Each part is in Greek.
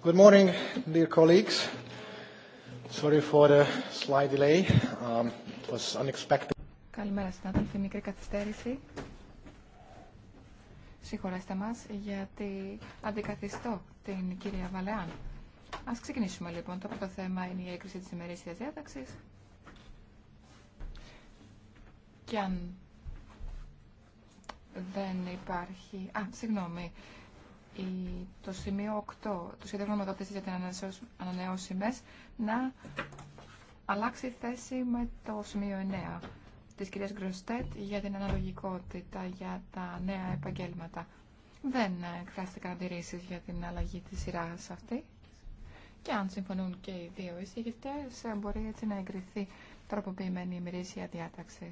Good morning, dear colleagues. Sorry for the slight delay. Um, it was unexpected. Καλημέρα συνάδελφοι, μικρή καθυστέρηση. Συγχωρέστε μας γιατί αντικαθιστώ την κυρία Βαλεάν. Ας ξεκινήσουμε λοιπόν. Το πρώτο θέμα είναι η έκρηση της ημερήσιας διάταξης. Και αν δεν υπάρχει... Α, συγγνώμη το σημείο 8 του σχεδίου γνωμοδότησης για την ανανεώσιμες να αλλάξει θέση με το σημείο 9 της κυρίας Γκροστέτ για την αναλογικότητα για τα νέα επαγγέλματα. Δεν εκφράστηκαν αντιρρήσεις για την αλλαγή της σειράς αυτή. Και αν συμφωνούν και οι δύο εισηγητές, μπορεί έτσι να εγκριθεί τροποποιημένη ημερήσια διάταξη.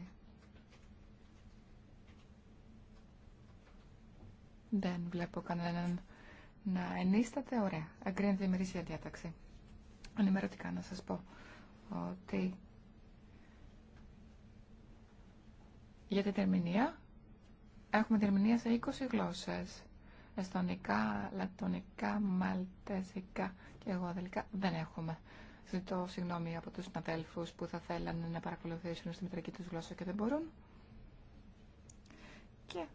Δεν βλέπω κανέναν να ενίσταται. Ωραία. Αγκρίνεται η μερίσια διάταξη. Ανημερωτικά να σας πω ότι για την τερμηνία έχουμε τερμηνία σε 20 γλώσσες. Εστονικά, λατωνικά, μαλτέζικα και εγώ αδελικά δεν έχουμε. Ζητώ συγγνώμη από τους συναδέλφους που θα θέλανε να παρακολουθήσουν στη μητρική τους γλώσσα και δεν μπορούν. Και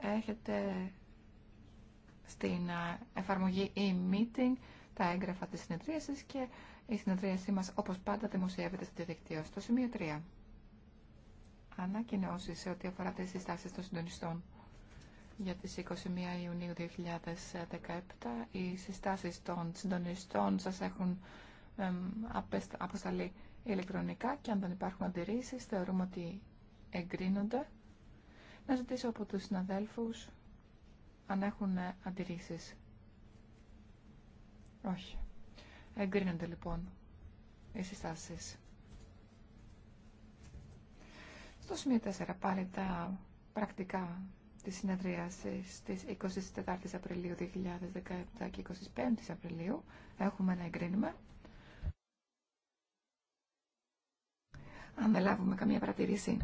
έχετε στην ε, εφαρμογή e-meeting τα έγγραφα της συνεδρίασης και η συνεδρίασή μας όπως πάντα δημοσιεύεται στο διαδικτύο. Στο σημείο 3. Ανακοινώσει σε ό,τι αφορά τις συστάσεις των συντονιστών για τις 21 Ιουνίου 2017. Οι συστάσεις των συντονιστών σας έχουν αποσταλεί ηλεκτρονικά και αν δεν υπάρχουν αντιρρήσεις θεωρούμε ότι εγκρίνονται. Να ζητήσω από τους συναδέλφους αν έχουν αντιρρήσεις. Όχι. Εγκρίνονται λοιπόν οι συστάσεις. Στο σημείο 4 πάλι τα πρακτικά της συνεδρίασης της 24 Απριλίου 2017 και 25 Απριλίου έχουμε να εγκρίνουμε. Αν δεν λάβουμε καμία παρατηρήση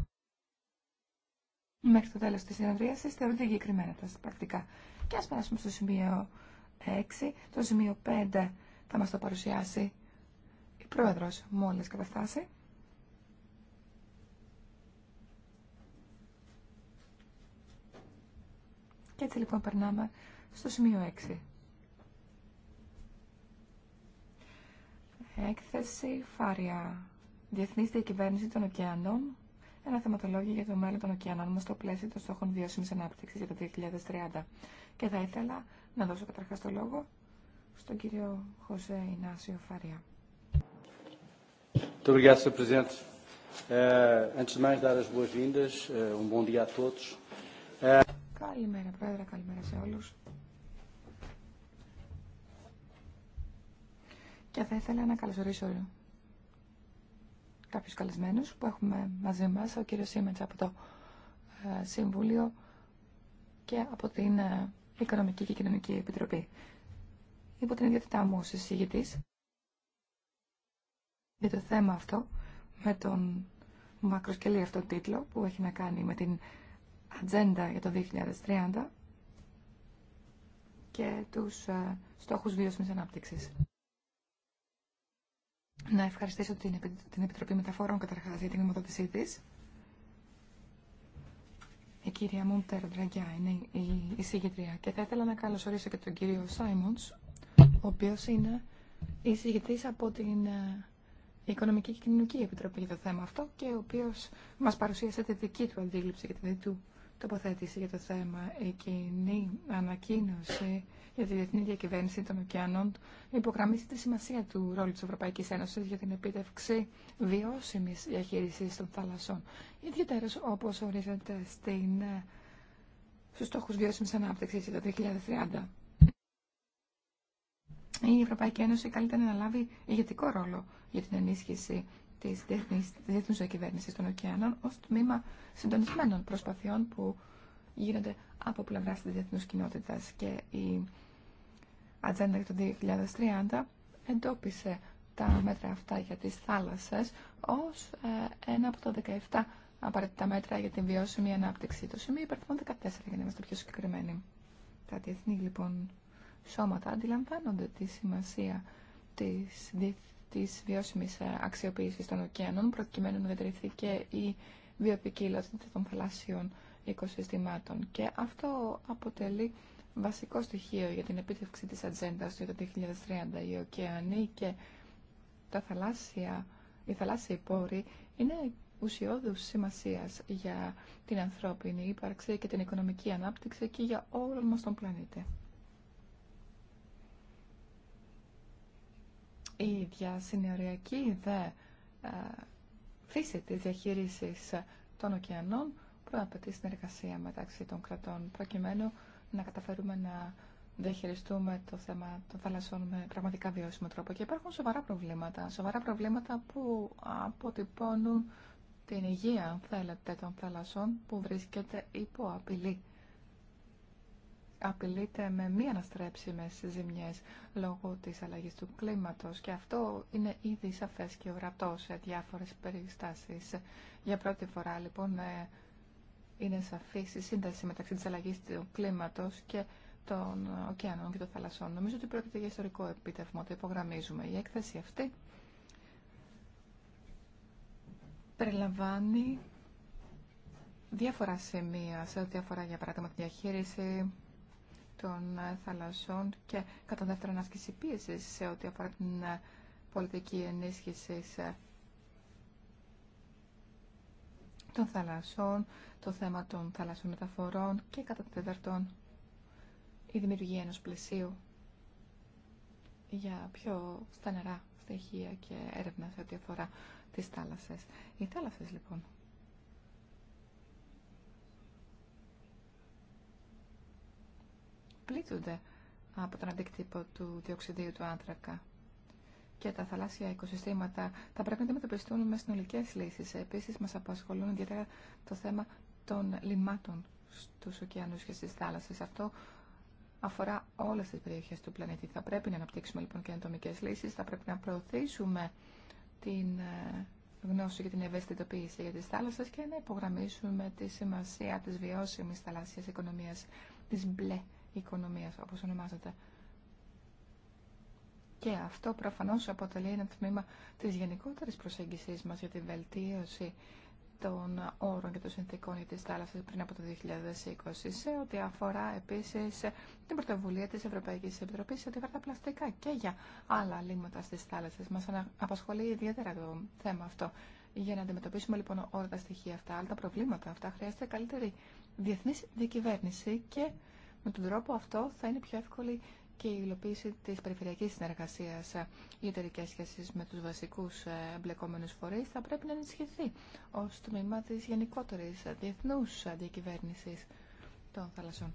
μέχρι το τέλος της συνεδρίαση θεωρούνται εγκεκριμένα τα πρακτικά. Και ας περάσουμε στο σημείο 6. Το σημείο 5 θα μας το παρουσιάσει η πρόεδρος μόλις καταφτάσει. Και έτσι λοιπόν περνάμε στο σημείο 6. Έκθεση Φάρια. διεθνή διακυβέρνηση των ωκεανών ένα θεματολόγιο για το μέλλον των ωκεανών μα στο πλαίσιο των στόχων βιώσιμη ανάπτυξη για το 2030. Και θα ήθελα να δώσω καταρχά το λόγο στον κύριο Χωσέ Ινάσιο Φαρία. Καλημέρα, Πρόεδρε. Καλημέρα σε όλους. Και θα ήθελα να καλωσορίσω Κάποιου καλεσμένου που έχουμε μαζί μας, ο κύριο Σίμετς από το ε, Συμβούλιο και από την ε, Οικονομική και Κοινωνική Επιτροπή. Υπό την ιδιότητά μου ως εισηγητής για το θέμα αυτό με τον μακροσκελή αυτό τίτλο που έχει να κάνει με την ατζέντα για το 2030 και τους ε, στόχους βίωσιμης ανάπτυξης να ευχαριστήσω την, την Επιτροπή Μεταφορών καταρχάς για την γνωμοδότησή της. Η κυρία Μούντερ Ντραγκιά είναι η εισηγητρία και θα ήθελα να καλωσορίσω και τον κύριο Σάιμοντς, ο οποίος είναι εισηγητής από την ε, Οικονομική και Κοινωνική Επιτροπή για το θέμα αυτό και ο οποίος μας παρουσίασε τη δική του αντίληψη και τη δική του τοποθέτηση για το θέμα. Η κοινή ανακοίνωση για τη διεθνή διακυβέρνηση των ωκεανών υπογραμμίζει τη σημασία του ρόλου της Ευρωπαϊκής Ένωσης για την επίτευξη βιώσιμης διαχείρισης των θάλασσών. Ιδιαίτερα όπως ορίζεται στην, στους στόχους βιώσιμης ανάπτυξης για το 2030. Η Ευρωπαϊκή Ένωση καλύτερα να λάβει ηγετικό ρόλο για την ενίσχυση τη Διεθνού Διακυβέρνηση των ωκεανών ω τμήμα συντονισμένων προσπαθειών που γίνονται από πλευρά της διεθνού κοινότητα. και η ατζέντα για το 2030 εντόπισε τα μέτρα αυτά για τις θάλασσες ως ε, ένα από τα 17 απαραίτητα μέτρα για την βιώσιμη ανάπτυξη. Το σημείο υπερθμών 14 για να είμαστε πιο συγκεκριμένοι. Τα διεθνή λοιπόν σώματα αντιλαμβάνονται τη σημασία της τη βιώσιμη ε, αξιοποίηση των ωκεανών προκειμένου να διατηρηθεί και η βιοποικιλότητα των θαλάσσιων οικοσυστημάτων. Και αυτό αποτελεί βασικό στοιχείο για την επίτευξη της ατζέντα του 2030. Οι ωκεανοί και τα θαλάσσια, οι θαλάσσιοι πόροι είναι ουσιώδους σημασίας για την ανθρώπινη ύπαρξη και την οικονομική ανάπτυξη και για όλο μα τον πλανήτη. Η διασυνοριακή δε ε, φύση της διαχείρισης των ωκεανών προαπαιτεί συνεργασία μεταξύ των κρατών προκειμένου να καταφέρουμε να διαχειριστούμε το θέμα των θαλασσών με πραγματικά βιώσιμο τρόπο. Και υπάρχουν σοβαρά προβλήματα, σοβαρά προβλήματα που αποτυπώνουν την υγεία, αν θέλετε, των θαλασσών που βρίσκεται υπό απειλή απειλείται με μη αναστρέψιμες ζημιές λόγω της αλλαγής του κλίματος και αυτό είναι ήδη σαφές και ορατό σε διάφορες περιστάσεις. Για πρώτη φορά λοιπόν ε, είναι σαφής η σύνδεση μεταξύ της αλλαγής του κλίματος και των ωκεανών και των θαλασσών. Νομίζω ότι πρόκειται για ιστορικό επίτευγμα, το υπογραμμίζουμε. Η έκθεση αυτή περιλαμβάνει διάφορα σημεία σε ό,τι αφορά για παράδειγμα τη διαχείριση των θαλασσών και κατά δεύτερον άσκηση πίεση σε ό,τι αφορά την ε, πολιτική ενίσχυση των θαλασσών, το θέμα των θαλασσών μεταφορών και κατά τέταρτον η δημιουργία ενός πλαισίου για πιο στενερά στοιχεία και έρευνα σε ό,τι αφορά τις θάλασσες. Οι θάλασσες λοιπόν πλήττονται από τον αντίκτυπο του διοξιδίου του άνθρακα. Και τα θαλάσσια οικοσυστήματα θα πρέπει να αντιμετωπιστούν με συνολικέ λύσει. Επίση, μα απασχολούν ιδιαίτερα το θέμα των λιμάτων στου ωκεανού και στι θάλασσε. Αυτό αφορά όλε τι περιοχέ του πλανήτη. Θα πρέπει να αναπτύξουμε λοιπόν και ατομικέ λύσει. Θα πρέπει να προωθήσουμε την ε, γνώση και την ευαισθητοποίηση για τι θάλασσε και να υπογραμμίσουμε τη σημασία τη βιώσιμη θαλάσσια οικονομία, τη μπλε οικονομίας, όπως ονομάζεται. Και αυτό προφανώς αποτελεί ένα τμήμα της γενικότερης προσέγγισης μας για τη βελτίωση των όρων και των συνθήκων για τις πριν από το 2020 σε ό,τι αφορά επίσης την πρωτοβουλία της Ευρωπαϊκής Επιτροπής σε ό,τι αφορά πλαστικά και για άλλα λίμματα στις θάλασσες. Μας απασχολεί ιδιαίτερα το θέμα αυτό. Για να αντιμετωπίσουμε λοιπόν όλα τα στοιχεία αυτά, όλα τα προβλήματα αυτά, χρειάζεται καλύτερη διεθνή διακυβέρνηση και με τον τρόπο αυτό θα είναι πιο εύκολη και η υλοποίηση τη περιφερειακή συνεργασία Οι εταιρικέ σχέσεις με του βασικού ε, εμπλεκόμενου φορεί θα πρέπει να ενισχυθεί ω τμήμα τη γενικότερη, διεθνού διακυβέρνηση των θαλασσών.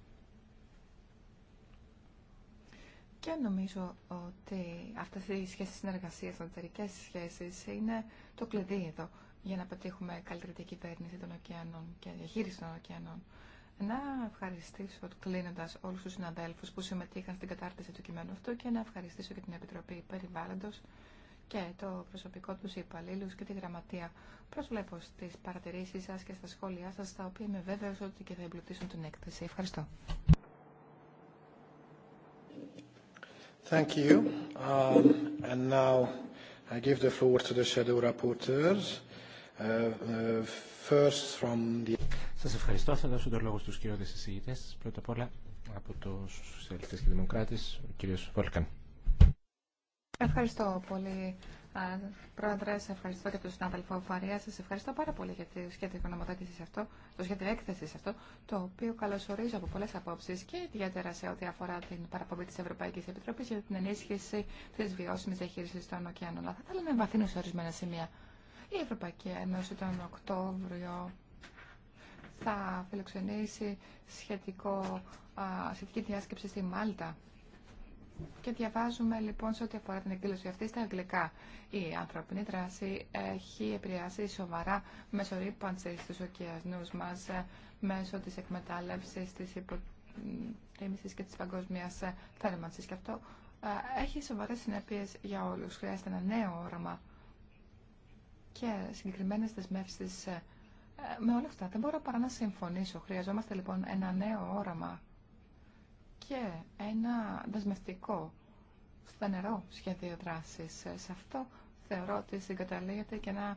Και νομίζω ότι αυτέ οι σχέσεις συνεργασία οι εταιρικέ σχέσει είναι το κλειδί εδώ για να πετύχουμε καλύτερη διακυβέρνηση των ωκεανών και διαχείριση των ωκεανών. Να ευχαριστήσω κλείνοντα όλου του συναδέλφου που συμμετείχαν στην κατάρτιση του κειμένου αυτού και να ευχαριστήσω και την Επιτροπή Περιβάλλοντο και το προσωπικό του υπαλλήλου και τη γραμματεία. Προσβλέπω στι παρατηρήσει σα και στα σχόλιά σα, τα οποία είμαι βέβαιο ότι και θα εμπλουτίσουν την έκθεση. Ευχαριστώ. Thank you. Um, and now I give the floor to the uh, uh, first from the σας ευχαριστώ. Θα δώσω τον λόγο στους κυριώδες εισηγητές. Πρώτα απ' όλα από τους Σοσιαλιστές και Δημοκράτες, ο κύριος Βόλκαν. Ευχαριστώ πολύ, Πρόεδρε. Σας ευχαριστώ και τον συνάδελφο Φαρία. σα ευχαριστώ πάρα πολύ για το σχέδιο νομοθέτηση αυτό, το σχέδιο έκθεση αυτό, το οποίο καλωσορίζω από πολλέ απόψει και ιδιαίτερα σε ό,τι αφορά την παραπομπή τη Ευρωπαϊκή Επιτροπή για την ενίσχυση τη βιώσιμη διαχείριση των ωκεανών. Αλλά θα ήθελα να βαθύνω σε ορισμένα σημεία. Η Ευρωπαϊκή Ένωση τον Οκτώβριο θα φιλοξενήσει σχετικό, σχετική διάσκεψη στη Μάλτα. Και διαβάζουμε λοιπόν σε ό,τι αφορά την εκδήλωση αυτή στα αγγλικά. Η ανθρωπινή δράση έχει επηρεάσει σοβαρά ρήπανση στους ωκεανού μας ε, μέσω τη εκμετάλλευση, της υποτίμησης και της παγκόσμια ε, θέρμανσης. Και αυτό ε, έχει σοβαρές συνέπειες για όλους. Χρειάζεται ένα νέο όραμα και συγκεκριμένες δεσμεύσεις ε, με όλα αυτά δεν μπορώ παρά να συμφωνήσω. Χρειαζόμαστε λοιπόν ένα νέο όραμα και ένα δεσμευτικό στενερό σχέδιο δράση. Ε, σε αυτό θεωρώ ότι συγκαταλείεται και ένα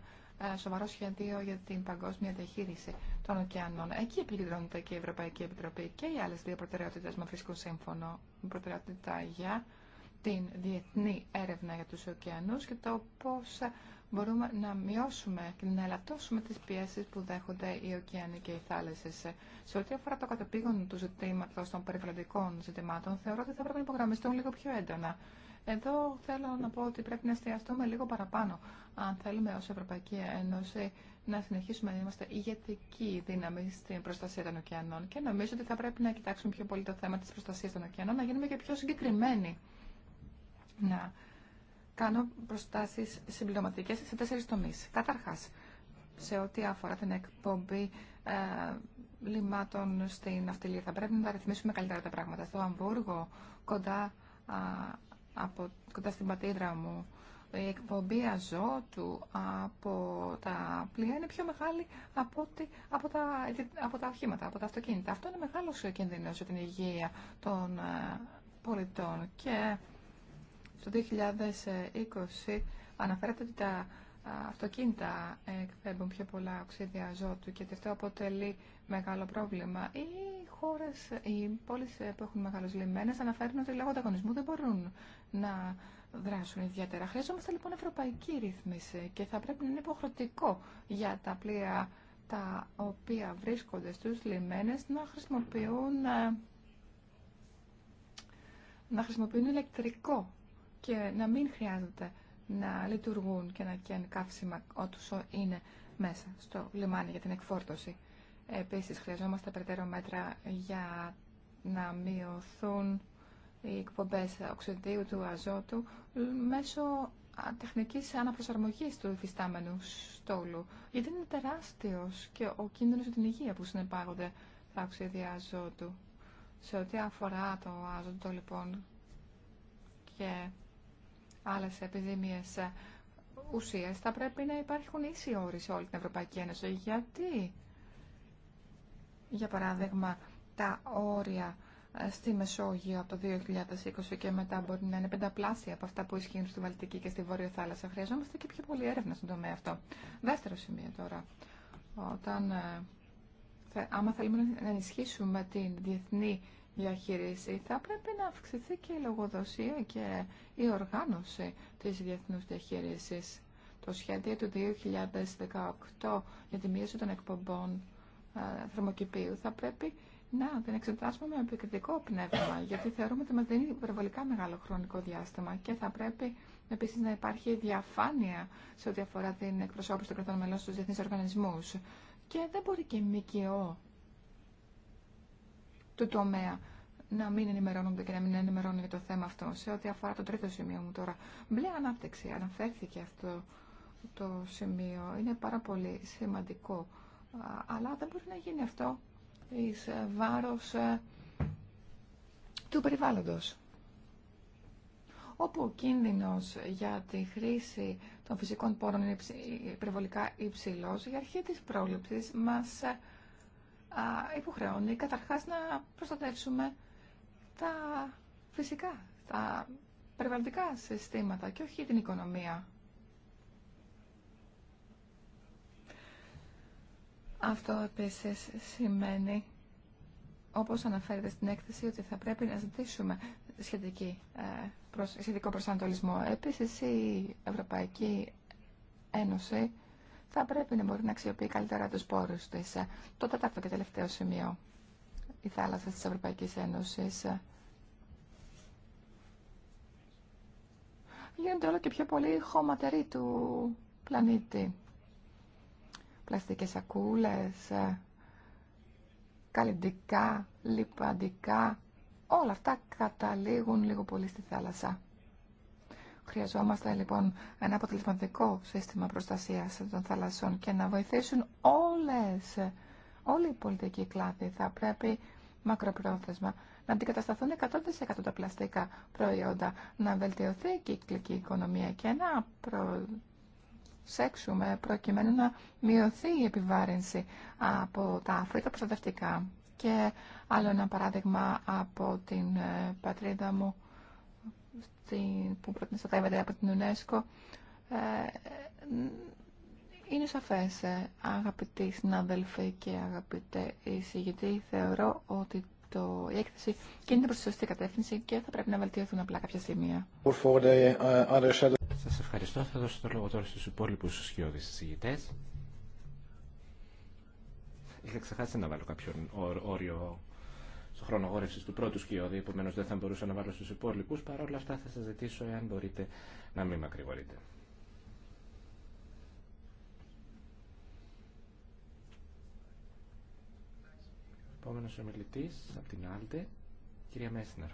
ε, σοβαρό σχέδιο για την παγκόσμια διαχείριση των ωκεανών. Εκεί επικεντρώνεται και η Ευρωπαϊκή Επιτροπή και οι άλλε δύο προτεραιότητε με φυσικό σύμφωνο. Η προτεραιότητα για την διεθνή έρευνα για τους ωκεανούς και το πώς μπορούμε να μειώσουμε και να ελαττώσουμε τις πιέσεις που δέχονται οι ωκεανοί και οι θάλασσες. Σε ό,τι αφορά το κατεπήγον του ζητήματο των περιβαλλοντικών ζητημάτων, θεωρώ ότι θα πρέπει να υπογραμμιστούν λίγο πιο έντονα. Εδώ θέλω να πω ότι πρέπει να εστιαστούμε λίγο παραπάνω, αν θέλουμε ως Ευρωπαϊκή Ένωση να συνεχίσουμε να είμαστε ηγετική δύναμη στην προστασία των ωκεανών. Και νομίζω ότι θα πρέπει να κοιτάξουμε πιο πολύ το θέμα της προστασίας των ωκεανών, να γίνουμε και πιο συγκεκριμένοι να κάνω προστάσει συμπληρωματικέ σε τέσσερι τομείς. Καταρχά. σε ό,τι αφορά την εκπομπή ε, λιμάτων στην αυτιλία, θα πρέπει να τα ρυθμίσουμε καλύτερα τα πράγματα. Στο Αμβούργο, κοντά, από, κοντά στην πατήδρα μου, η εκπομπή αζότου από τα πλοία είναι πιο μεγάλη από, ότι, από, τα, από τα οχήματα, από τα αυτοκίνητα. Αυτό είναι μεγάλο κίνδυνο για την υγεία των ε, πολιτών και το 2020 αναφέρεται ότι τα αυτοκίνητα εκπέμπουν πιο πολλά οξύδια ζώτου και αυτό αποτελεί μεγάλο πρόβλημα. Οι χώρε, οι πόλει που έχουν μεγάλους λιμένες αναφέρουν ότι λόγω ανταγωνισμού δεν μπορούν να δράσουν ιδιαίτερα. Χρειαζόμαστε λοιπόν ευρωπαϊκή ρύθμιση και θα πρέπει να είναι υποχρεωτικό για τα πλοία τα οποία βρίσκονται στους λιμένες να χρησιμοποιούν, να χρησιμοποιούν ηλεκτρικό και να μην χρειάζεται να λειτουργούν και να καίνουν καύσιμα όσο είναι μέσα στο λιμάνι για την εκφόρτωση. Επίσης, χρειαζόμαστε περαιτέρω μέτρα για να μειωθούν οι εκπομπές οξυδίου του αζότου μέσω τεχνικής αναπροσαρμογής του υφιστάμενου στόλου, γιατί είναι τεράστιος και ο κίνδυνος για την υγεία που συνεπάγονται τα οξύδια αζότου. Σε ό,τι αφορά το αζότο, λοιπόν, και άλλες επιδημίες ουσίες, θα πρέπει να υπάρχουν ίσοι όροι σε όλη την Ευρωπαϊκή Ένωση. Γιατί, για παράδειγμα, τα όρια ε, στη Μεσόγειο από το 2020 και μετά μπορεί να είναι πενταπλάσια από αυτά που ισχύουν στη Βαλτική και στη Βόρεια Θάλασσα. Χρειαζόμαστε και πιο πολύ έρευνα στον τομέα αυτό. Δεύτερο σημείο τώρα. Όταν, ε, άμα θέλουμε να ενισχύσουμε την διεθνή θα πρέπει να αυξηθεί και η λογοδοσία και η οργάνωση της διεθνούς διαχείρισης. Το σχέδιο του 2018 για τη μείωση των εκπομπών θερμοκηπίου θα πρέπει να την εξετάσουμε με επικριτικό πνεύμα, γιατί θεωρούμε ότι μας δίνει υπερβολικά μεγάλο χρονικό διάστημα και θα πρέπει επίσης να υπάρχει διαφάνεια σε ό,τι αφορά την εκπροσώπηση των κρατών μελών στους διεθνείς οργανισμούς. Και δεν μπορεί και η ΜΚΟ του τομέα να μην ενημερώνονται και να μην ενημερώνουν για το θέμα αυτό. Σε ό,τι αφορά το τρίτο σημείο μου τώρα, μπλε ανάπτυξη, αναφέρθηκε αυτό το σημείο, είναι πάρα πολύ σημαντικό, αλλά δεν μπορεί να γίνει αυτό εις ε, βάρος ε, του περιβάλλοντος όπου ο κίνδυνος για τη χρήση των φυσικών πόρων είναι ε, υπερβολικά υψηλός, η αρχή της πρόληψης μας υποχρεώνει καταρχάς να προστατεύσουμε τα φυσικά, τα περιβαλλοντικά συστήματα και όχι την οικονομία. Αυτό επίσης σημαίνει, όπως αναφέρεται στην έκθεση, ότι θα πρέπει να ζητήσουμε σχετική, ε, σχετικό προσανατολισμό. Επίσης, η Ευρωπαϊκή Ένωση θα πρέπει να μπορεί να αξιοποιεί καλύτερα τους πόρους της. Το τέταρτο και τελευταίο σημείο, η θάλασσα της Ευρωπαϊκής Ένωσης. Γίνονται όλο και πιο πολύ χωματερή του πλανήτη. Πλαστικές σακούλες, καλλιντικά, λιπαντικά, όλα αυτά καταλήγουν λίγο πολύ στη θάλασσα. Χρειαζόμαστε λοιπόν ένα αποτελεσματικό σύστημα προστασίας των θαλασσών και να βοηθήσουν όλες, όλοι οι πολιτικοί κλάδοι. Θα πρέπει μακροπρόθεσμα να αντικατασταθούν 100% τα πλαστικά προϊόντα, να βελτιωθεί η κυκλική οικονομία και να προσέξουμε προκειμένου να μειωθεί η επιβάρυνση από τα αφρίτα προστατευτικά. Και άλλο ένα παράδειγμα από την ε, πατρίδα μου, που προστατεύεται από την UNESCO ε, είναι σαφές, ε, αγαπητοί συνάδελφοι και αγαπητέ γιατί θεωρώ ότι το, η έκθεση κινείται προς τη σωστή κατεύθυνση και θα πρέπει να βελτιωθούν απλά κάποια σημεία. Σας ευχαριστώ. Θα δώσω το λόγο τώρα στους υπόλοιπους σκιώδεις εισηγητές. Είχα ξεχάσει να βάλω κάποιο όριο στο χρόνο γόρευση του πρώτου σκιώδη, επομένω δεν θα μπορούσα να βάλω στου υπόλοιπου. Παρ' όλα αυτά θα σα ζητήσω, εάν μπορείτε, να μην μακρηγορείτε. Επόμενο ομιλητή από την Άλτε, κυρία Μέσνερ.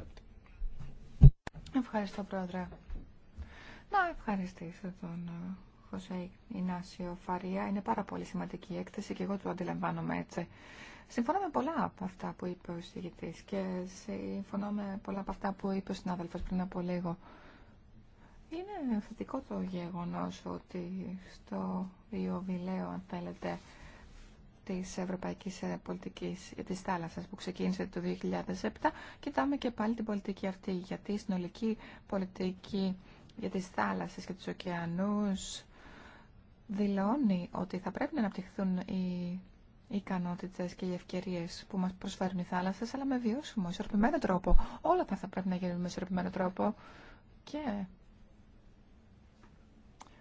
Ευχαριστώ, Πρόεδρε. Να ευχαριστήσω τον ε, Χωσέ Ινάσιο Φαρία. Είναι πάρα πολύ σημαντική η έκθεση και εγώ το αντιλαμβάνομαι έτσι. Συμφωνώ με πολλά από αυτά που είπε ο συγητή και συμφωνώ με πολλά από αυτά που είπε ο συνάδελφο πριν από λίγο. Είναι θετικό το γεγονό ότι στο Ιωβιλέο, αν θέλετε, τη ευρωπαϊκή πολιτική τη θάλασσα που ξεκίνησε το 2007, κοιτάμε και πάλι την πολιτική αυτή. Γιατί η συνολική πολιτική για τις θάλασσες και του ωκεανού δηλώνει ότι θα πρέπει να αναπτυχθούν οι ικανότητε και οι ευκαιρίε που μας προσφέρουν οι θάλασσες, αλλά με βιώσιμο, ισορροπημένο τρόπο. Όλα αυτά θα πρέπει να γίνουν με ισορροπημένο τρόπο και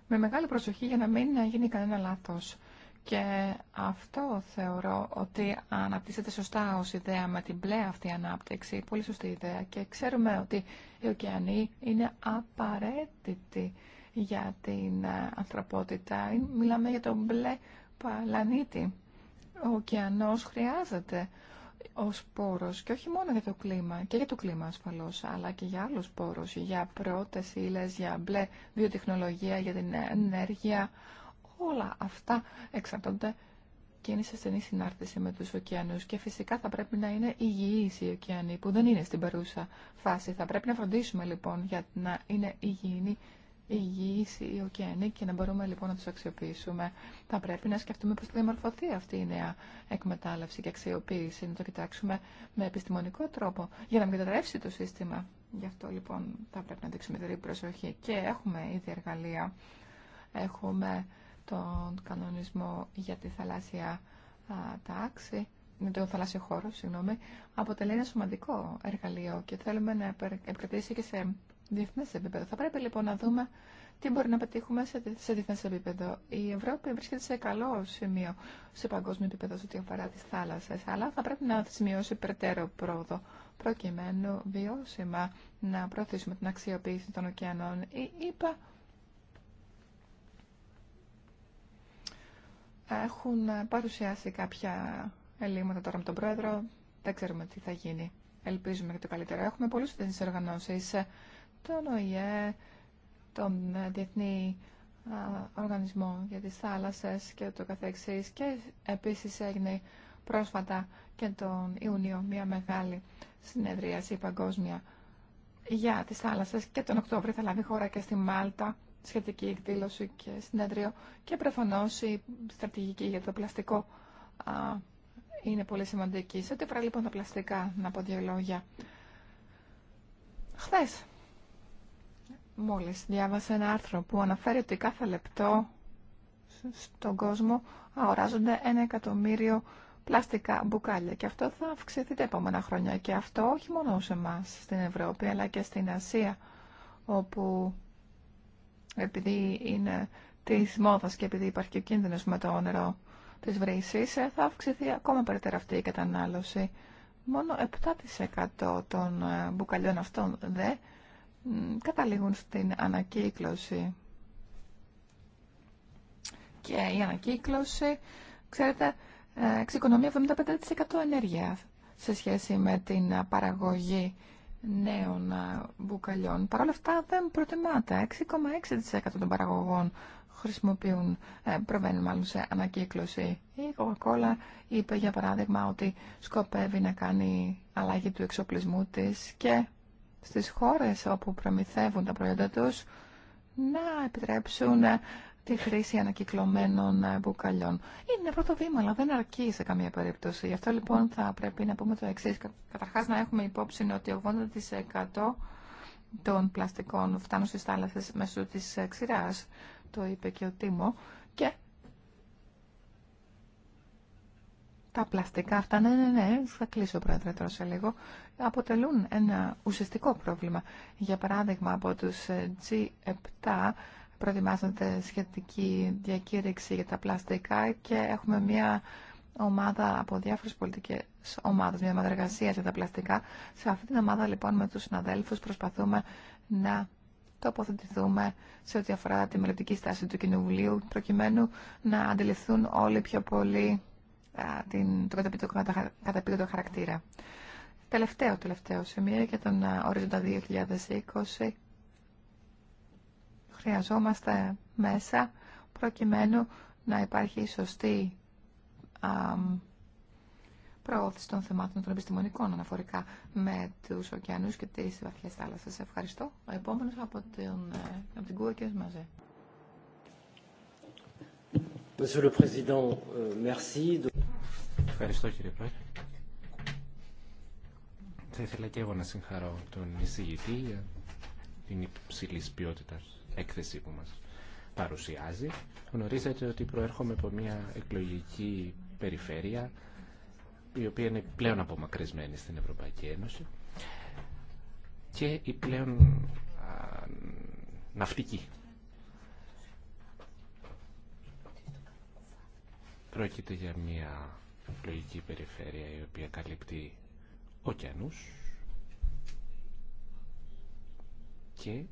με μεγάλη προσοχή για να μην γίνει κανένα λάθος. Και αυτό θεωρώ ότι αναπτύσσεται σωστά ω ιδέα με την μπλε αυτή ανάπτυξη, πολύ σωστή ιδέα. Και ξέρουμε ότι οι ωκεανοί είναι απαραίτητοι για την ε, ανθρωπότητα. Μιλάμε για τον μπλε πλανήτη ο ωκεανός χρειάζεται ω πόρος και όχι μόνο για το κλίμα και για το κλίμα ασφαλώς αλλά και για άλλους πόρου, για πρώτες ύλε, για μπλε βιοτεχνολογία, για την ενέργεια όλα αυτά εξαρτώνται και είναι σε στενή συνάρτηση με τους ωκεανούς και φυσικά θα πρέπει να είναι υγιείς οι ωκεανοί που δεν είναι στην παρούσα φάση. Θα πρέπει να φροντίσουμε λοιπόν για να είναι υγιεινοί υγιείς ή ωκεανοί και να μπορούμε λοιπόν να τους αξιοποιήσουμε. Θα πρέπει να σκεφτούμε πώς θα διαμορφωθεί αυτή η νέα εκμετάλλευση και αξιοποίηση, να το κοιτάξουμε με επιστημονικό τρόπο για να μην καταρρεύσει το σύστημα. Γι' αυτό λοιπόν θα πρέπει να δείξουμε ιδιαίτερη προσοχή και έχουμε ήδη εργαλεία. Έχουμε τον κανονισμό για τη θαλάσσια τάξη, με τον θαλάσσιο χώρο, συγγνώμη, αποτελεί ένα σημαντικό εργαλείο και θέλουμε να επικρατήσει και σε διεθνέ επίπεδο. Θα πρέπει λοιπόν να δούμε τι μπορεί να πετύχουμε σε, σε διεθνέ επίπεδο. Η Ευρώπη βρίσκεται σε καλό σημείο σε παγκόσμιο επίπεδο σε ό,τι αφορά τι θάλασσε, αλλά θα πρέπει να σημειώσει περαιτέρω πρόοδο προκειμένου βιώσιμα να προωθήσουμε την αξιοποίηση των ωκεανών. Η ΕΠΑ έχουν παρουσιάσει κάποια ελλείμματα τώρα με τον Πρόεδρο. Δεν ξέρουμε τι θα γίνει. Ελπίζουμε και το καλύτερο. Έχουμε πολλούς διεθνείς οργανώσεις ε, τον ΟΗΕ, τον Διεθνή Οργανισμό για τις Θάλασσες και το καθεξής και επίσης έγινε πρόσφατα και τον Ιούνιο μια μεγάλη συνεδρίαση παγκόσμια για τις θάλασσες και τον Οκτώβριο θα λάβει χώρα και στη Μάλτα σχετική εκδήλωση και συνέδριο και προφανώς η στρατηγική για το πλαστικό είναι πολύ σημαντική. Σε ό,τι λοιπόν τα πλαστικά, να πω δύο λόγια. Χθες Μόλις διάβασα ένα άρθρο που αναφέρει ότι κάθε λεπτό στον κόσμο αγοράζονται ένα εκατομμύριο πλαστικά μπουκάλια και αυτό θα αυξηθεί τα επόμενα χρόνια και αυτό όχι μόνο σε εμά στην Ευρώπη αλλά και στην Ασία όπου επειδή είναι τη μόδα και επειδή υπάρχει και κίνδυνος με το νερό τη βρύση, ε, θα αυξηθεί ακόμα περαιτέρω αυτή η κατανάλωση. Μόνο 7% των ε, μπουκαλιών αυτών δε καταλήγουν στην ανακύκλωση. Και η ανακύκλωση, ξέρετε, ε, εξοικονομεί 75% ενέργεια σε σχέση με την παραγωγή νέων ε, μπουκαλιών. Παρ' όλα αυτά δεν προτιμάται. 6,6% των παραγωγών χρησιμοποιούν, ε, προβαίνουν μάλλον σε ανακύκλωση. Η Coca-Cola είπε για παράδειγμα ότι σκοπεύει να κάνει αλλαγή του εξοπλισμού της και στις χώρες όπου προμηθεύουν τα προϊόντα τους να επιτρέψουν τη χρήση ανακυκλωμένων μπουκαλιών. Είναι πρώτο βήμα, αλλά δεν αρκεί σε καμία περίπτωση. Γι' αυτό λοιπόν θα πρέπει να πούμε το εξή. Καταρχάς να έχουμε υπόψη ότι 80% των πλαστικών φτάνουν στις θάλασσες μέσω της ε, ξηράς, το είπε και ο Τίμο, και τα πλαστικά αυτά, ναι, ναι, ναι, θα κλείσω πρόεδρε τώρα σε λίγο, αποτελούν ένα ουσιαστικό πρόβλημα. Για παράδειγμα, από τους G7 ε, προετοιμάζονται σχετική διακήρυξη για τα πλαστικά και έχουμε μια ομάδα από διάφορες πολιτικές ομάδες, μια ομάδα εργασία για τα πλαστικά. Σε αυτή την ομάδα λοιπόν με τους συναδέλφους προσπαθούμε να τοποθετηθούμε σε ό,τι αφορά τη μελλοντική στάση του Κοινοβουλίου προκειμένου να αντιληφθούν όλοι πιο πολύ την, το καταπίτωτο χαρακτήρα. Τελευταίο, τελευταίο σημείο για τον ε, ορίζοντα 2020. Χρειαζόμαστε μέσα προκειμένου να υπάρχει σωστή α, προώθηση των θεμάτων των επιστημονικών αναφορικά με τους ωκεανούς και τις βαθιές θάλασσες. Ευχαριστώ. Ο επόμενος από την, ε, από την euh, Ευχαριστώ κύριε Πρόεδρε. Θα ήθελα και εγώ να συγχαρώ τον εισηγητή για την υψηλή ποιότητα έκθεση που μας παρουσιάζει. Γνωρίζετε ότι προέρχομαι από μια εκλογική περιφέρεια η οποία είναι πλέον απομακρυσμένη στην Ευρωπαϊκή Ένωση και η πλέον ναυτική. Πρόκειται για μια εκλογική περιφέρεια η οποία καλύπτει ωκεανούς και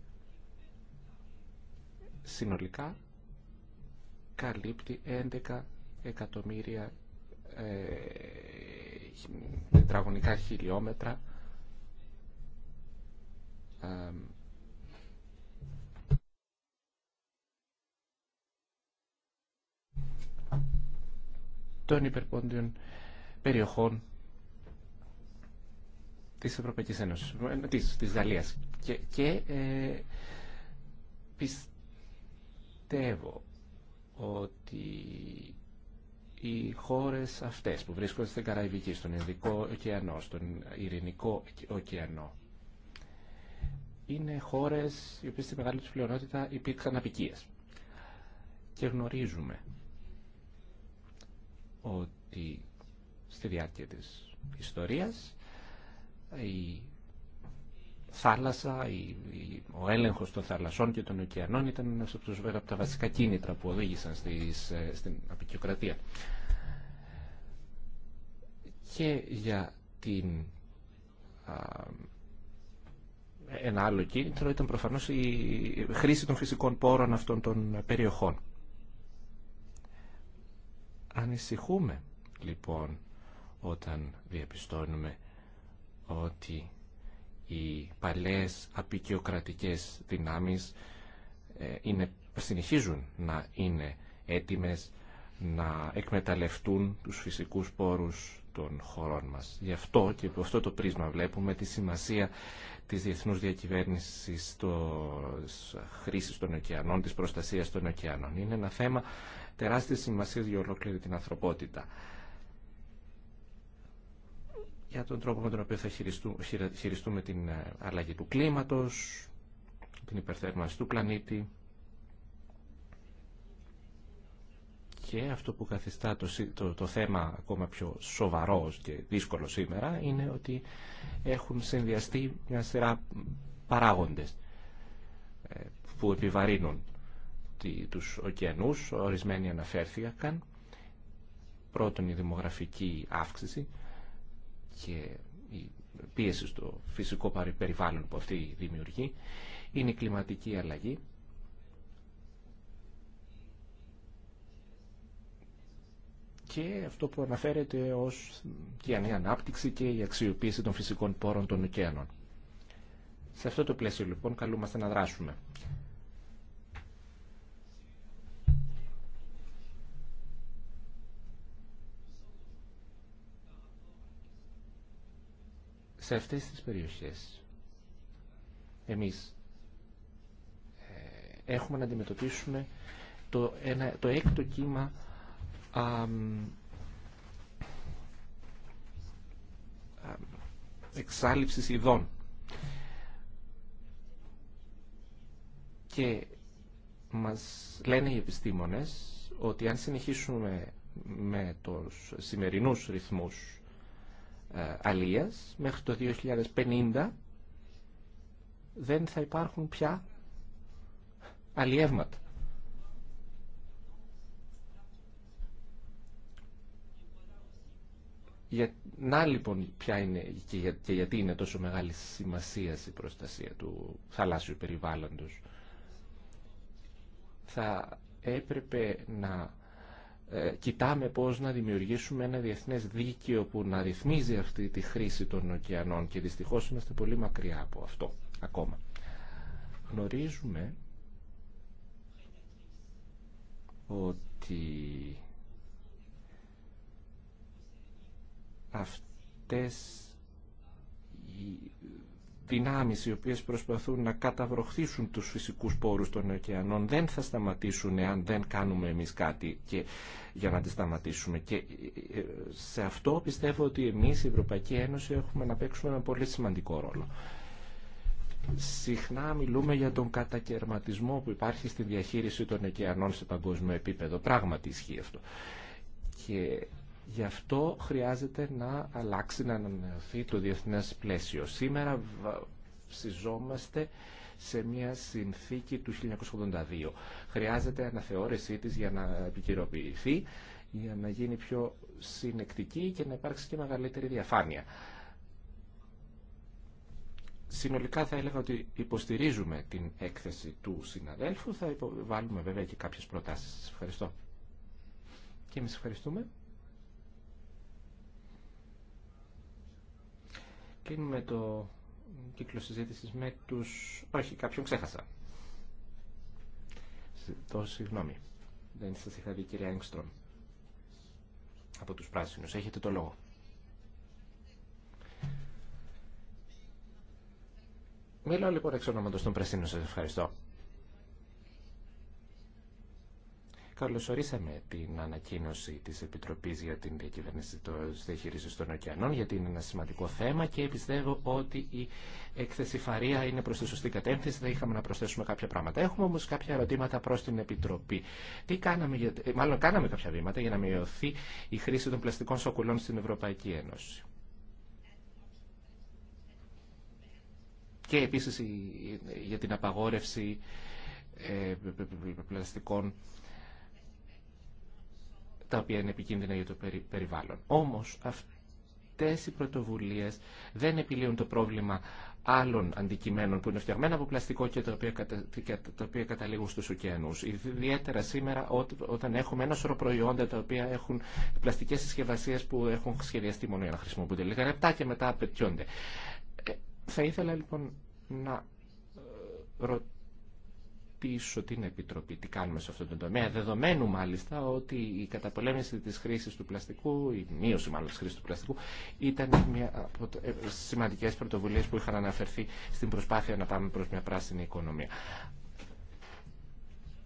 συνολικά καλύπτει 11 εκατομμύρια ε, τετραγωνικά χιλιόμετρα ε, των υπερπόντιων περιοχών της Ευρωπαϊκής Ένωσης, ε, της, της Γαλλίας. Και, ε, πιστεύω ότι οι χώρες αυτές που βρίσκονται στην Καραϊβική, στον Ινδικό ωκεανό, στον Ειρηνικό ωκεανό, είναι χώρες οι οποίες στη μεγάλη τους πλειονότητα υπήρξαν απικίες. Και γνωρίζουμε ότι στη διάρκεια της ιστορίας η θάλασσα, η, ο έλεγχος των θαλασσών και των ωκεανών ήταν ένας από, τους, από τα βασικά κίνητρα που οδήγησαν στις, ε, στην απεικιοκρατία. Και για την α, ένα άλλο κίνητρο ήταν προφανώς η χρήση των φυσικών πόρων αυτών των περιοχών. Ανησυχούμε λοιπόν όταν διαπιστώνουμε ότι οι παλές απεικιοκρατικές δυνάμεις ε, είναι, συνεχίζουν να είναι έτοιμες να εκμεταλλευτούν τους φυσικούς πόρους των χωρών μας. Γι' αυτό και από αυτό το πρίσμα βλέπουμε τη σημασία της διεθνούς διακυβέρνησης της χρήσης των ωκεανών, της προστασίας των ωκεανών. Είναι ένα θέμα τεράστιας σημασίας για ολόκληρη την ανθρωπότητα για τον τρόπο με τον οποίο θα χειριστούμε την ε, αλλαγή του κλίματος, την υπερθέρμανση του πλανήτη και αυτό που καθιστά το, θέμα ακόμα πιο σοβαρό και δύσκολο σήμερα είναι ότι έχουν συνδυαστεί μια σειρά παράγοντες ε, που επιβαρύνουν τους ωκεανούς, ορισμένοι αναφέρθηκαν. Πρώτον η δημογραφική αύξηση, και η πίεση στο φυσικό περιβάλλον που αυτή δημιουργεί είναι η κλιματική αλλαγή και αυτό που αναφέρεται ως και η ανάπτυξη και η αξιοποίηση των φυσικών πόρων των ωκεανών. Σε αυτό το πλαίσιο λοιπόν καλούμαστε να δράσουμε. σε αυτές τις περιοχές. Εμείς ε, έχουμε να αντιμετωπίσουμε το, ένα, το έκτο κύμα α, εξάλληψης ειδών. Και μας λένε οι επιστήμονες ότι αν συνεχίσουμε με τους σημερινούς ρυθμούς ε, αλίας μέχρι το 2050 δεν θα υπάρχουν πια αλλιεύματα. Για, να λοιπόν ποια είναι και, και γιατί είναι τόσο μεγάλη σημασία η προστασία του θαλάσσιου περιβάλλοντος. Θα έπρεπε να ε, κοιτάμε πώς να δημιουργήσουμε ένα διεθνές δίκαιο που να ρυθμίζει αυτή τη χρήση των ωκεανών και δυστυχώς είμαστε πολύ μακριά από αυτό ακόμα. Γνωρίζουμε ότι αυτές δυνάμεις οι οποίες προσπαθούν να καταβροχθήσουν τους φυσικούς πόρους των ωκεανών δεν θα σταματήσουν αν δεν κάνουμε εμείς κάτι και, για να τις σταματήσουμε. Και ε, σε αυτό πιστεύω ότι εμείς η Ευρωπαϊκή Ένωση έχουμε να παίξουμε ένα πολύ σημαντικό ρόλο. Συχνά μιλούμε για τον κατακαιρματισμό που υπάρχει στη διαχείριση των ωκεανών σε παγκόσμιο επίπεδο. Πράγματι ισχύει αυτό. Και Γι' αυτό χρειάζεται να αλλάξει, να ανανεωθεί το διεθνές πλαίσιο. Σήμερα ψιζόμαστε σε μια συνθήκη του 1982. Χρειάζεται αναθεώρησή της για να επικυρωποιηθεί, για να γίνει πιο συνεκτική και να υπάρξει και μεγαλύτερη διαφάνεια. Συνολικά θα έλεγα ότι υποστηρίζουμε την έκθεση του συναδέλφου. Θα βάλουμε βέβαια και κάποιες προτάσεις. Σας ευχαριστώ. Και εμείς ευχαριστούμε. Κλείνουμε το κύκλο συζήτησης με τους... Όχι, κάποιον ξέχασα. Το συγγνώμη. Δεν σας είχα δει κυρία Έγκστρομ από τους πράσινους. Έχετε το λόγο. Μιλάω λοιπόν εξ ονόματος των Πρασίνων. Σας ευχαριστώ. Καλωσορίσαμε την ανακοίνωση της Επιτροπής για την διακυβέρνηση της διαχείρισης των ωκεανών, γιατί είναι ένα σημαντικό θέμα και πιστεύω ότι η έκθεση είναι προς τη σωστή κατεύθυνση, Θα είχαμε να προσθέσουμε κάποια πράγματα. Έχουμε όμως κάποια ερωτήματα προς την Επιτροπή. Τι κάναμε, ε, μάλλον κάναμε κάποια βήματα για να μειωθεί η χρήση των πλαστικών σοκουλών στην Ευρωπαϊκή Ένωση. Και επίσης για την απαγόρευση ε, πλαστικών τα οποία είναι επικίνδυνα για το περιβάλλον. Όμως αυτές οι πρωτοβουλίες δεν επιλύουν το πρόβλημα άλλων αντικειμένων που είναι φτιαγμένα από πλαστικό και τα οποία, κατα... καταλήγουν στους ωκεανούς. Ιδιαίτερα σήμερα όταν έχουμε ένα σωρό προϊόντα τα οποία έχουν πλαστικές συσκευασίες που έχουν σχεδιαστεί μόνο για να χρησιμοποιούνται λίγα λεπτά και μετά απαιτιώνται. Ε, θα ήθελα λοιπόν να ρωτήσω ε, Πίσω την Επιτροπή τι κάνουμε σε αυτόν τον τομέα, δεδομένου μάλιστα ότι η καταπολέμηση της χρήσης του πλαστικού, η μείωση μάλλον της χρήσης του πλαστικού, ήταν μια από τις ε, σημαντικές πρωτοβουλίες που είχαν αναφερθεί στην προσπάθεια να πάμε προς μια πράσινη οικονομία.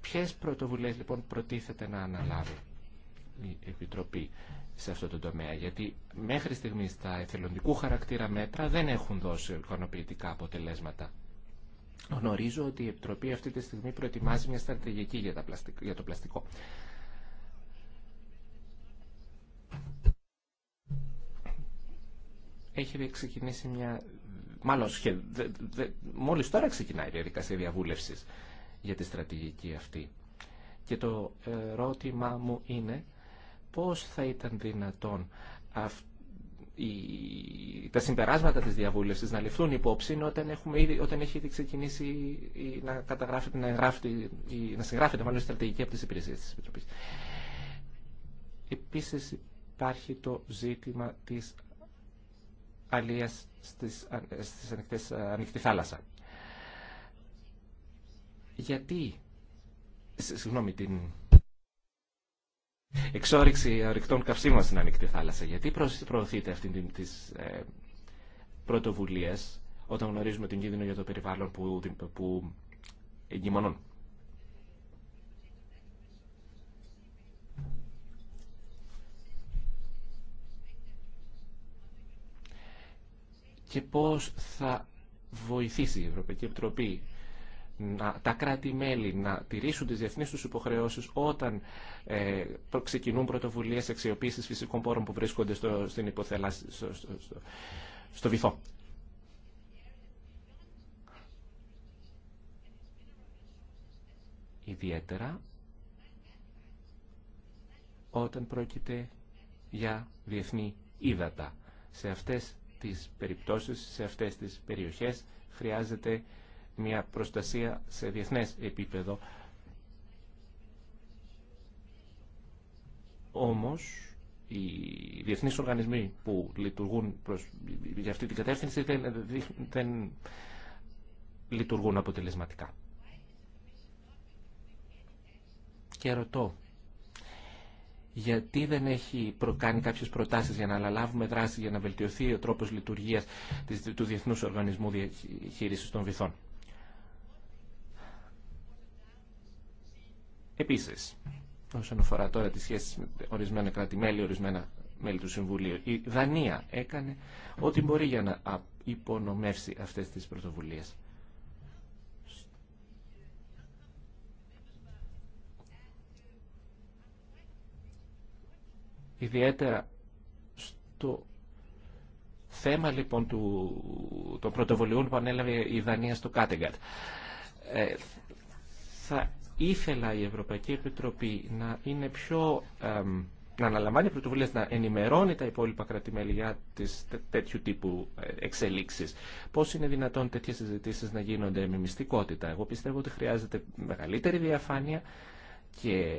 Ποιες πρωτοβουλίες λοιπόν προτίθεται να αναλάβει η Επιτροπή σε αυτό το τομέα, γιατί μέχρι στιγμής τα εθελοντικού χαρακτήρα μέτρα δεν έχουν δώσει ικανοποιητικά αποτελέσματα. Γνωρίζω ότι η Επιτροπή αυτή τη στιγμή προετοιμάζει μια στρατηγική για, τα για το πλαστικό. Έχει ξεκινήσει μια... Μάλλον μόλις τώρα ξεκινάει η διαδικασία διαβούλευσης για τη στρατηγική αυτή. Και το ερώτημά μου είναι πώς θα ήταν δυνατόν αυτό τα συμπεράσματα της διαβούλευσης να ληφθούν υπόψη όταν, έχουμε ήδη, όταν έχει ήδη ξεκινήσει να καταγράφεται, να, εγγράφεται, ή να συγγράφεται μάλλον στρατηγική από τις υπηρεσίες της Επιτροπής. Επίσης υπάρχει το ζήτημα της αλίας στις, στις ανοιχτές, ανοιχτή θάλασσα. Γιατί, συγγνώμη, την εξόριξη ορυκτών καυσίμων στην ανοιχτή θάλασσα. Γιατί προωθείται αυτήν τη ε, πρωτοβουλία όταν γνωρίζουμε την κίνδυνο για το περιβάλλον που, που Και πώς θα βοηθήσει η Ευρωπαϊκή Επιτροπή τα κράτη-μέλη να τηρήσουν τις διεθνείς τους υποχρεώσεις όταν ε, ξεκινούν πρωτοβουλίες αξιοποίησης φυσικών πόρων που βρίσκονται στο, στην υποθελά, στο, στο, βυθό. Ιδιαίτερα όταν πρόκειται για διεθνή ύδατα. Σε αυτές τις περιπτώσεις, σε αυτές τις περιοχές χρειάζεται μια προστασία σε διεθνές επίπεδο. Όμως, οι διεθνείς οργανισμοί που λειτουργούν για αυτή την κατεύθυνση δεν, λειτουργούν αποτελεσματικά. Και ρωτώ, γιατί δεν έχει κάνει κάποιες προτάσεις για να αναλάβουμε δράση, για να βελτιωθεί ο τρόπος λειτουργίας του Διεθνούς Οργανισμού Διαχείρισης των Βυθών. Επίση, όσον αφορά τώρα τις σχέσεις με ορισμένα κράτη-μέλη, ορισμένα μέλη του Συμβουλίου, η Δανία έκανε ό,τι μπορεί για να υπονομεύσει αυτές τις πρωτοβουλίες. Ιδιαίτερα στο θέμα λοιπόν του, των πρωτοβουλειών που ανέλαβε η Δανία στο Κάτεγκατ. Ε, θα ήθελα η Ευρωπαϊκή Επιτροπή να είναι πιο να αναλαμβάνει πρωτοβουλίε, να ενημερώνει τα υπόλοιπα κρατημέλη για τέτοιου τύπου ε, εξελίξει. Πώ είναι δυνατόν τέτοιε συζητήσει να γίνονται με μυστικότητα. Εγώ πιστεύω ότι χρειάζεται μεγαλύτερη διαφάνεια και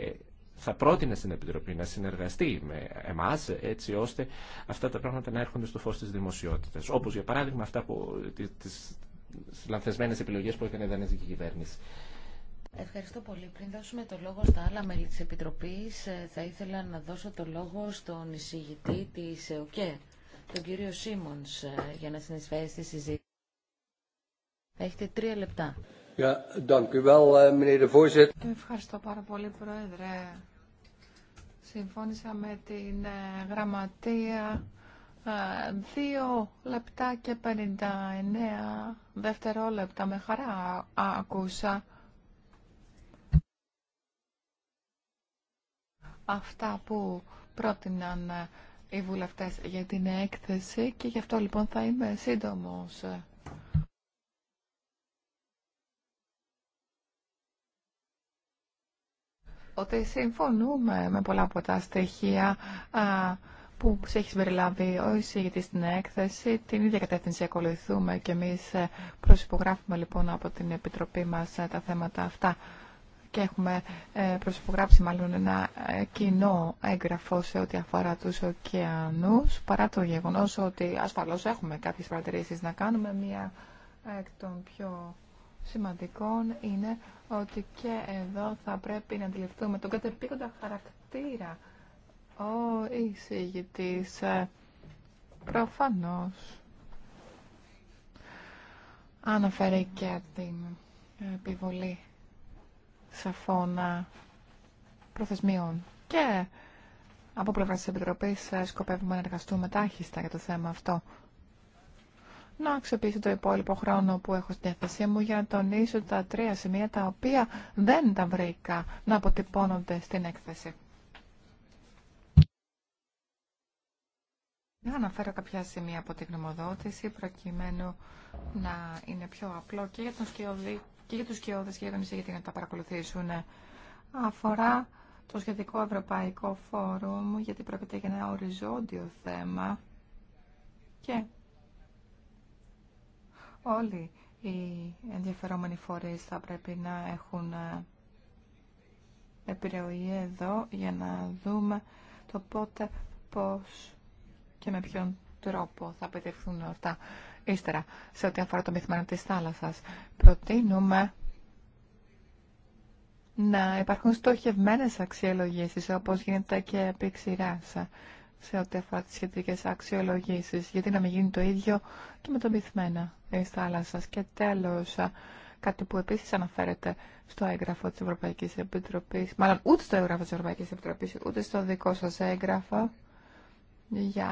θα πρότεινα στην Επιτροπή να συνεργαστεί με εμά έτσι ώστε αυτά τα πράγματα να έρχονται στο φω τη δημοσιότητα. Όπω για παράδειγμα αυτά που. Τι λανθασμένε επιλογέ που έκανε η Δανέζικη κυβέρνηση. Ευχαριστώ πολύ. Πριν δώσουμε το λόγο στα άλλα μέλη της Επιτροπής, ε, θα ήθελα να δώσω το λόγο στον εισηγητή της ΕΟΚΕ, τον κύριο Σίμονς, ε, για να συνεισφέρει στη συζήτηση. Έχετε τρία λεπτά. Ε, Ευχαριστώ πάρα πολύ, Πρόεδρε. Συμφώνησα με την γραμματεία δύο λεπτά και 59 δευτερόλεπτα. Με χαρά άκουσα αυτά που πρότειναν ε, οι βουλευτές για την έκθεση και γι' αυτό λοιπόν θα είμαι σύντομος. Ότι συμφωνούμε με πολλά από τα στοιχεία που σε έχει συμπεριλάβει ο εισηγητή στην έκθεση. Την ίδια κατεύθυνση ακολουθούμε και εμεί ε, προσυπογράφουμε λοιπόν από την Επιτροπή μας ε, τα θέματα αυτά και έχουμε ε, προσωπογράψει μάλλον ένα ε, κοινό έγγραφο σε ό,τι αφορά τους ωκεανούς, παρά το γεγονός ότι ασφαλώς έχουμε κάποιες παρατηρήσεις να κάνουμε. Μία εκ των πιο σημαντικών είναι ότι και εδώ θα πρέπει να αντιληφθούμε τον κατεπίγοντα χαρακτήρα ο εισηγητής ε, προφανώς αναφέρει και την επιβολή σαφώνα ε, προθεσμιών. Και από πλευρά τη Επιτροπή ε, σκοπεύουμε να εργαστούμε τάχιστα για το θέμα αυτό. Να αξιοποιήσω το υπόλοιπο χρόνο που έχω στην διάθεσή μου για να τονίσω τα τρία σημεία τα οποία δεν τα βρήκα να αποτυπώνονται στην έκθεση. Να αναφέρω κάποια σημεία από την γνωμοδότηση προκειμένου να είναι πιο απλό και για τον σκιωδή και για τους κοιόδες και για τον γιατί να τα παρακολουθήσουν. Αφορά το σχετικό Ευρωπαϊκό Φόρουμ, γιατί πρόκειται για ένα οριζόντιο θέμα και όλοι οι ενδιαφερόμενοι φορείς θα πρέπει να έχουν ε, επιρροή εδώ για να δούμε το πότε, πώς και με ποιον τρόπο θα πετύχουν αυτά Ύστερα, σε ό,τι αφορά το μυθμένο της θάλασσας, προτείνουμε να υπάρχουν στοχευμένες αξιολογήσεις, όπως γίνεται και επί ξηράς, σε ό,τι αφορά τις σχετικές αξιολογήσεις, γιατί να μην γίνει το ίδιο και με το μυθμένα της θάλασσας. Και τέλος, κάτι που επίσης αναφέρεται στο έγγραφο της Ευρωπαϊκής Επιτροπής, μάλλον ούτε στο έγγραφο της Ευρωπαϊκής Επιτροπής, ούτε στο δικό σας έγγραφο, για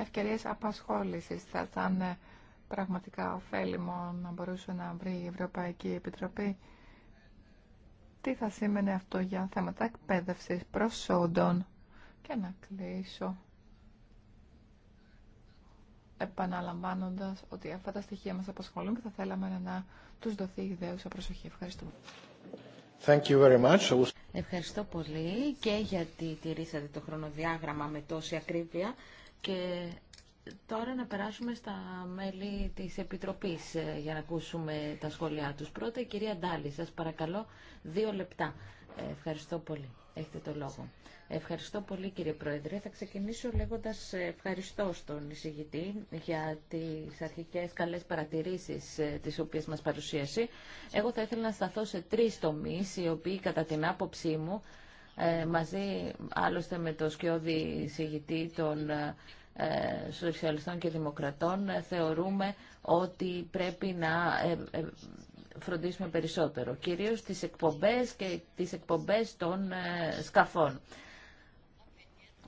ευκαιρίες απασχόλησης. Θα ήταν ε, πραγματικά ωφέλιμο να μπορούσε να βρει η Ευρωπαϊκή Επιτροπή τι θα σήμαινε αυτό για θέματα εκπαίδευσης προσόντων και να κλείσω επαναλαμβάνοντας ότι αυτά τα στοιχεία μας απασχολούν και θα θέλαμε να τους δοθεί ιδέουσα προσοχή. Ευχαριστούμε. Thank you very much. Ευχαριστώ πολύ και γιατί τηρήσατε το χρονοδιάγραμμα με τόση ακρίβεια. Και τώρα να περάσουμε στα μέλη της Επιτροπής ε, για να ακούσουμε τα σχόλιά τους. Πρώτα η κυρία Ντάλη, σας παρακαλώ δύο λεπτά. Ε, ευχαριστώ πολύ. Έχετε το λόγο. Ευχαριστώ πολύ κύριε Πρόεδρε. Θα ξεκινήσω λέγοντας ε, ευχαριστώ στον εισηγητή για τις αρχικές καλές παρατηρήσεις τις οποίες μας παρουσίασε. Εγώ θα ήθελα να σταθώ σε τρεις τομείς οι οποίοι κατά την άποψή μου ε, μαζί άλλωστε με το σκιώδη συγητή των ε, Σοσιαλιστών και Δημοκρατών ε, θεωρούμε ότι πρέπει να φροντίσουμε περισσότερο, κυρίως τις εκπομπές και τις εκπομπές των σκαφών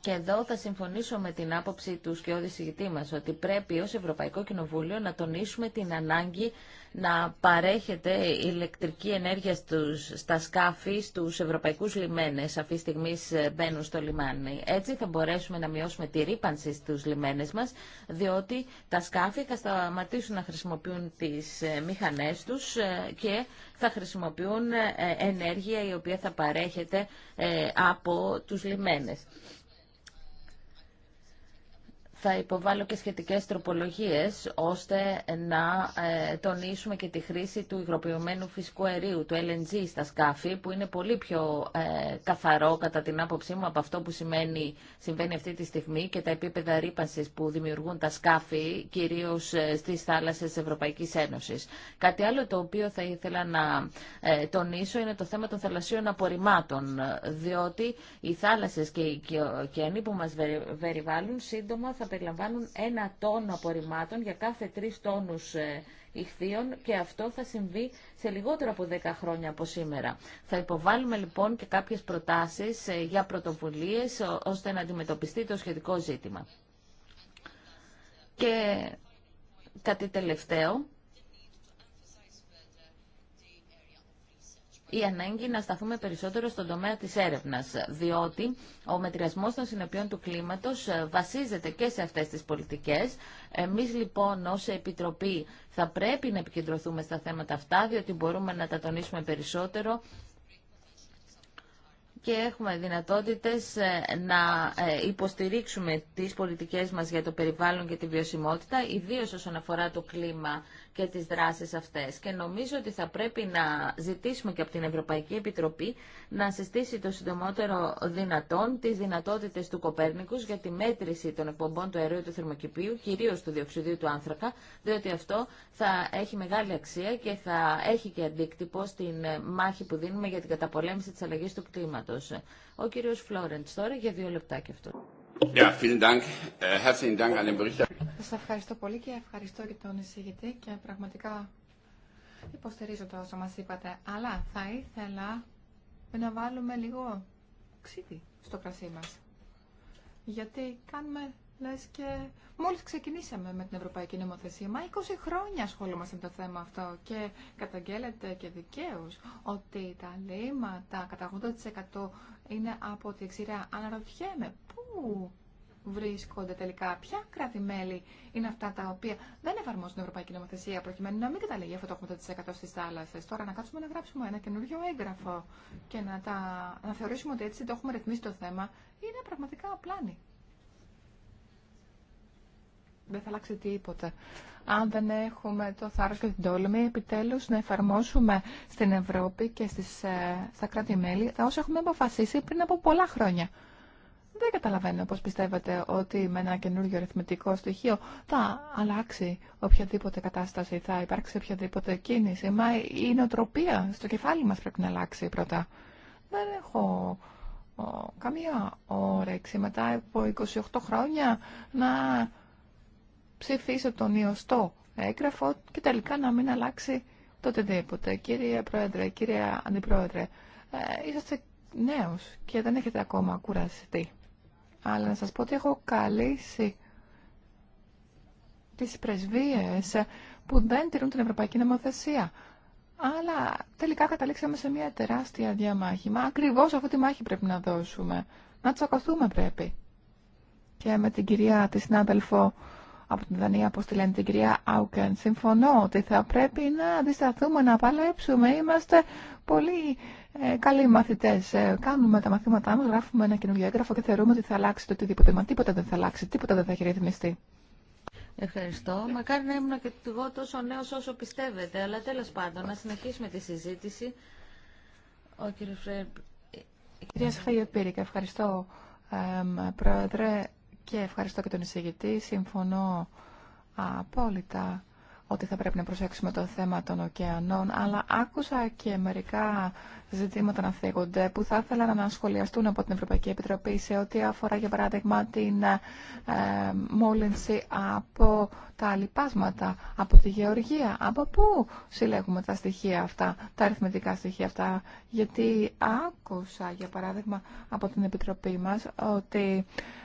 και εδώ θα συμφωνήσω με την άποψη του σκιώδη συγητή μα ότι πρέπει ω Ευρωπαϊκό Κοινοβούλιο να τονίσουμε την ανάγκη να παρέχεται ηλεκτρική ενέργεια στους, στα σκάφη, στου Ευρωπαϊκού λιμένε, αυτή τη στιγμή μπαίνουν στο λιμάνι. Έτσι θα μπορέσουμε να μειώσουμε τη ρήπανση στους λιμένες μα, διότι τα σκάφη θα σταματήσουν να χρησιμοποιούν τι ε, μηχανές του ε, και θα χρησιμοποιούν ε, ενέργεια η οποία θα παρέχεται από τους λιμένες θα υποβάλω και σχετικές τροπολογίες ώστε να ε, τονίσουμε και τη χρήση του υγροποιημένου φυσικού αερίου, του LNG στα σκάφη, που είναι πολύ πιο ε, καθαρό κατά την άποψή μου από αυτό που σημαίνει, συμβαίνει αυτή τη στιγμή και τα επίπεδα ρήπανσης που δημιουργούν τα σκάφη, κυρίως ε, στις θάλασσες Ευρωπαϊκής Ένωσης. Κάτι άλλο το οποίο θα ήθελα να τονίσω είναι το θέμα των θαλασσίων απορριμμάτων, διότι οι θάλασσες και οι ωκεανοί που μας περιβάλλουν σύντομα θα περιλαμβάνουν ένα τόνο απορριμμάτων για κάθε τρεις τόνους ε, ηχθείων και αυτό θα συμβεί σε λιγότερο από 10 χρόνια από σήμερα. Θα υποβάλουμε λοιπόν και κάποιες προτάσεις ε, για πρωτοβουλίες ώστε να αντιμετωπιστεί το σχετικό ζήτημα. Και κάτι τελευταίο. η ανάγκη να σταθούμε περισσότερο στον τομέα της έρευνας, διότι ο μετριασμός των συνεπειών του κλίματος ε, βασίζεται και σε αυτές τις πολιτικές. Εμείς λοιπόν ως Επιτροπή θα πρέπει να επικεντρωθούμε στα θέματα αυτά, διότι μπορούμε να τα τονίσουμε περισσότερο και έχουμε δυνατότητες ε, να ε, υποστηρίξουμε τις πολιτικές μας για το περιβάλλον και τη βιωσιμότητα, ιδίως όσον αφορά το κλίμα για τις δράσεις αυτές. Και νομίζω ότι θα πρέπει να ζητήσουμε και από την Ευρωπαϊκή Επιτροπή να συστήσει το συντομότερο δυνατόν τις δυνατότητες του Κοπέρνικους για τη μέτρηση των εκπομπών του αερίου του θερμοκηπίου, κυρίως του διοξιδίου του άνθρακα, διότι αυτό θα έχει μεγάλη αξία και θα έχει και αντίκτυπο στην μάχη που δίνουμε για την καταπολέμηση της αλλαγής του κλίματος. Ο κύριος Φλόρεντς τώρα για δύο λεπτά αυτό. Äh, Σα ευχαριστώ πολύ και ευχαριστώ και τον εισηγητή και πραγματικά υποστηρίζω το όσο μας είπατε. Αλλά θα ήθελα να βάλουμε λίγο ξύδι στο κρασί μας. Γιατί κάνουμε λες και μόλις ξεκινήσαμε με την Ευρωπαϊκή Νομοθεσία. Μα 20 χρόνια ασχολούμαστε με το θέμα αυτό και καταγγέλλεται και δικαίω ότι τα λύματα κατά 80% είναι από τη ξηρά. Αναρωτιέμαι πού βρίσκονται τελικά, ποια κράτη-μέλη είναι αυτά τα οποία δεν εφαρμόζουν την Ευρωπαϊκή Νομοθεσία προκειμένου να μην καταλήγει αυτό το 80% στι θάλασσε. Τώρα να κάτσουμε να γράψουμε ένα καινούριο έγγραφο και να, τα, να θεωρήσουμε ότι έτσι το έχουμε ρυθμίσει το θέμα, είναι πραγματικά απλάνη. Δεν θα αλλάξει τίποτα. Αν δεν έχουμε το θάρρο και την τόλμη, επιτέλου να εφαρμόσουμε στην Ευρώπη και στις, ε, στα κράτη-μέλη τα όσα έχουμε αποφασίσει πριν από πολλά χρόνια. Δεν καταλαβαίνω πώς πιστεύετε ότι με ένα καινούργιο αριθμητικό στοιχείο θα αλλάξει οποιαδήποτε κατάσταση, θα υπάρξει οποιαδήποτε κίνηση. Μα η νοοτροπία στο κεφάλι μας πρέπει να αλλάξει πρώτα. Δεν έχω καμία όρεξη μετά από 28 χρόνια να ψηφίσω τον ιωστό έγγραφο και τελικά να μην αλλάξει τοτεδήποτε. Κύριε Πρόεδρε, κύριε Αντιπρόεδρε, ε, είσαστε νέος και δεν έχετε ακόμα κουραστεί αλλά να σας πω ότι έχω καλήσει τις πρεσβείες που δεν τηρούν την Ευρωπαϊκή Νομοθεσία. Αλλά τελικά καταλήξαμε σε μια τεράστια διαμάχη. Μα ακριβώς αυτή τη μάχη πρέπει να δώσουμε. Να τσακωθούμε πρέπει. Και με την κυρία, τη συνάδελφο από την Δανία, όπως τη λένε την κυρία Άουκεν. Συμφωνώ ότι θα πρέπει να αντισταθούμε, να παλέψουμε. Είμαστε πολύ ε, καλοί μαθητέ. Ε, κάνουμε τα μαθήματά μας, γράφουμε ένα καινούργιο έγγραφο και θεωρούμε ότι θα αλλάξει το οτιδήποτε. Μα τίποτα δεν θα αλλάξει, τίποτα δεν θα έχει ρυθμιστεί. Ευχαριστώ. Μακάρι να ήμουν και εγώ τόσο νέο όσο πιστεύετε, αλλά τέλο πάντων να συνεχίσουμε τη συζήτηση. Ο κύριος Κυρία ευχαριστώ. πρόεδρε, και ευχαριστώ και τον εισηγητή. Συμφωνώ απόλυτα ότι θα πρέπει να προσέξουμε το θέμα των ωκεανών, αλλά άκουσα και μερικά ζητήματα να φύγονται που θα ήθελα να ανασχολιαστούν από την Ευρωπαϊκή Επιτροπή σε ό,τι αφορά, για παράδειγμα, την ε, μόλυνση από τα λοιπάσματα, από τη γεωργία. Από πού συλλέγουμε τα στοιχεία αυτά, τα αριθμητικά στοιχεία αυτά, γιατί άκουσα, για παράδειγμα, από την Επιτροπή μας ότι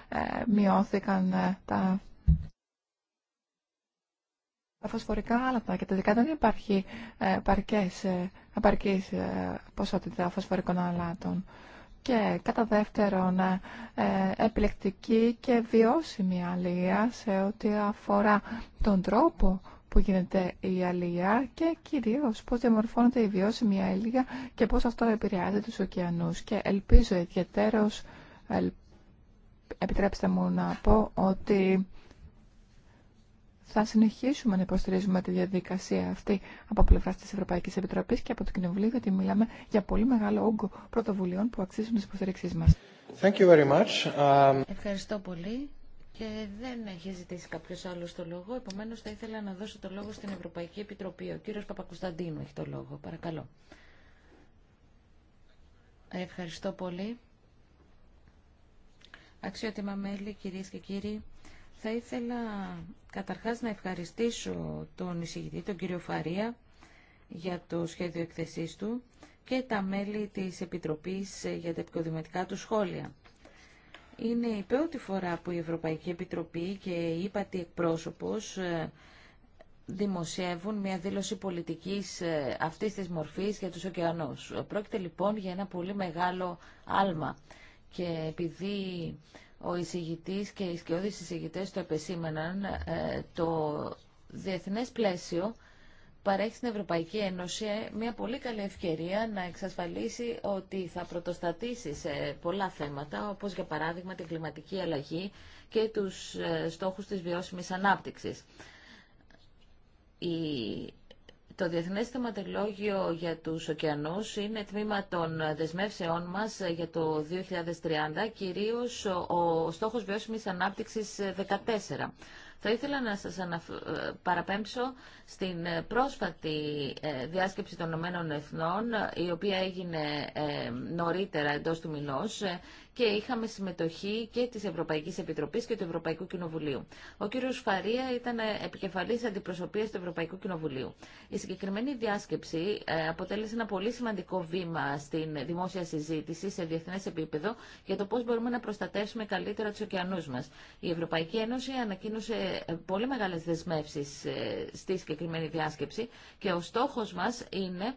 ε, μειώθηκαν ε, τα τα φωσφορικά άλατα και τελικά δεν υπάρχει ε, ε απαρκής ποσότητα φωσφορικών αλάτων. Και κατά δεύτερον, ε, επιλεκτική και βιώσιμη αλία σε ό,τι αφορά τον τρόπο που γίνεται η αλία και κυρίως πώς διαμορφώνεται η βιώσιμη αλία και πώς αυτό επηρεάζει τους ωκεανούς. Και ελπίζω ιδιαίτερως, επιτρέψτε μου να πω ότι θα συνεχίσουμε να υποστηρίζουμε τη διαδικασία αυτή από πλευρά τη Ευρωπαϊκή Επιτροπή και από το Κοινοβουλίο, γιατί μιλάμε για πολύ μεγάλο όγκο πρωτοβουλειών που αξίζουν τι υποστηρίξει μα. Ευχαριστώ πολύ. Και δεν έχει ζητήσει κάποιο άλλο το λόγο. Επομένω, θα ήθελα να δώσω το λόγο στην Ευρωπαϊκή Επιτροπή. Ο κύριο Παπακουσταντίνου έχει το λόγο. Παρακαλώ. Ευχαριστώ πολύ. Αξιότιμα μέλη, κυρίες και κύριοι, θα ήθελα καταρχάς να ευχαριστήσω τον εισηγητή, τον κύριο Φαρία, για το σχέδιο εκθεσής του και τα μέλη της Επιτροπής για τα επικοδηματικά του σχόλια. Είναι η πρώτη φορά που η Ευρωπαϊκή Επιτροπή και η ύπατη εκπρόσωπος ε, δημοσιεύουν μια δήλωση πολιτικής ε, αυτής της μορφής για τους ωκεανούς. Πρόκειται λοιπόν για ένα πολύ μεγάλο άλμα και επειδή ο εισηγητής και οι σκιώδεις εισηγητές το επεσήμαναν, ε, το διεθνές πλαίσιο παρέχει στην Ευρωπαϊκή Ένωση μια πολύ καλή ευκαιρία να εξασφαλίσει ότι θα πρωτοστατήσει σε πολλά θέματα, όπως για παράδειγμα την κλιματική αλλαγή και τους ε, στόχους της βιώσιμης ανάπτυξης. Η το Διεθνές Θεματολόγιο για τους ωκεανούς είναι τμήμα των δεσμεύσεών μας για το 2030, κυρίως ο στόχος βιώσιμης ανάπτυξης 14. Θα ήθελα να σας παραπέμψω στην πρόσφατη ε, διάσκεψη των Ηνωμένων Εθνών, η οποία έγινε ε, νωρίτερα εντός του μηνός ε, και είχαμε συμμετοχή και της Ευρωπαϊκής Επιτροπής και του Ευρωπαϊκού Κοινοβουλίου. Ο κύριος Φαρία ήταν επικεφαλής αντιπροσωπείας του Ευρωπαϊκού Κοινοβουλίου. Η συγκεκριμένη διάσκεψη ε, αποτέλεσε ένα πολύ σημαντικό βήμα στην δημόσια συζήτηση σε διεθνές επίπεδο για το πώς μπορούμε να προστατεύσουμε καλύτερα τους ωκεανούς μας. Η Ευρωπαϊκή Ένωση ανακοίνωσε ε, πολύ μεγάλες δεσμεύσεις ε, στη συγκεκριμένη διάσκεψη και ο στόχο μα είναι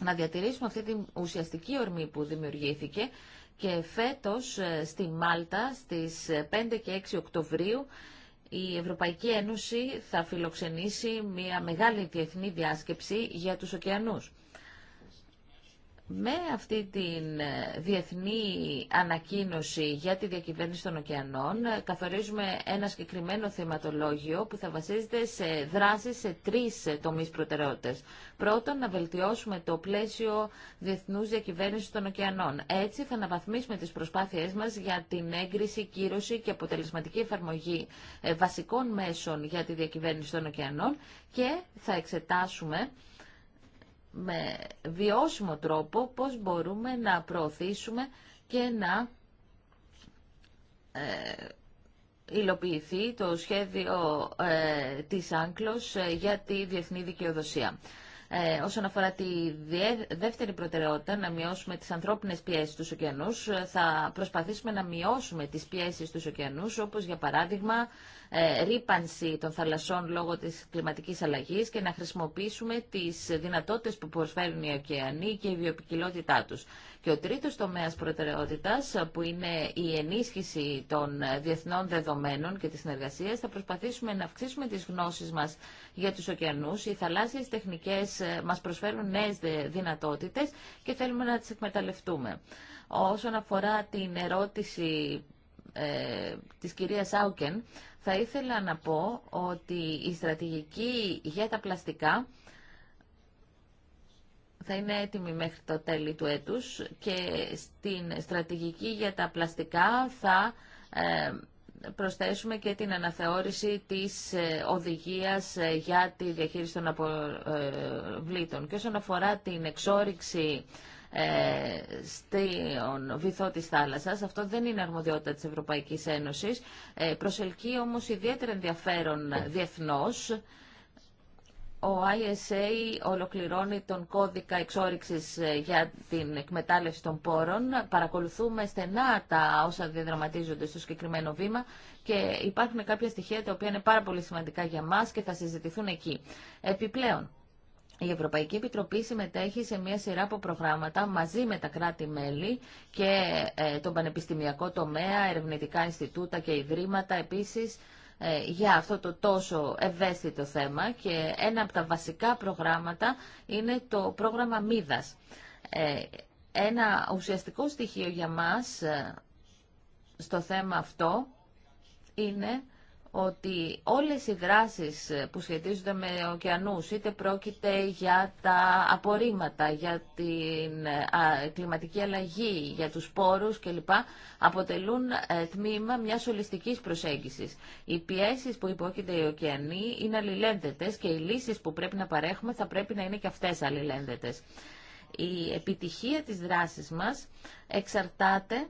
να διατηρήσουμε αυτή την ουσιαστική ορμή που δημιουργήθηκε και φέτος ε, στη Μάλτα στις 5 και 6 Οκτωβρίου η Ευρωπαϊκή Ένωση θα φιλοξενήσει μια μεγάλη διεθνή διάσκεψη για τους ωκεανούς. Με αυτή την ε, διεθνή ανακοίνωση για τη διακυβέρνηση των ωκεανών ε, καθορίζουμε ένα συγκεκριμένο θεματολόγιο που θα βασίζεται σε δράσεις σε τρεις ε, τομείς προτεραιότητες. Πρώτον, να βελτιώσουμε το πλαίσιο διεθνούς διακυβέρνηση των ωκεανών. Έτσι θα αναβαθμίσουμε τις προσπάθειές μας για την έγκριση, κύρωση και αποτελεσματική εφαρμογή βασικών μέσων για τη διακυβέρνηση των ωκεανών και θα εξετάσουμε με βιώσιμο τρόπο πώς μπορούμε να προωθήσουμε και να ε, υλοποιηθεί το σχέδιο ε, της Άγκλος ε, για τη διεθνή δικαιοδοσία. Ε, όσον αφορά τη δεύτερη προτεραιότητα, να μειώσουμε τις ανθρώπινες πιέσεις στους ωκεανούς, ε, θα προσπαθήσουμε να μειώσουμε τις πιέσεις στους ωκεανούς, όπως για παράδειγμα ε, ρήπανση των θαλασσών λόγω της κλιματικής αλλαγής και να χρησιμοποιήσουμε τις δυνατότητες που προσφέρουν οι ωκεανοί και η βιοπικιλότητά τους. Και ο τρίτος τομέας προτεραιότητας που είναι η ενίσχυση των διεθνών δεδομένων και της συνεργασίας θα προσπαθήσουμε να αυξήσουμε τις γνώσεις μας για τους ωκεανούς. Οι θαλάσσιες τεχνικές ε, μας προσφέρουν νέες δυνατότητες και θέλουμε να τις εκμεταλλευτούμε. Όσον αφορά την ερώτηση ε, της κυρίας Άουκεν, θα ήθελα να πω ότι η στρατηγική για τα πλαστικά θα είναι έτοιμη μέχρι το τέλη του έτους και στην στρατηγική για τα πλαστικά θα ε, προσθέσουμε και την αναθεώρηση της ε, οδηγίας ε, για τη διαχείριση των αποβλήτων. Και όσον αφορά την εξόριξη ε, στον βυθό της θάλασσας. Αυτό δεν είναι αρμοδιότητα της Ευρωπαϊκής Ένωσης. Ε, προσελκύει όμως ιδιαίτερα ενδιαφέρον διεθνώς. Ο ISA ολοκληρώνει τον κώδικα εξόριξης ε, για την εκμετάλλευση των πόρων. Παρακολουθούμε στενά τα όσα διαδραματίζονται στο συγκεκριμένο βήμα και υπάρχουν κάποια στοιχεία τα οποία είναι πάρα πολύ σημαντικά για μας και θα συζητηθούν εκεί. Επιπλέον, η Ευρωπαϊκή Επιτροπή συμμετέχει σε μια σειρά από προγράμματα μαζί με τα κράτη-μέλη και ε, τον πανεπιστημιακό τομέα, ερευνητικά Ινστιτούτα και Ιδρύματα επίσης ε, για αυτό το τόσο ευαίσθητο θέμα και ένα από τα βασικά προγράμματα είναι το πρόγραμμα Μίδας. Ε, ένα ουσιαστικό στοιχείο για μας στο θέμα αυτό είναι ότι όλες οι δράσεις που σχετίζονται με ωκεανούς, είτε πρόκειται για τα απορρίμματα, για την κλιματική αλλαγή, για τους πόρους κλπ, αποτελούν ε, τμήμα μιας ολιστικής προσέγγισης. Οι πιέσεις που υπόκειται οι ωκεανοί είναι αλληλένδετες και οι λύσεις που πρέπει να παρέχουμε θα πρέπει να είναι και αυτές αλληλένδετες. Η επιτυχία της δράσης μας εξαρτάται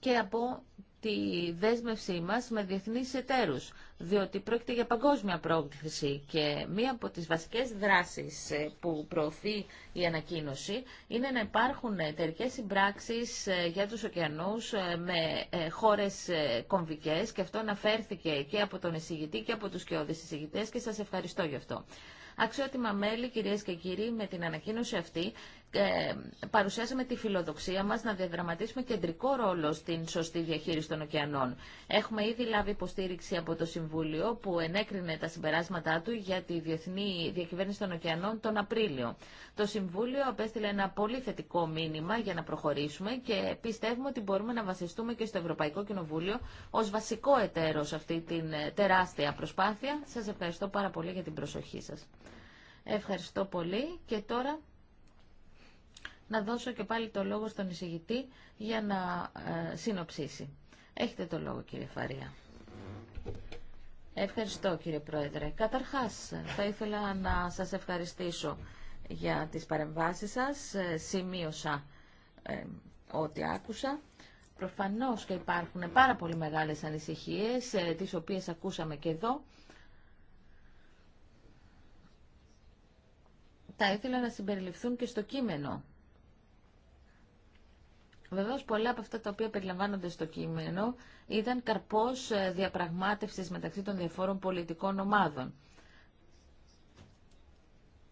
και από τη δέσμευσή μας με διεθνείς εταίρους, διότι πρόκειται για παγκόσμια πρόκληση και μία από τις βασικές δράσεις ε, που προωθεί η ανακοίνωση είναι να υπάρχουν εταιρικές συμπράξεις ε, για τους ωκεανούς ε, με χώρες κομβικές και αυτό αναφέρθηκε και από τον εισηγητή και από τους κοιόδης εισηγητές και σας ευχαριστώ γι' αυτό. Αξιότιμα μέλη, κυρίες και κύριοι, με την ανακοίνωση αυτή ε, παρουσιάσαμε τη φιλοδοξία μας να διαδραματίσουμε κεντρικό ρόλο στην σωστή διαχείριση των ωκεανών. Έχουμε ήδη λάβει υποστήριξη από το Συμβούλιο που ενέκρινε τα συμπεράσματά του για τη διεθνή διακυβέρνηση των ωκεανών τον Απρίλιο. Το Συμβούλιο απέστειλε ένα πολύ θετικό μήνυμα για να προχωρήσουμε και πιστεύουμε ότι μπορούμε να βασιστούμε και στο Ευρωπαϊκό Κοινοβούλιο ως βασικό εταίρο σε αυτή την ε, τεράστια προσπάθεια. Σας ευχαριστώ πάρα πολύ για την προσοχή σας. Ευχαριστώ πολύ και τώρα να δώσω και πάλι το λόγο στον εισηγητή για να ε, συνοψίσει. Έχετε το λόγο κύριε Φαρία. Ευχαριστώ κύριε Πρόεδρε. Καταρχάς θα ήθελα να σας ευχαριστήσω για τις παρεμβάσεις σας. Ε, σημείωσα ε, ό,τι άκουσα. Προφανώς και υπάρχουν πάρα πολύ μεγάλες ανησυχίες, ε, τις οποίες ακούσαμε και εδώ. Θα ήθελα να συμπεριληφθούν και στο κείμενο Βεβαίως πολλά από αυτά τα οποία περιλαμβάνονται στο κείμενο ήταν καρπός ε, διαπραγμάτευσης μεταξύ των διαφόρων πολιτικών ομάδων.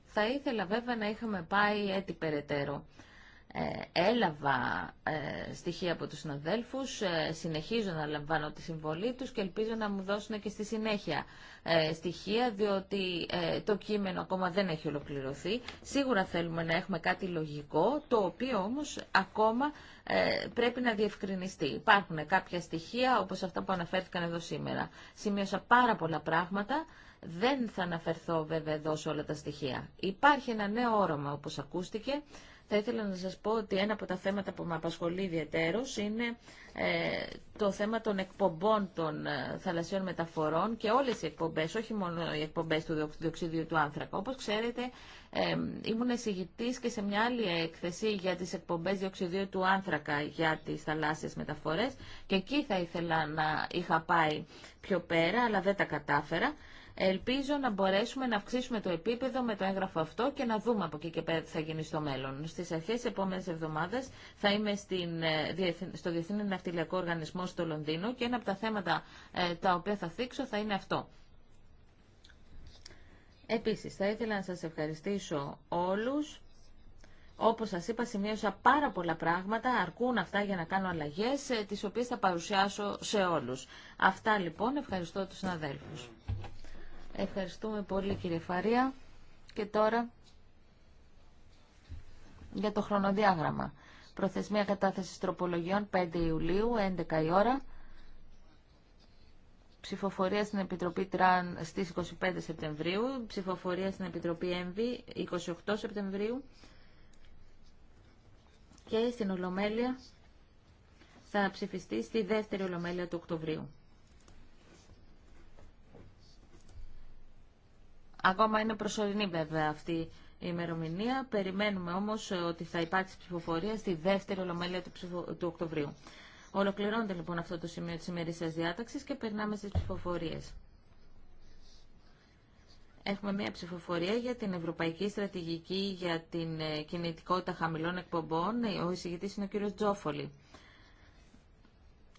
Θα ήθελα βέβαια να είχαμε πάει έτσι περαιτέρω. Ε, έλαβα ε, στοιχεία από τους συναδέλφους, ε, συνεχίζω να λαμβάνω τη συμβολή τους και ελπίζω να μου δώσουν και στη συνέχεια στοιχεία, διότι το κείμενο ακόμα δεν έχει ολοκληρωθεί. Σίγουρα θέλουμε να έχουμε κάτι λογικό, το οποίο όμως ακόμα πρέπει να διευκρινιστεί. Υπάρχουν κάποια στοιχεία, όπως αυτά που αναφέρθηκαν εδώ σήμερα. Σημείωσα πάρα πολλά πράγματα. Δεν θα αναφερθώ βέβαια εδώ σε όλα τα στοιχεία. Υπάρχει ένα νέο όρομα, όπως ακούστηκε, θα ήθελα να σας πω ότι ένα από τα θέματα που με απασχολεί ιδιαίτερως είναι ε, το θέμα των εκπομπών των ε, θαλασσιών μεταφορών και όλες οι εκπομπές, όχι μόνο οι εκπομπές του διοξιδίου του άνθρακα. Όπως ξέρετε, ήμουν εισηγητής και σε μια άλλη έκθεση για τις εκπομπές διοξιδίου του άνθρακα για τις θαλάσσιες μεταφορές και εκεί θα ήθελα να είχα πάει πιο πέρα, αλλά δεν τα κατάφερα. Ελπίζω να μπορέσουμε να αυξήσουμε το επίπεδο με το έγγραφο αυτό και να δούμε από εκεί και πέρα τι θα γίνει στο μέλλον. Στι αρχέ τη επόμενη εβδομάδα θα είμαι στην, ε, στο Διεθνή Ναυτιλιακό Οργανισμό στο Λονδίνο και ένα από τα θέματα ε, τα οποία θα θίξω θα είναι αυτό. Επίση, θα ήθελα να σα ευχαριστήσω όλου, Όπως σας είπα, σημείωσα πάρα πολλά πράγματα, αρκούν αυτά για να κάνω αλλαγές, ε, τις οποίες θα παρουσιάσω σε όλους. Αυτά λοιπόν, ευχαριστώ τους συναδέλφου. Ευχαριστούμε πολύ κύριε Φαρία. Και τώρα για το χρονοδιάγραμμα. Προθεσμία κατάθεσης τροπολογιών 5 Ιουλίου, 11 η ώρα. Ψηφοφορία στην Επιτροπή Τραν στις 25 Σεπτεμβρίου. Ψηφοφορία στην Επιτροπή ΕΜΒΗ 28 Σεπτεμβρίου. Και στην Ολομέλεια θα ψηφιστεί στη δεύτερη Ολομέλεια του Οκτωβρίου. Ακόμα είναι προσωρινή βέβαια αυτή η ημερομηνία. Περιμένουμε όμως ε, ότι θα υπάρξει ψηφοφορία στη δεύτερη ολομέλεια του Οκτωβρίου. Ολοκληρώνεται λοιπόν αυτό το σημείο της ημερήσιας διάταξης και περνάμε στις ψηφοφορίες. Έχουμε μια ψηφοφορία για την Ευρωπαϊκή Στρατηγική για την ε, Κινητικότητα Χαμηλών Εκπομπών. Ο εισηγητής είναι ο κύριος Τζόφολη.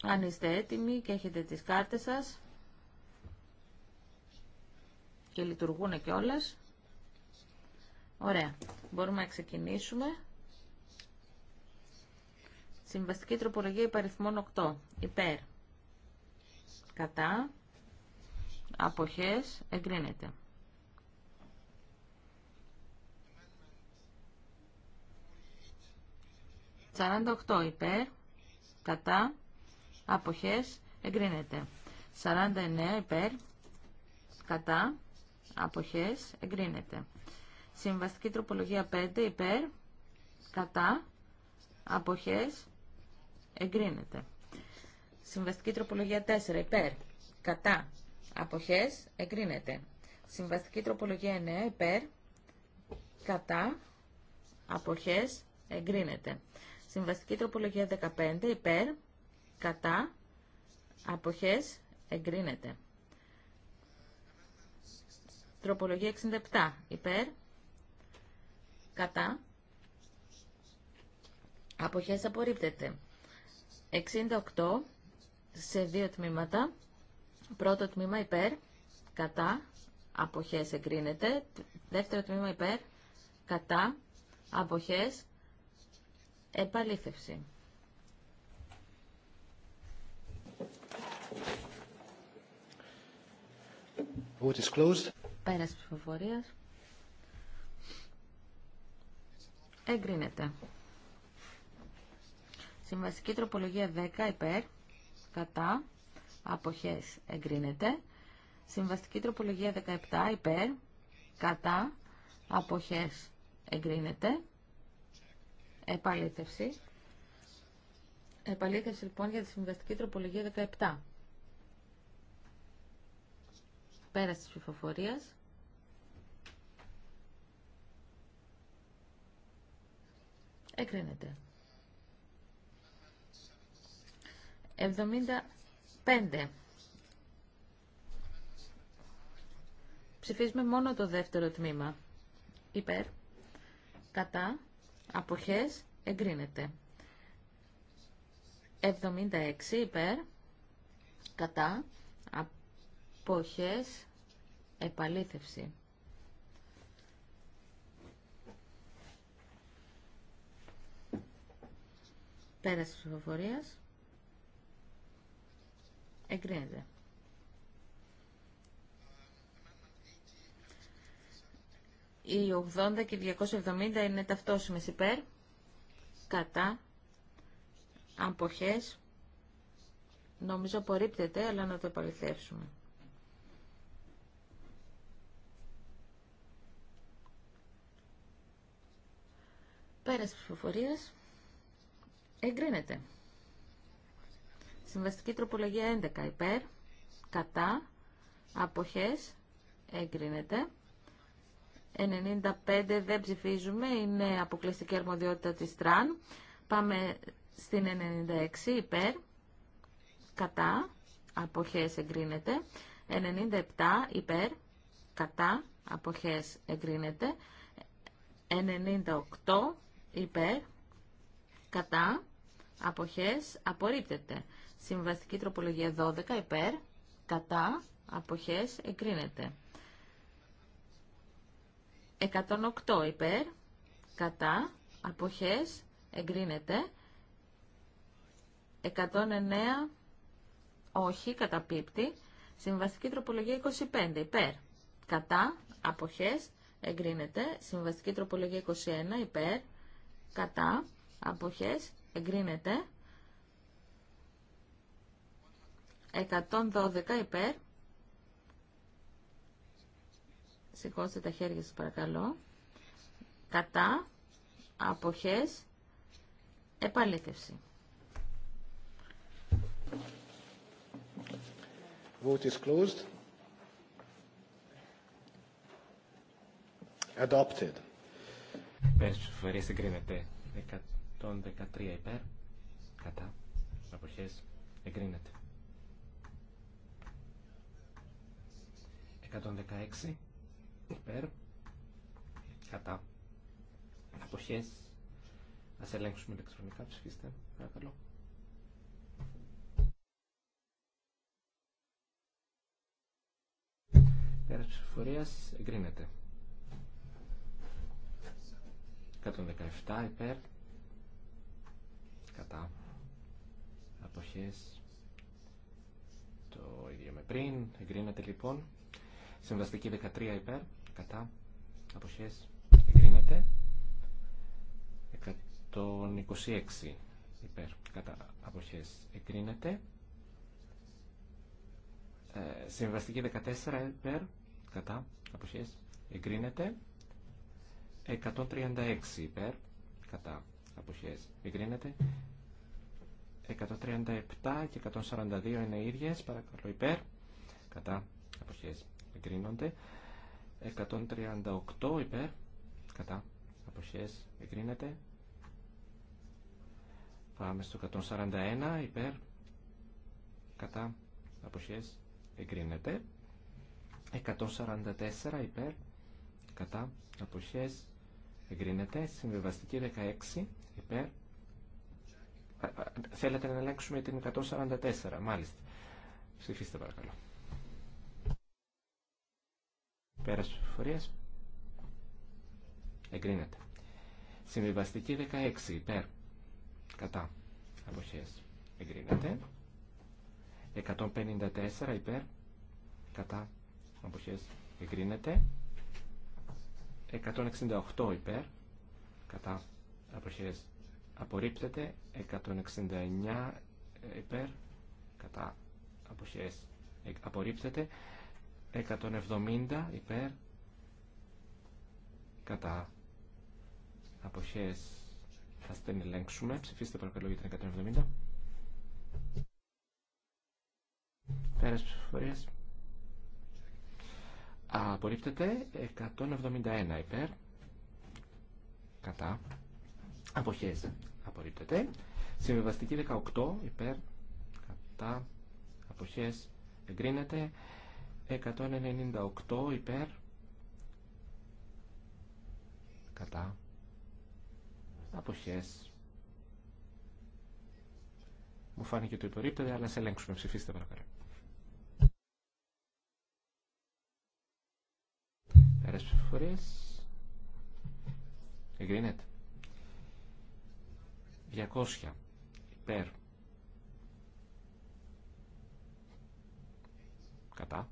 Αν είστε έτοιμοι και έχετε τις κάρτες σας και λειτουργούν και όλες. Ωραία. Μπορούμε να ξεκινήσουμε. Συμβαστική τροπολογία υπαριθμών 8. Υπέρ. Κατά. Αποχές. Εγκρίνεται. 48. υπέρ. Κατά. Αποχές. Εγκρίνεται. 49 υπέρ. Κατά αποχές εγκρίνεται. Συμβαστική τροπολογία 5 υπέρ, κατά, αποχές εγκρίνεται. Συμβαστική τροπολογία 4 υπέρ, κατά, αποχές εγκρίνεται. Συμβαστική τροπολογία 9 υπέρ, κατά, αποχές εγκρίνεται. Συμβαστική τροπολογία 15 υπέρ, κατά, αποχές εγκρίνεται. Τροπολογία 67 υπέρ. Κατά. Αποχές απορρίπτεται. 68 σε δύο τμήματα. Πρώτο τμήμα υπέρ. Κατά. Αποχές εγκρίνεται. Δεύτερο τμήμα υπέρ. Κατά. Αποχές. Επαλήθευση. Vote is closed. Πέρας ψηφοφορίας. Εγκρίνεται. Συμβαστική τροπολογία 10 υπέρ, κατά, αποχές εγκρίνεται. Συμβαστική τροπολογία 17 υπέρ, κατά, αποχές εγκρίνεται. Επαλήθευση. Επαλήθευση λοιπόν για τη συμβαστική τροπολογία 17. Πέρας της ψηφοφορίας. Εγκρίνεται. 75. Ψηφίζουμε μόνο το δεύτερο τμήμα. Υπέρ. Κατά. Αποχές. Εγκρίνεται. 76 υπέρ. Κατά αποχές επαλήθευση. Πέραση της ψηφοφορίας. Εγκρίνεται. 80 και 270 είναι ταυτόσιμες υπέρ, κατά, αμποχές, νομίζω απορρίπτεται, αλλά να το επαληθεύσουμε. Πέρας Εγκρίνεται. Συμβαστική τροπολογία 11 υπέρ, κατά, αποχές, εγκρίνεται. 95 δεν ψηφίζουμε, είναι αποκλειστική αρμοδιότητα της ΤΡΑΝ. Πάμε στην 96 υπέρ, κατά, αποχές εγκρίνεται. 97 υπέρ, κατά, αποχές εγκρίνεται. 98 υπέρ, κατά, αποχές, απορρίπτεται. Συμβαστική τροπολογία 12, υπέρ, κατά, αποχές, εγκρίνεται. 108 υπέρ, κατά, αποχές, εγκρίνεται. 109 όχι, καταπίπτει. Συμβαστική τροπολογία 25 υπέρ, κατά, αποχές, εγκρίνεται. Συμβαστική τροπολογία 21 υπέρ, κατά, αποχές, εγκρίνεται. 112 υπέρ. Σηκώστε τα χέρια σας παρακαλώ. Κατά, αποχές, επαλήθευση. Vote is closed. Adopted. Πέρα τη ψηφοφορία εγκρίνεται. 113 υπέρ. Κατά. Αποχέ εγκρίνεται. 116 υπέρ. Κατά. Αποχέ. Α ελέγξουμε ηλεκτρονικά. Ψηφίστε. Παρακαλώ. Πέρα ψηφοφορία εγκρίνεται. 117 υπέρ κατά αποχές το ίδιο με πριν εγκρίνεται λοιπόν συμβαστική 13 υπέρ κατά αποχές εγκρίνεται 126 υπέρ κατά αποχές εγκρίνεται ε, συμβαστική 14 υπέρ κατά αποχές εγκρίνεται 136 υπέρ, κατά αποχές εγκρίνεται. 137 και 142 είναι ίδιες, παρακαλώ υπέρ, κατά αποχές εγκρίνονται. 138 υπέρ, κατά αποχές εγκρίνεται. Πάμε στο 141 υπέρ, κατά αποχές εγκρίνεται. 144 υπέρ, κατά αποχές Εγκρίνεται. Συμβιβαστική 16. Υπέρ. Θέλετε να ελέγξουμε την 144. Μάλιστα. Ψηφίστε παρακαλώ. Πέρας ψηφοφορίας. Εγκρίνεται. Συμβιβαστική 16. Υπέρ. Κατά. Αποχές. Εγκρίνεται. 154 υπέρ. Κατά. Αποχές. Εγκρίνεται. 168 υπέρ, κατά αποχές απορρίπτεται, 169 υπέρ, κατά αποχές απορρίπτεται, 170 υπέρ, κατά αποχές θα την ελέγξουμε. Ψηφίστε παρακαλώ για την 170. Πέρας ψηφοφορίας. Απορρίπτεται 171 υπέρ. Κατά. Αποχές. Απορρίπτεται. Συμβιβαστική 18 υπέρ. Κατά. Αποχές. Εγκρίνεται. 198 υπέρ. Κατά. Αποχές. Μου φάνηκε ότι υπορρίπτεται, αλλά σε ελέγξουμε. Ψηφίστε παρακαλώ. Πέρας ψηφοφορίας. Εγκρίνεται. 200. Υπέρ. Κατά.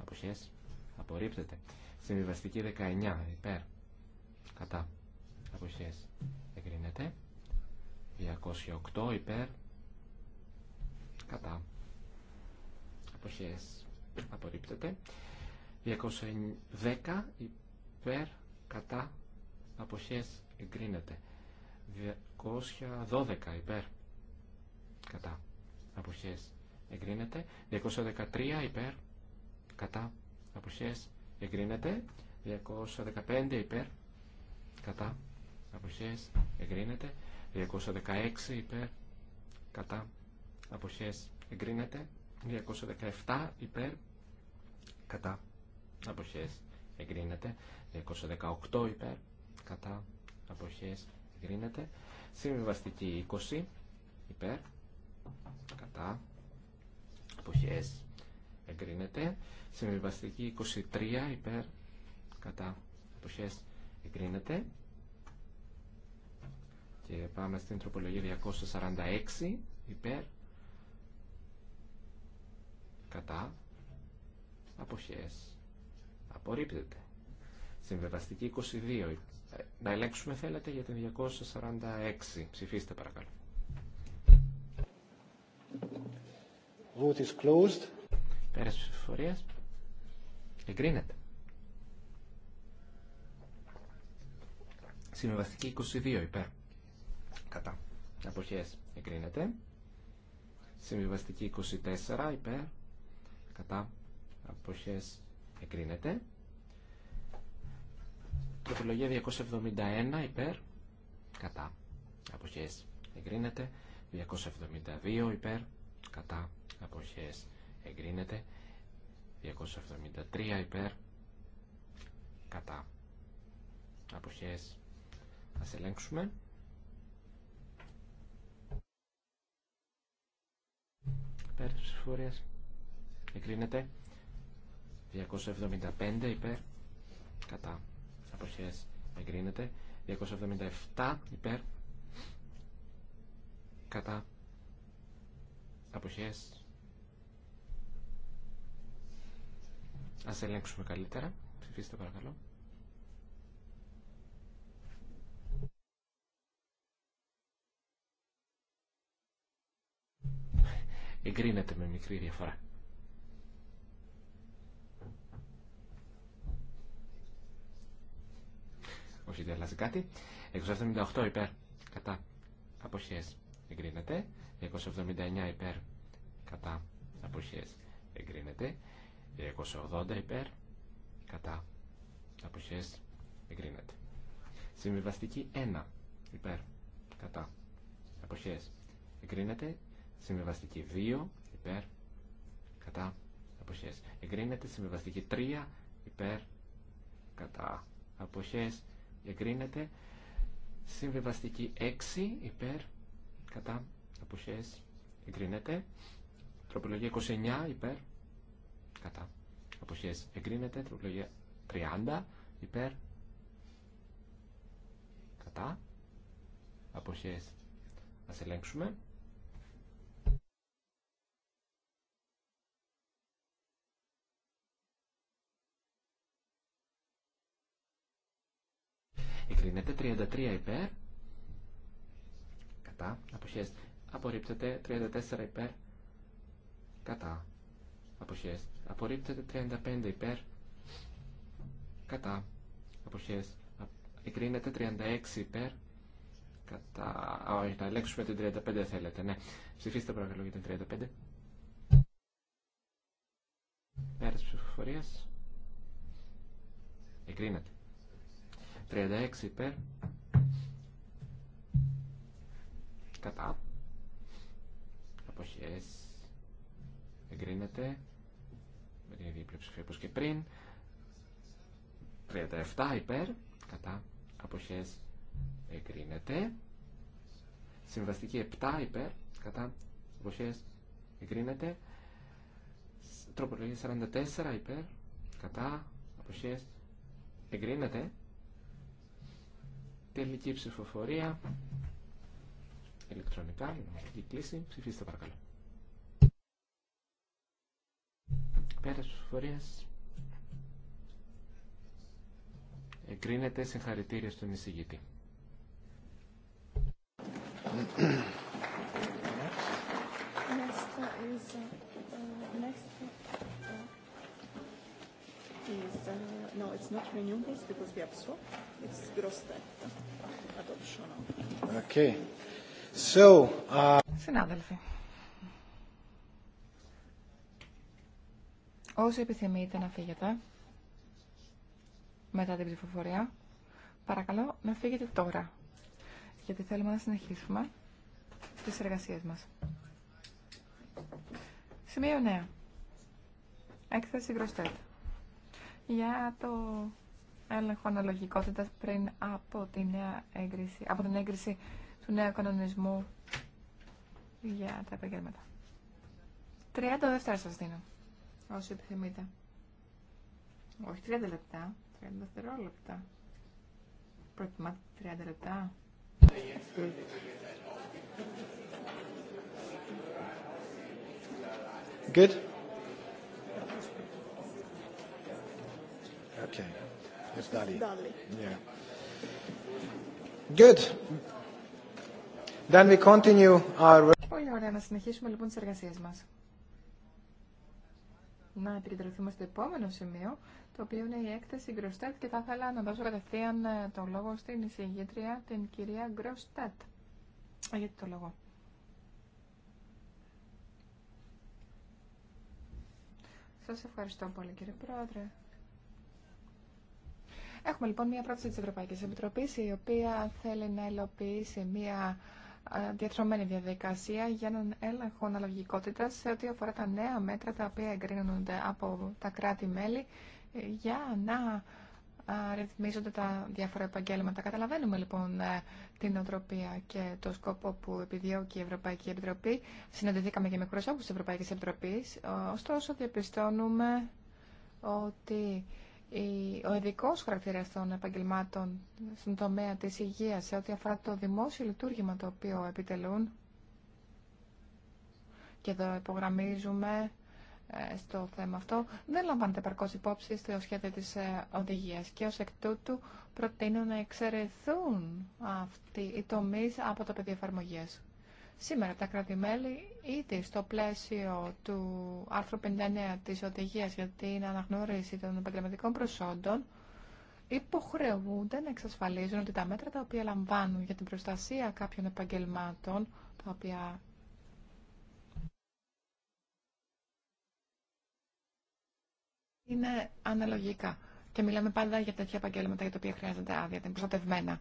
Αποχές. Απορρίπτεται. Συμβιβαστική 19. Υπέρ. Κατά. Αποχές. Εγκρίνεται. 208. Υπέρ. Κατά. Αποχές. Απορρίπτεται. 210 υπέρ κατά αποχές εγκρίνεται 212 υπέρ κατά αποχές εγκρίνεται 213 υπέρ κατά αποχές εγκρίνεται 215 υπέρ κατά αποχές εγκρίνεται 216 υπέρ κατά αποχές εγκρίνεται 217 υπέρ κατά αποχές εγκρίνεται 218 υπέρ κατά αποχές εγκρίνεται συμβιβαστική 20 υπέρ κατά αποχές εγκρίνεται συμβιβαστική 23 υπέρ κατά αποχές εγκρίνεται και πάμε στην τροπολογία 246 υπέρ κατά αποχές Απορρίπτεται. Συμβεβαστική 22. Να ελέγξουμε θέλετε για την 246. Ψηφίστε παρακαλώ. Vote is closed. Πέρας ψηφοφορίας. Εγκρίνεται. Συμβαστική 22 υπέρ. Κατά. Αποχές. Εγκρίνεται. Συμβιβαστική 24 υπέρ. Κατά. Αποχές. Εγκρίνεται. Τροπολογία 271 υπέρ. Κατά. Αποχές. Εγκρίνεται. 272 υπέρ. Κατά. Αποχές. Εγκρίνεται. 273 υπέρ. Κατά. Αποχές. Ας ελέγξουμε. Υπέρ της ψηφορίας. Εγκρίνεται. 275 υπέρ. Κατά αποχές εγκρίνεται 277 υπέρ κατά αποχές ας ελέγξουμε καλύτερα ψηφίστε παρακαλώ εγκρίνεται με μικρή διαφορά Όχι, δεν αλλάζει κάτι. 278 υπέρ. Κατά. Αποχές. Εγκρίνεται. 279 υπέρ. Κατά. Αποχές. Εγκρίνεται. 280 υπέρ. Κατά. Αποχές. Εγκρίνεται. Συμβιβαστική 1 υπέρ. Κατά. Αποχές. Εγκρίνεται. Συμβιβαστική 2 υπέρ. Κατά. Αποχές. Εγκρίνεται. Συμβιβαστική 3 υπέρ. Κατά. Αποχές εγκρίνεται. Συμβεβαστική 6 υπέρ κατά αποχές εγκρίνεται. Τροπολογία 29 υπέρ κατά αποχές εγκρίνεται. Τροπολογία 30 υπέρ κατά αποχές. Ας ελέγξουμε. Εγκρίνεται 33 υπέρ. Κατά. Αποχές. Απορρίπτεται 34 υπέρ. Κατά. Αποχές. Απορρίπτεται 35 υπέρ. Κατά. Αποχές. Εγκρίνεται 36 υπέρ. Κατά. Α, όχι, να ελέγξουμε την 35 θέλετε. Ναι. Ψηφίστε παρακαλώ για την 35. Πέρας ψηφοφορίας. Εγκρίνεται. 36 υπέρ. Κατά. Αποχές. Εγκρίνεται. Με την ίδια πλειοψηφία όπως και πριν. 37 υπέρ. Κατά. Αποχές. Εγκρίνεται. Συμβαστική 7 υπέρ. Κατά. Αποχές. Εγκρίνεται. Τροπολογία 44 υπέρ. Κατά. Αποχές. Εγκρίνεται. Τελική ψηφοφορία. Ηλεκτρονικά, η κλίση. Ψηφίστε παρακαλώ. Πέρα ψηφοφορία. Εγκρίνεται συγχαρητήρια στον εισηγητή. Thank Όσοι επιθυμείτε να φύγετε μετά την ψηφοφορία, παρακαλώ να φύγετε τώρα, γιατί θέλουμε να συνεχίσουμε τις εργασίες μας. Σημείο νέα. Έκθεση Γκροστέτ για το έλεγχο αναλογικότητα πριν από την, νέα έγκριση, από την έγκριση του νέου κανονισμού για τα επαγγέλματα. 30 δεύτερα σας δίνω, όσοι επιθυμείτε. Όχι 30 λεπτά, 30 δευτερόλεπτα. Προτιμάτε 30 λεπτά. Good. Okay. It's Dali. Dali. Yeah. Good. Then we continue our... Πολύ ωραία, να συνεχίσουμε λοιπόν τις εργασίες μας. Να επικεντρωθούμε στο επόμενο σημείο, το οποίο είναι η έκθεση Γκροστέτ και θα ήθελα να δώσω κατευθείαν ε, τον λόγο στην εισηγήτρια, την κυρία Γκροστέτ. Γιατί το λόγο. Σας ευχαριστώ πολύ κύριε Πρόεδρε. Έχουμε λοιπόν μια πρόταση της Ευρωπαϊκής Επιτροπής η οποία θέλει να υλοποιήσει μια διαθρωμένη διαδικασία για έναν έλεγχο αναλογικότητα σε ό,τι αφορά τα νέα μέτρα τα οποία εγκρίνονται από τα κράτη-μέλη ε, για να ρυθμίζονται τα διάφορα επαγγέλματα. Καταλαβαίνουμε λοιπόν ε, την οτροπία και το σκόπο που επιδιώκει η Ευρωπαϊκή Επιτροπή. Συναντηθήκαμε και με εκπροσώπου της Ευρωπαϊκής Επιτροπής. Ωστόσο, διαπιστώνουμε ότι ο ειδικό χαρακτήρα των επαγγελμάτων στον τομέα τη υγεία σε ό,τι αφορά το δημόσιο λειτουργήμα το οποίο επιτελούν και εδώ υπογραμμίζουμε ε, στο θέμα αυτό, δεν λαμβάνεται παρκώς υπόψη στο σχέδιο της ε, οδηγία και ως εκ τούτου προτείνω να εξαιρεθούν αυτοί οι τομεί από το πεδίο εφαρμογή. Σήμερα τα κράτη-μέλη ήδη στο πλαίσιο του άρθρου 59 της οδηγίας για την αναγνώριση των επαγγελματικών προσόντων υποχρεούνται να εξασφαλίζουν ότι τα μέτρα τα οποία λαμβάνουν για την προστασία κάποιων επαγγελμάτων τα οποία είναι αναλογικά. Και μιλάμε πάντα για τέτοια επαγγέλματα για τα οποία χρειάζεται άδεια, τα προστατευμένα.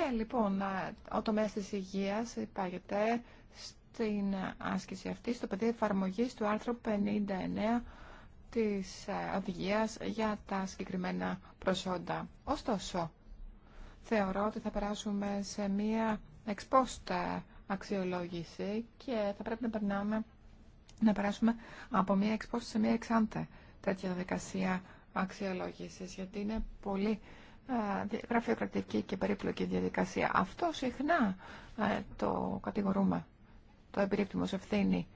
Και λοιπόν, ε, ο τομέας της υγείας υπάγεται στην άσκηση αυτή, στο πεδίο εφαρμογή του άρθρου 59 της ε, οδηγία για τα συγκεκριμένα προσόντα. Ωστόσο, θεωρώ ότι θα περάσουμε σε μία εξπόστα ε, αξιολόγηση και θα πρέπει να περνάμε να περάσουμε από μία εξπόστα σε μία εξάντε τέτοια δικασία αξιολόγησης, γιατί είναι πολύ γραφειοκρατική και περίπλοκη διαδικασία. Αυτό συχνά το κατηγορούμε, το επιρρύπτουμε ως ευθύνη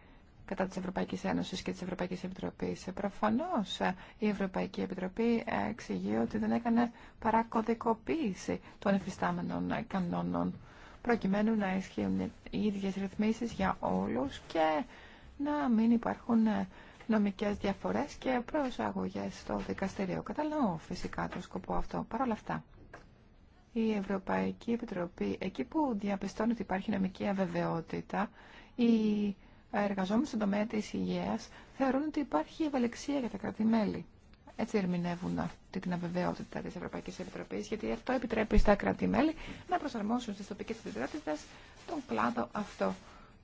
κατά της Ευρωπαϊκής Ένωσης και της Ευρωπαϊκής Επιτροπής. Ε, προφανώς ε, η Ευρωπαϊκή Επιτροπή ε, εξηγεί ότι δεν έκανε παρακωδικοποίηση των εφιστάμενων κανόνων προκειμένου να ισχύουν οι ίδιες ρυθμίσεις για όλους και να μην υπάρχουν νομικές διαφορές και προσαγωγές στο δικαστήριο. Καταλαβαίνω φυσικά το σκοπό αυτό. Παρ' όλα αυτά, η Ευρωπαϊκή Επιτροπή, εκεί που διαπιστώνει ότι υπάρχει νομική αβεβαιότητα, οι εργαζόμενοι στον τομέα της υγείας θεωρούν ότι υπάρχει ευελεξία για τα κράτη-μέλη. Έτσι ερμηνεύουν αυτή την αβεβαιότητα της Ευρωπαϊκής Επιτροπής, γιατί αυτό επιτρέπει στα κρατη να προσαρμόσουν στις τοπικές ιδιότητες τον κλάδο αυτό.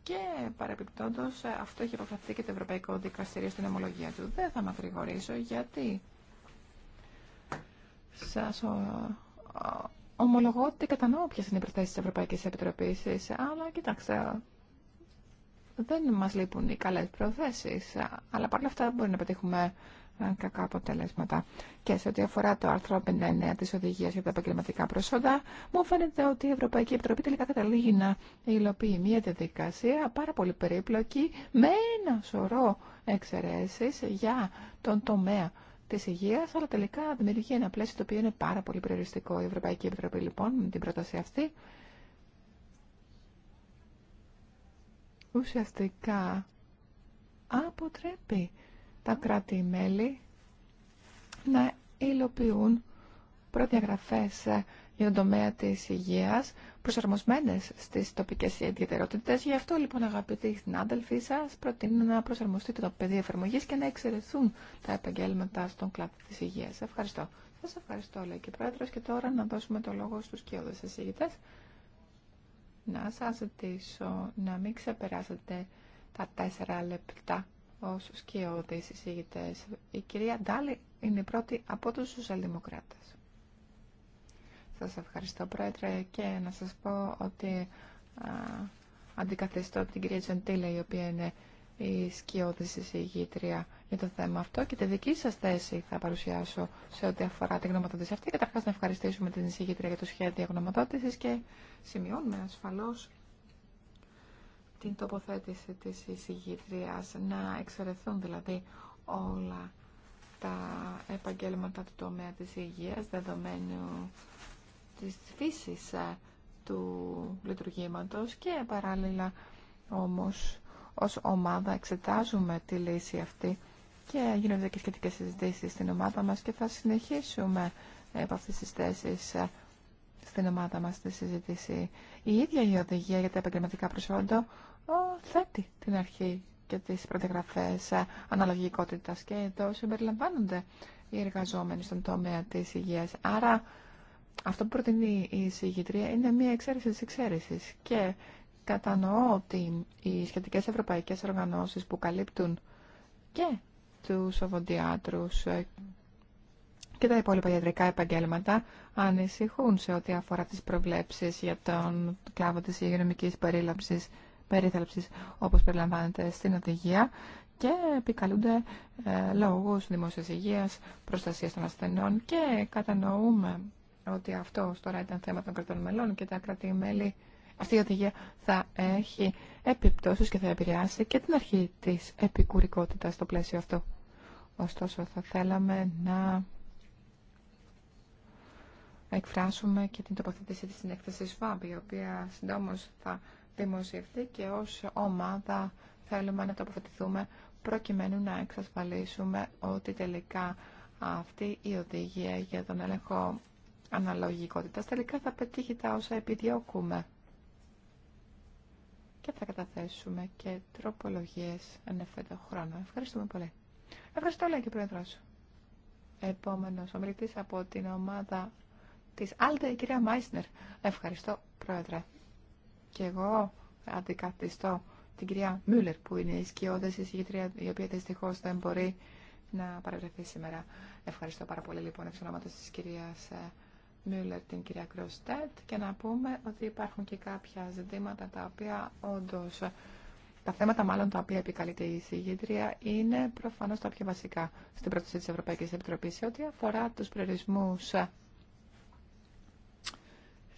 Και παρεπιπτόντω, ε, αυτό έχει αποφαθεί και το Ευρωπαϊκό Δικαστήριο στην ομολογία του. Δεν θα μακρηγορήσω γιατί σα ε, ε, ομολογώ ότι κατανοώ ποιε είναι οι προθέσει τη Ευρωπαϊκή Επιτροπή. Αλλά κοιτάξτε, δεν μα λείπουν οι καλέ προθέσει. Αλλά όλα αυτά μπορεί να πετύχουμε ε, κακά αποτελέσματα. Και σε ό,τι αφορά το άρθρο 59 της οδηγίας για τα επαγγελματικά προσόντα, μου φαίνεται ότι η Ευρωπαϊκή Επιτροπή τελικά καταλήγει να υλοποιεί μια διαδικασία πάρα πολύ περίπλοκη με ένα σωρό εξαιρέσεις για τον τομέα της υγείας, αλλά τελικά δημιουργεί ένα πλαίσιο το οποίο είναι πάρα πολύ περιοριστικό. Η Ευρωπαϊκή Επιτροπή λοιπόν με την πρόταση αυτή ουσιαστικά αποτρέπει τα κράτη-μέλη να υλοποιούν προδιαγραφές για τον τομέα της υγείας προσαρμοσμένες στις τοπικές ιδιαιτερότητες. Γι' αυτό λοιπόν αγαπητοί συνάδελφοί σας προτείνω να προσαρμοστείτε το πεδίο εφαρμογής και να εξαιρεθούν τα επαγγέλματα στον κλάδο της υγείας. Ευχαριστώ. Σας ευχαριστώ λέει και πρόεδρος και τώρα να δώσουμε το λόγο στους κοιόδες εισηγητές. Να σας ζητήσω να μην ξεπεράσετε τα τέσσερα λεπτά ως σκιώδεις εισηγητές. Η κυρία Ντάλη είναι η πρώτη από τους σοσιαλδημοκράτες. Σας ευχαριστώ Πρόεδρε και να σας πω ότι α, αντικαθιστώ την κυρία Τζεντήλα η οποία είναι η σκιώδης εισηγήτρια για το θέμα αυτό και τη δική σας θέση θα παρουσιάσω σε ό,τι αφορά την γνωματοδότηση αυτή. Καταρχάς να ευχαριστήσουμε την εισηγήτρια για το σχέδιο γνωματότησης και σημειώνουμε ασφαλώς την τοποθέτηση της εισηγήτριας, να εξαιρεθούν δηλαδή όλα τα επαγγέλματα του τομέα της υγείας, δεδομένου της φύσης ε, του λειτουργήματος και παράλληλα όμως ως ομάδα εξετάζουμε τη λύση αυτή και γίνονται και σχετικές συζητήσεις στην ομάδα μας και θα συνεχίσουμε από αυτές τις θέσεις ε, στην ομάδα μας στη συζήτηση. Η ίδια η οδηγία για τα επαγγελματικά προσόντα θέτει την αρχή και τις προδιαγραφές αναλογικότητας και εδώ συμπεριλαμβάνονται οι εργαζόμενοι στον τομέα της υγείας. Άρα αυτό που προτείνει η συγγητρία είναι μια εξαίρεση της εξαίρεσης και κατανοώ ότι οι σχετικές ευρωπαϊκές οργανώσεις που καλύπτουν και τους οβοντιάτρους και τα υπόλοιπα ιατρικά επαγγέλματα ανησυχούν σε ό,τι αφορά τις προβλέψεις για τον κλάδο της υγειονομικής περίθαλψης όπως περιλαμβάνεται στην οδηγία και επικαλούνται ε, λόγους δημόσιας υγείας, προστασίας των ασθενών και κατανοούμε ότι αυτό τώρα ήταν θέμα των κρατών μελών και τα κράτη-μέλη αυτή η οδηγία θα έχει επιπτώσεις και θα επηρεάσει και την αρχή της επικουρικότητας στο πλαίσιο αυτό. Ωστόσο, θα θέλαμε να εκφράσουμε και την τοποθέτηση της έκθεση ΣΒΑΜΠ, η οποία συντόμως θα δημοσιευθεί και ως ομάδα θέλουμε να τοποθετηθούμε προκειμένου να εξασφαλίσουμε ότι τελικά αυτή η οδηγία για τον έλεγχο αναλογικότητας τελικά θα πετύχει τα όσα επιδιώκουμε. Και θα καταθέσουμε και τροπολογίες εν χρόνο. Ευχαριστούμε πολύ. Ευχαριστώ, λέει και πρόεδρος. Επόμενος ομιλητής από την ομάδα της Άλτε, η κυρία Μάισνερ. Ευχαριστώ, Πρόεδρε. Και εγώ αντικαθιστώ την κυρία Μούλερ, που είναι η σκιώδη εισηγητρία, η οποία δυστυχώ δεν μπορεί να παρευρεθεί σήμερα. Ευχαριστώ πάρα πολύ, λοιπόν, εξ ονόματος τη κυρία ε, Μουλερ, την κυρία Κροστέτ και να πούμε ότι υπάρχουν και κάποια ζητήματα τα οποία όντω ε, τα θέματα μάλλον τα οποία επικαλείται η συγγήτρια είναι προφανώ τα πιο βασικά στην πρόταση τη Ευρωπαϊκή Επιτροπή, σε ό,τι αφορά του περιορισμού. Ε,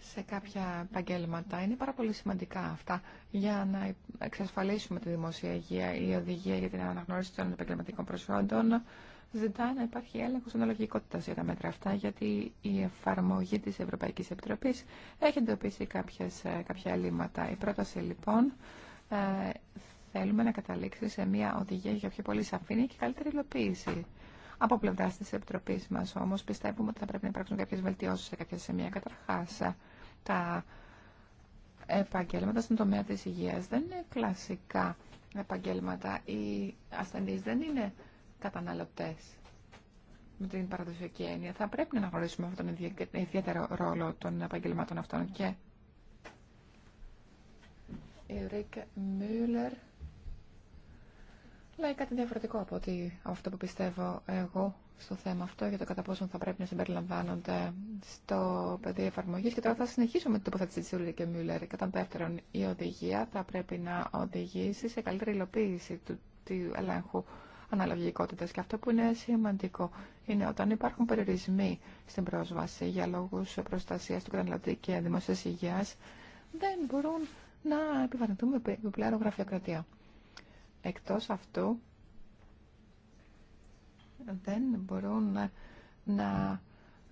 σε κάποια επαγγέλματα. Είναι πάρα πολύ σημαντικά αυτά για να εξασφαλίσουμε τη δημόσια υγεία. Η οδηγία για την αναγνώριση των επαγγελματικών προσφόντων ζητά να υπάρχει έλεγχο αναλογικότητα για τα μέτρα αυτά, γιατί η εφαρμογή τη Ευρωπαϊκή Επιτροπή έχει εντοπίσει κάποιες, ε, κάποια ελλείμματα. Η πρόταση λοιπόν ε, θέλουμε να καταλήξει σε μια οδηγία για πιο πολύ σαφήνεια και καλύτερη υλοποίηση. Από πλευρά τη Επιτροπή μα όμω πιστεύουμε ότι θα πρέπει να υπάρξουν κάποιε βελτιώσει σε κάποια σημεία. Καταρχά, τα επαγγέλματα στην τομέα της υγείας δεν είναι κλασικά επαγγέλματα. Οι ασθενείς δεν είναι καταναλωτές με την παραδοσιακή έννοια. Θα πρέπει να γνωρίσουμε αυτόν τον ιδιαίτερο ρόλο των επαγγελμάτων αυτών. Και η Ρίκ Μούλερ λέει κάτι διαφορετικό ότι, από αυτό που πιστεύω εγώ στο θέμα αυτό για το κατά πόσο θα πρέπει να συμπεριλαμβάνονται στο πεδίο εφαρμογή. Και τώρα θα συνεχίσουμε με την τοποθέτηση τη Ούλη και Μιούλερ. Κατά δεύτερον, η οδηγία θα πρέπει να οδηγήσει σε καλύτερη υλοποίηση του, ελέγχου αναλογικότητα. Και αυτό που είναι σημαντικό είναι όταν υπάρχουν περιορισμοί στην πρόσβαση για λόγου προστασία του καταναλωτή και δημοσία υγεία, δεν μπορούν να επιβαρυνθούμε επιπλέον γραφειοκρατία. Εκτό αυτού, δεν μπορούν να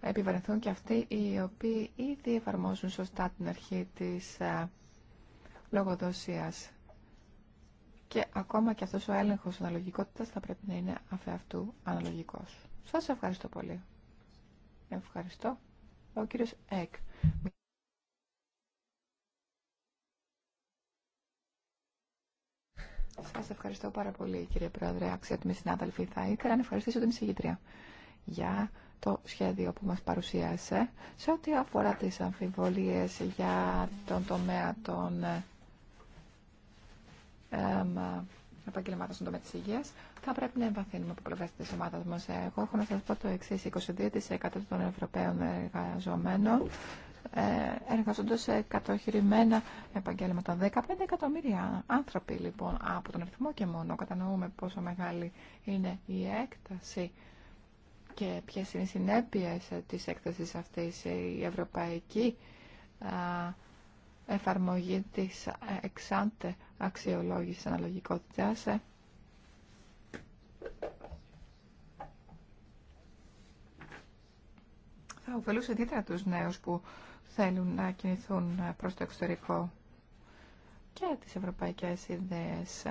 επιβαρυνθούν και αυτοί οι οποίοι ήδη εφαρμόζουν σωστά την αρχή της ε, λογοδοσίας. Και ακόμα και αυτός ο έλεγχος αναλογικότητας θα πρέπει να είναι αυτού αναλογικός. Σας ευχαριστώ πολύ. Ευχαριστώ. Ο κύριος Εκ. Σα ευχαριστώ πάρα πολύ, κύριε Πρόεδρε, αξιότιμοι συνάδελφη, Θα ήθελα να ευχαριστήσω την εισηγήτρια για το σχέδιο που μας παρουσίασε σε ό,τι αφορά τις αμφιβολίες για τον τομέα των επαγγελμάτων στον τομέα της υγείας θα πρέπει να εμβαθύνουμε από πλευρά τη ομάδα μα. Εγώ έχω να σα πω το εξή: 22% των Ευρωπαίων εργαζομένων ε, εργαζόνται σε κατοχυρημένα επαγγέλματα. 15 εκατομμύρια άνθρωποι λοιπόν από τον αριθμό και μόνο κατανοούμε πόσο μεγάλη είναι η έκταση και ποιες είναι οι συνέπειες της έκτασης αυτής η ευρωπαϊκή εφαρμογή της εξάντε αξιολόγησης αναλογικότητας ε, θα ωφελούσε ιδιαίτερα τους νέους που θέλουν να κινηθούν προς το εξωτερικό και τις ευρωπαϊκές ιδέες.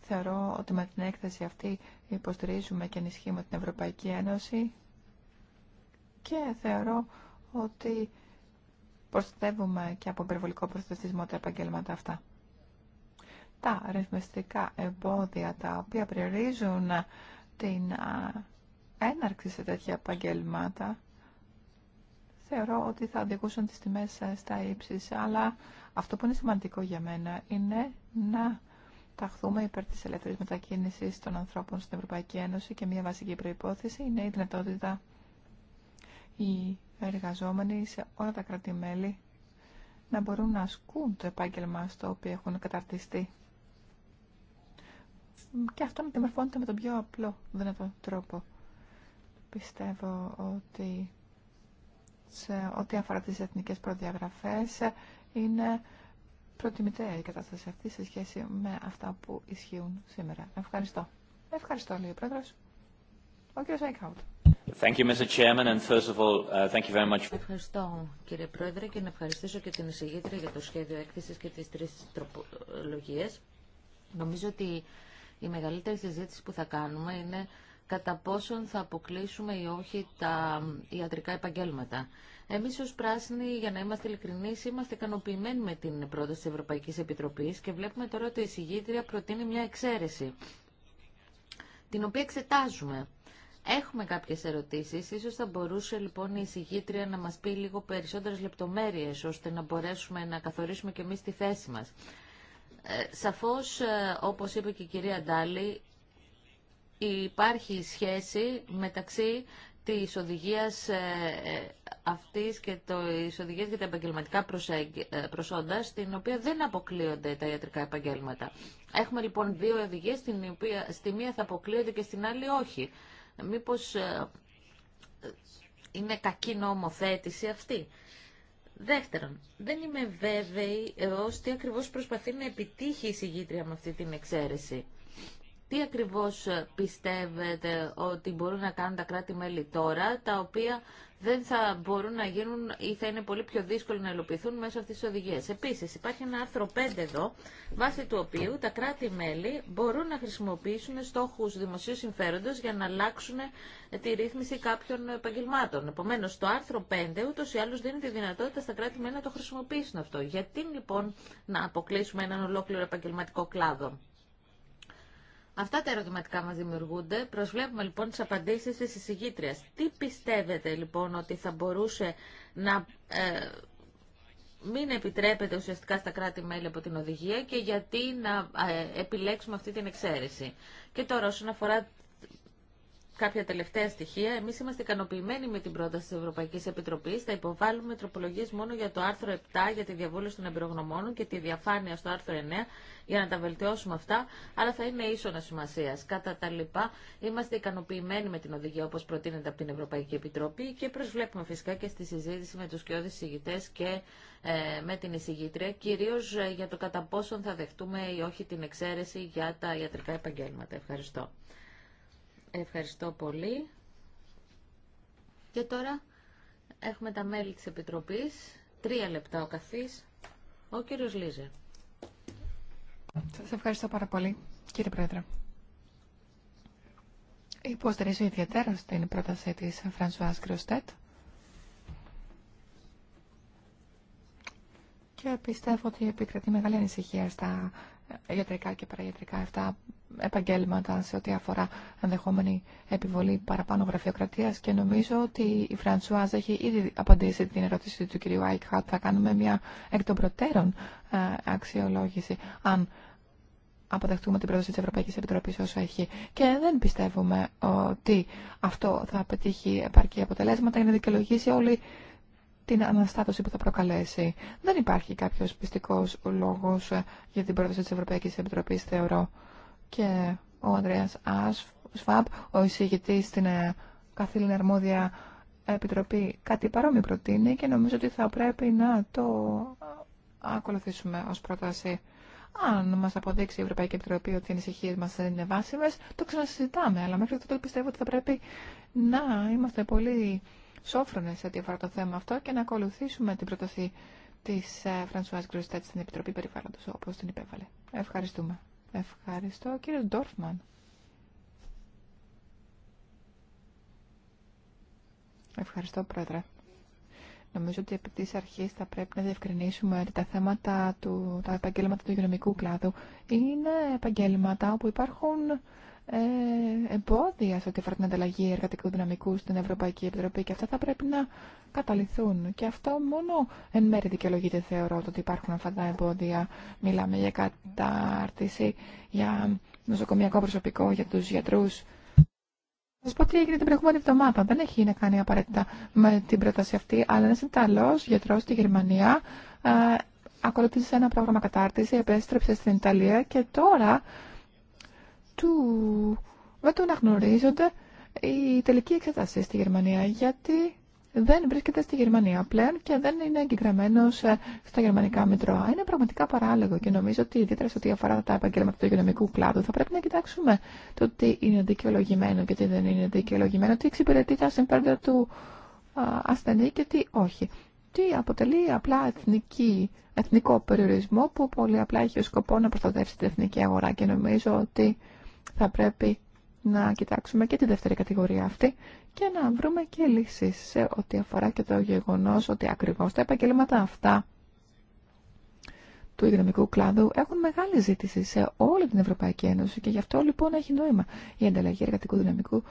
Θεωρώ ότι με την έκθεση αυτή υποστηρίζουμε και ενισχύουμε την Ευρωπαϊκή Ένωση και θεωρώ ότι προστατεύουμε και από περιβολικό προστατευτισμό τα επαγγέλματα αυτά. Τα ρυθμιστικά εμπόδια τα οποία περιορίζουν την έναρξη σε τέτοια επαγγέλματα θεωρώ ότι θα οδηγούσαν τις τιμές ε, στα ύψη. Αλλά αυτό που είναι σημαντικό για μένα είναι να ταχθούμε υπέρ της ελεύθερης μετακίνησης των ανθρώπων στην Ευρωπαϊκή Ένωση και μια βασική προϋπόθεση είναι η δυνατότητα οι εργαζόμενοι σε όλα τα κράτη-μέλη να μπορούν να ασκούν το επάγγελμα στο οποίο έχουν καταρτιστεί. Και αυτό να με τον πιο απλό δυνατό τρόπο. Πιστεύω ότι σε ό,τι αφορά τις εθνικές προδιαγραφές είναι προτιμητέα η κατάσταση αυτή σε σχέση με αυτά που ισχύουν σήμερα. Ευχαριστώ. Ευχαριστώ, λέει ο Πρόεδρος. Ο κύριος Αϊκάουτ. Uh, Ευχαριστώ, κύριε Πρόεδρε, και να ευχαριστήσω και την εισηγήτρια για το σχέδιο έκθεσης και τις τρεις τροπολογίες. Νομίζω ότι η μεγαλύτερη συζήτηση που θα κάνουμε είναι κατά πόσον θα αποκλείσουμε ή όχι τα ιατρικά επαγγέλματα. Εμείς ως πράσινοι, για να είμαστε ειλικρινείς, είμαστε ικανοποιημένοι με την πρόταση της Ευρωπαϊκής Επιτροπής και βλέπουμε τώρα ότι η συγγήτρια προτείνει μια εξαίρεση, την οποία εξετάζουμε. Έχουμε κάποιες ερωτήσεις, ίσως θα μπορούσε λοιπόν η συγγήτρια να μας πει λίγο περισσότερες λεπτομέρειες, ώστε να μπορέσουμε να καθορίσουμε και εμείς τη θέση μας. Ε, σαφώς, ε, όπως είπε και η κυρία Ντάλη, υπάρχει σχέση μεταξύ της οδηγίας ε, ε, αυτής και της οδηγίας για τα επαγγελματικά ε, προσόντα, στην οποία δεν αποκλείονται τα ιατρικά επαγγέλματα. Έχουμε λοιπόν δύο οδηγίες, στην οποία στη μία θα αποκλείονται και στην άλλη όχι. Μήπως είναι κακή νομοθέτηση αυτή. Δεύτερον, δεν είμαι βέβαιη ως τι ακριβώς προσπαθεί να επιτύχει η συγγήτρια με αυτή την εξαίρεση τι ακριβώς ε, πιστεύετε ότι μπορούν να κάνουν τα κράτη-μέλη τώρα, τα οποία δεν θα μπορούν να γίνουν ή θα είναι πολύ πιο δύσκολο να υλοποιηθούν μέσω αυτής της οδηγίας. Επίσης, υπάρχει ένα άρθρο 5 εδώ, βάσει του οποίου τα κράτη-μέλη μπορούν να χρησιμοποιήσουν στόχους δημοσίου συμφέροντος για να αλλάξουν ε, τη ρύθμιση κάποιων επαγγελμάτων. Επομένως, το άρθρο 5 ούτως ή άλλως δίνει τη δυνατότητα στα κράτη-μέλη να το χρησιμοποιήσουν αυτό. Γιατί λοιπόν να αποκλείσουμε έναν ολόκληρο επαγγελματικό κλάδο. Αυτά τα ερωτηματικά μας δημιουργούνται. Προσβλέπουμε λοιπόν τις απαντήσεις της εισηγήτριας. Τι πιστεύετε λοιπόν ότι θα μπορούσε να ε, μην επιτρέπεται ουσιαστικά στα κράτη-μέλη από την οδηγία και γιατί να ε, επιλέξουμε αυτή την εξαίρεση. Και τώρα όσον αφορά κάποια τελευταία στοιχεία. Εμεί είμαστε ικανοποιημένοι με την πρόταση τη Ευρωπαϊκή Επιτροπή. Θα υποβάλουμε τροπολογίε μόνο για το άρθρο 7 για τη διαβούλευση των εμπειρογνωμόνων και τη διαφάνεια στο άρθρο 9 για να τα βελτιώσουμε αυτά, αλλά θα είναι ίσονα σημασία. Κατά τα λοιπά, είμαστε ικανοποιημένοι με την οδηγία όπω προτείνεται από την Ευρωπαϊκή Επιτροπή και προσβλέπουμε φυσικά και στη συζήτηση με του κοιόδη συγητέ και ε, με την εισηγήτρια, κυρίω ε, για το κατά πόσον θα δεχτούμε ή όχι την εξαίρεση για τα ιατρικά επαγγέλματα. Ευχαριστώ. Ευχαριστώ πολύ. Και τώρα έχουμε τα μέλη της Επιτροπής. Τρία λεπτά ο καθής. Ο κύριος Λίζε. Σας ευχαριστώ πάρα πολύ, κύριε Πρόεδρε. Υποστηρίζω ιδιαίτερα στην πρόταση της Φρανσουάς Γκροστέτ και πιστεύω ότι επικρατεί μεγάλη ανησυχία στα ιατρικά και παραγιατρικά αυτά επαγγέλματα σε ό,τι αφορά ενδεχόμενη επιβολή παραπάνω γραφειοκρατία και νομίζω ότι η Φρανσουάζ έχει ήδη απαντήσει την ερώτηση του κυρίου Άικχατ. Θα κάνουμε μια εκ των προτέρων ε, αξιολόγηση αν αποδεχτούμε την πρόταση τη Ευρωπαϊκή Επιτροπή όσο έχει και δεν πιστεύουμε ότι αυτό θα πετύχει επαρκή αποτελέσματα για να δικαιολογήσει όλη την αναστάτωση που θα προκαλέσει. Δεν υπάρχει κάποιο πιστικό λόγο ε, για την πρόταση τη Ευρωπαϊκή Επιτροπή θεωρώ και ο Ανδρέας Σφαμπ, ο εισηγητής στην ε, καθήλυνα αρμόδια επιτροπή, κάτι παρόμοιο προτείνει και νομίζω ότι θα πρέπει να το ακολουθήσουμε ως πρόταση. Αν μας αποδείξει η Ευρωπαϊκή Επιτροπή ότι οι ανησυχίε μας δεν είναι βάσιμες, το ξανασυζητάμε. Αλλά μέχρι τότε πιστεύω ότι θα πρέπει να είμαστε πολύ σόφρονες σε ό,τι αφορά το θέμα αυτό και να ακολουθήσουμε την πρόταση της Φρανσουάς ε, Γκρουστέτ στην Επιτροπή Περιβάλλοντος, όπως την υπέβαλε. Ευχαριστούμε. Ευχαριστώ. κύριε Ντόρφμαν. Ευχαριστώ, Πρόεδρε. Νομίζω ότι επί της αρχής θα πρέπει να διευκρινίσουμε ότι τα θέματα του, τα επαγγέλματα του υγειονομικού κλάδου είναι επαγγέλματα όπου υπάρχουν ε, εμπόδια σε ό,τι αφορά την ανταλλαγή εργατικού δυναμικού στην Ευρωπαϊκή Επιτροπή και αυτά θα πρέπει να καταληθούν. Και αυτό μόνο εν μέρη δικαιολογείται θεωρώ ότι υπάρχουν αυτά τα εμπόδια. Μιλάμε για κατάρτιση, για νοσοκομιακό προσωπικό, για του γιατρού. Θα σα πω τι έγινε την προηγούμενη εβδομάδα. Δεν έχει να κάνει απαραίτητα με την πρόταση αυτή, αλλά ένα Ιταλό γιατρό στη Γερμανία ε, ακολούθησε ένα πρόγραμμα κατάρτιση, επέστρεψε στην Ιταλία και τώρα του δεν το αναγνωρίζονται οι τελικοί εξετάσεις στη Γερμανία, γιατί δεν βρίσκεται στη Γερμανία πλέον και δεν είναι εγγεγραμμένο ε, στα γερμανικά μητρώα. Είναι πραγματικά παράλογο και νομίζω ότι ιδιαίτερα σε ό,τι αφορά τα επαγγέλματα του υγειονομικού κλάδου θα πρέπει να κοιτάξουμε το τι είναι δικαιολογημένο και τι δεν είναι δικαιολογημένο, τι εξυπηρετεί τα συμφέροντα του ασθενή και τι όχι. Τι αποτελεί απλά εθνική, εθνικό περιορισμό που πολύ απλά έχει ως σκοπό να προστατεύσει την εθνική αγορά και νομίζω ότι θα πρέπει να κοιτάξουμε και τη δεύτερη κατηγορία αυτή και να βρούμε και λύσεις σε ό,τι αφορά και το γεγονός ότι ακριβώς τα επαγγελματα αυτά του υγειονομικού κλάδου έχουν μεγάλη ζήτηση σε όλη την Ευρωπαϊκή Ένωση και γι' αυτό λοιπόν έχει νόημα η ανταλλαγή εργατικού δυναμικού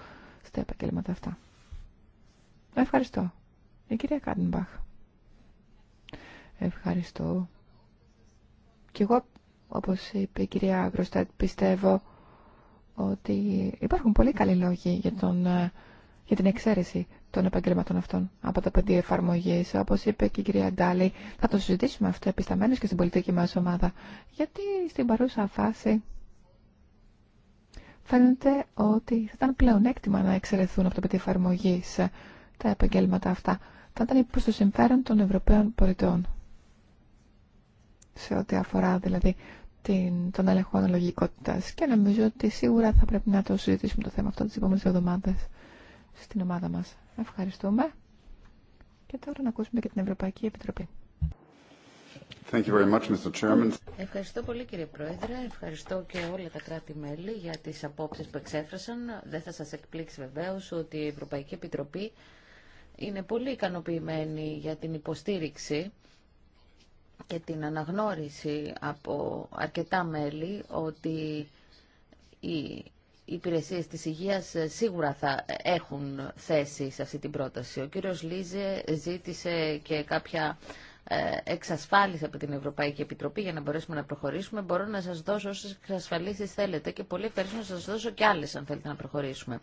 στα επαγγελματά αυτά. Ευχαριστώ. Η κυρία Κάντεμπαχ. Ευχαριστώ. Και εγώ, όπως είπε η κυρία Αγροστάτ, πιστεύω ότι υπάρχουν πολύ καλοί λόγοι για, τον, ε, για την εξαίρεση των επαγγελματών αυτών από τα πεντή εφαρμογή. Όπω είπε και η κυρία Ντάλη, θα το συζητήσουμε αυτό επισταμένω και στην πολιτική μα ομάδα. Γιατί στην παρούσα φάση φαίνεται ότι θα ήταν πλεονέκτημα να εξαιρεθούν από τα πεντή εφαρμογή τα επαγγέλματα αυτά. Θα ήταν προ το συμφέρον των Ευρωπαίων πολιτών. Σε ό,τι αφορά δηλαδή την, τον έλεγχο αναλογικότητα. Και νομίζω ότι σίγουρα θα πρέπει να το συζητήσουμε το θέμα αυτό τι επόμενε εβδομάδε στην ομάδα μα. Ευχαριστούμε. Και τώρα να ακούσουμε και την Ευρωπαϊκή Επιτροπή. Thank you very much, Mr. Chairman. Ευχαριστώ πολύ κύριε Πρόεδρε, ευχαριστώ και όλα τα κράτη-μέλη για τις απόψεις που εξέφρασαν. Δεν θα σας εκπλήξει βεβαίως ότι η Ευρωπαϊκή Επιτροπή είναι πολύ ικανοποιημένη για την υποστήριξη και την αναγνώριση από αρκετά μέλη ότι οι υπηρεσίε της υγείας σίγουρα θα έχουν θέση σε αυτή την πρόταση. Ο κύριος Λίζε ζήτησε και κάποια ε, εξασφάλιση από την Ευρωπαϊκή Επιτροπή για να μπορέσουμε να προχωρήσουμε. Μπορώ να σας δώσω όσες εξασφαλίσεις θέλετε και πολύ ευχαριστώ να σας δώσω και άλλες αν θέλετε να προχωρήσουμε.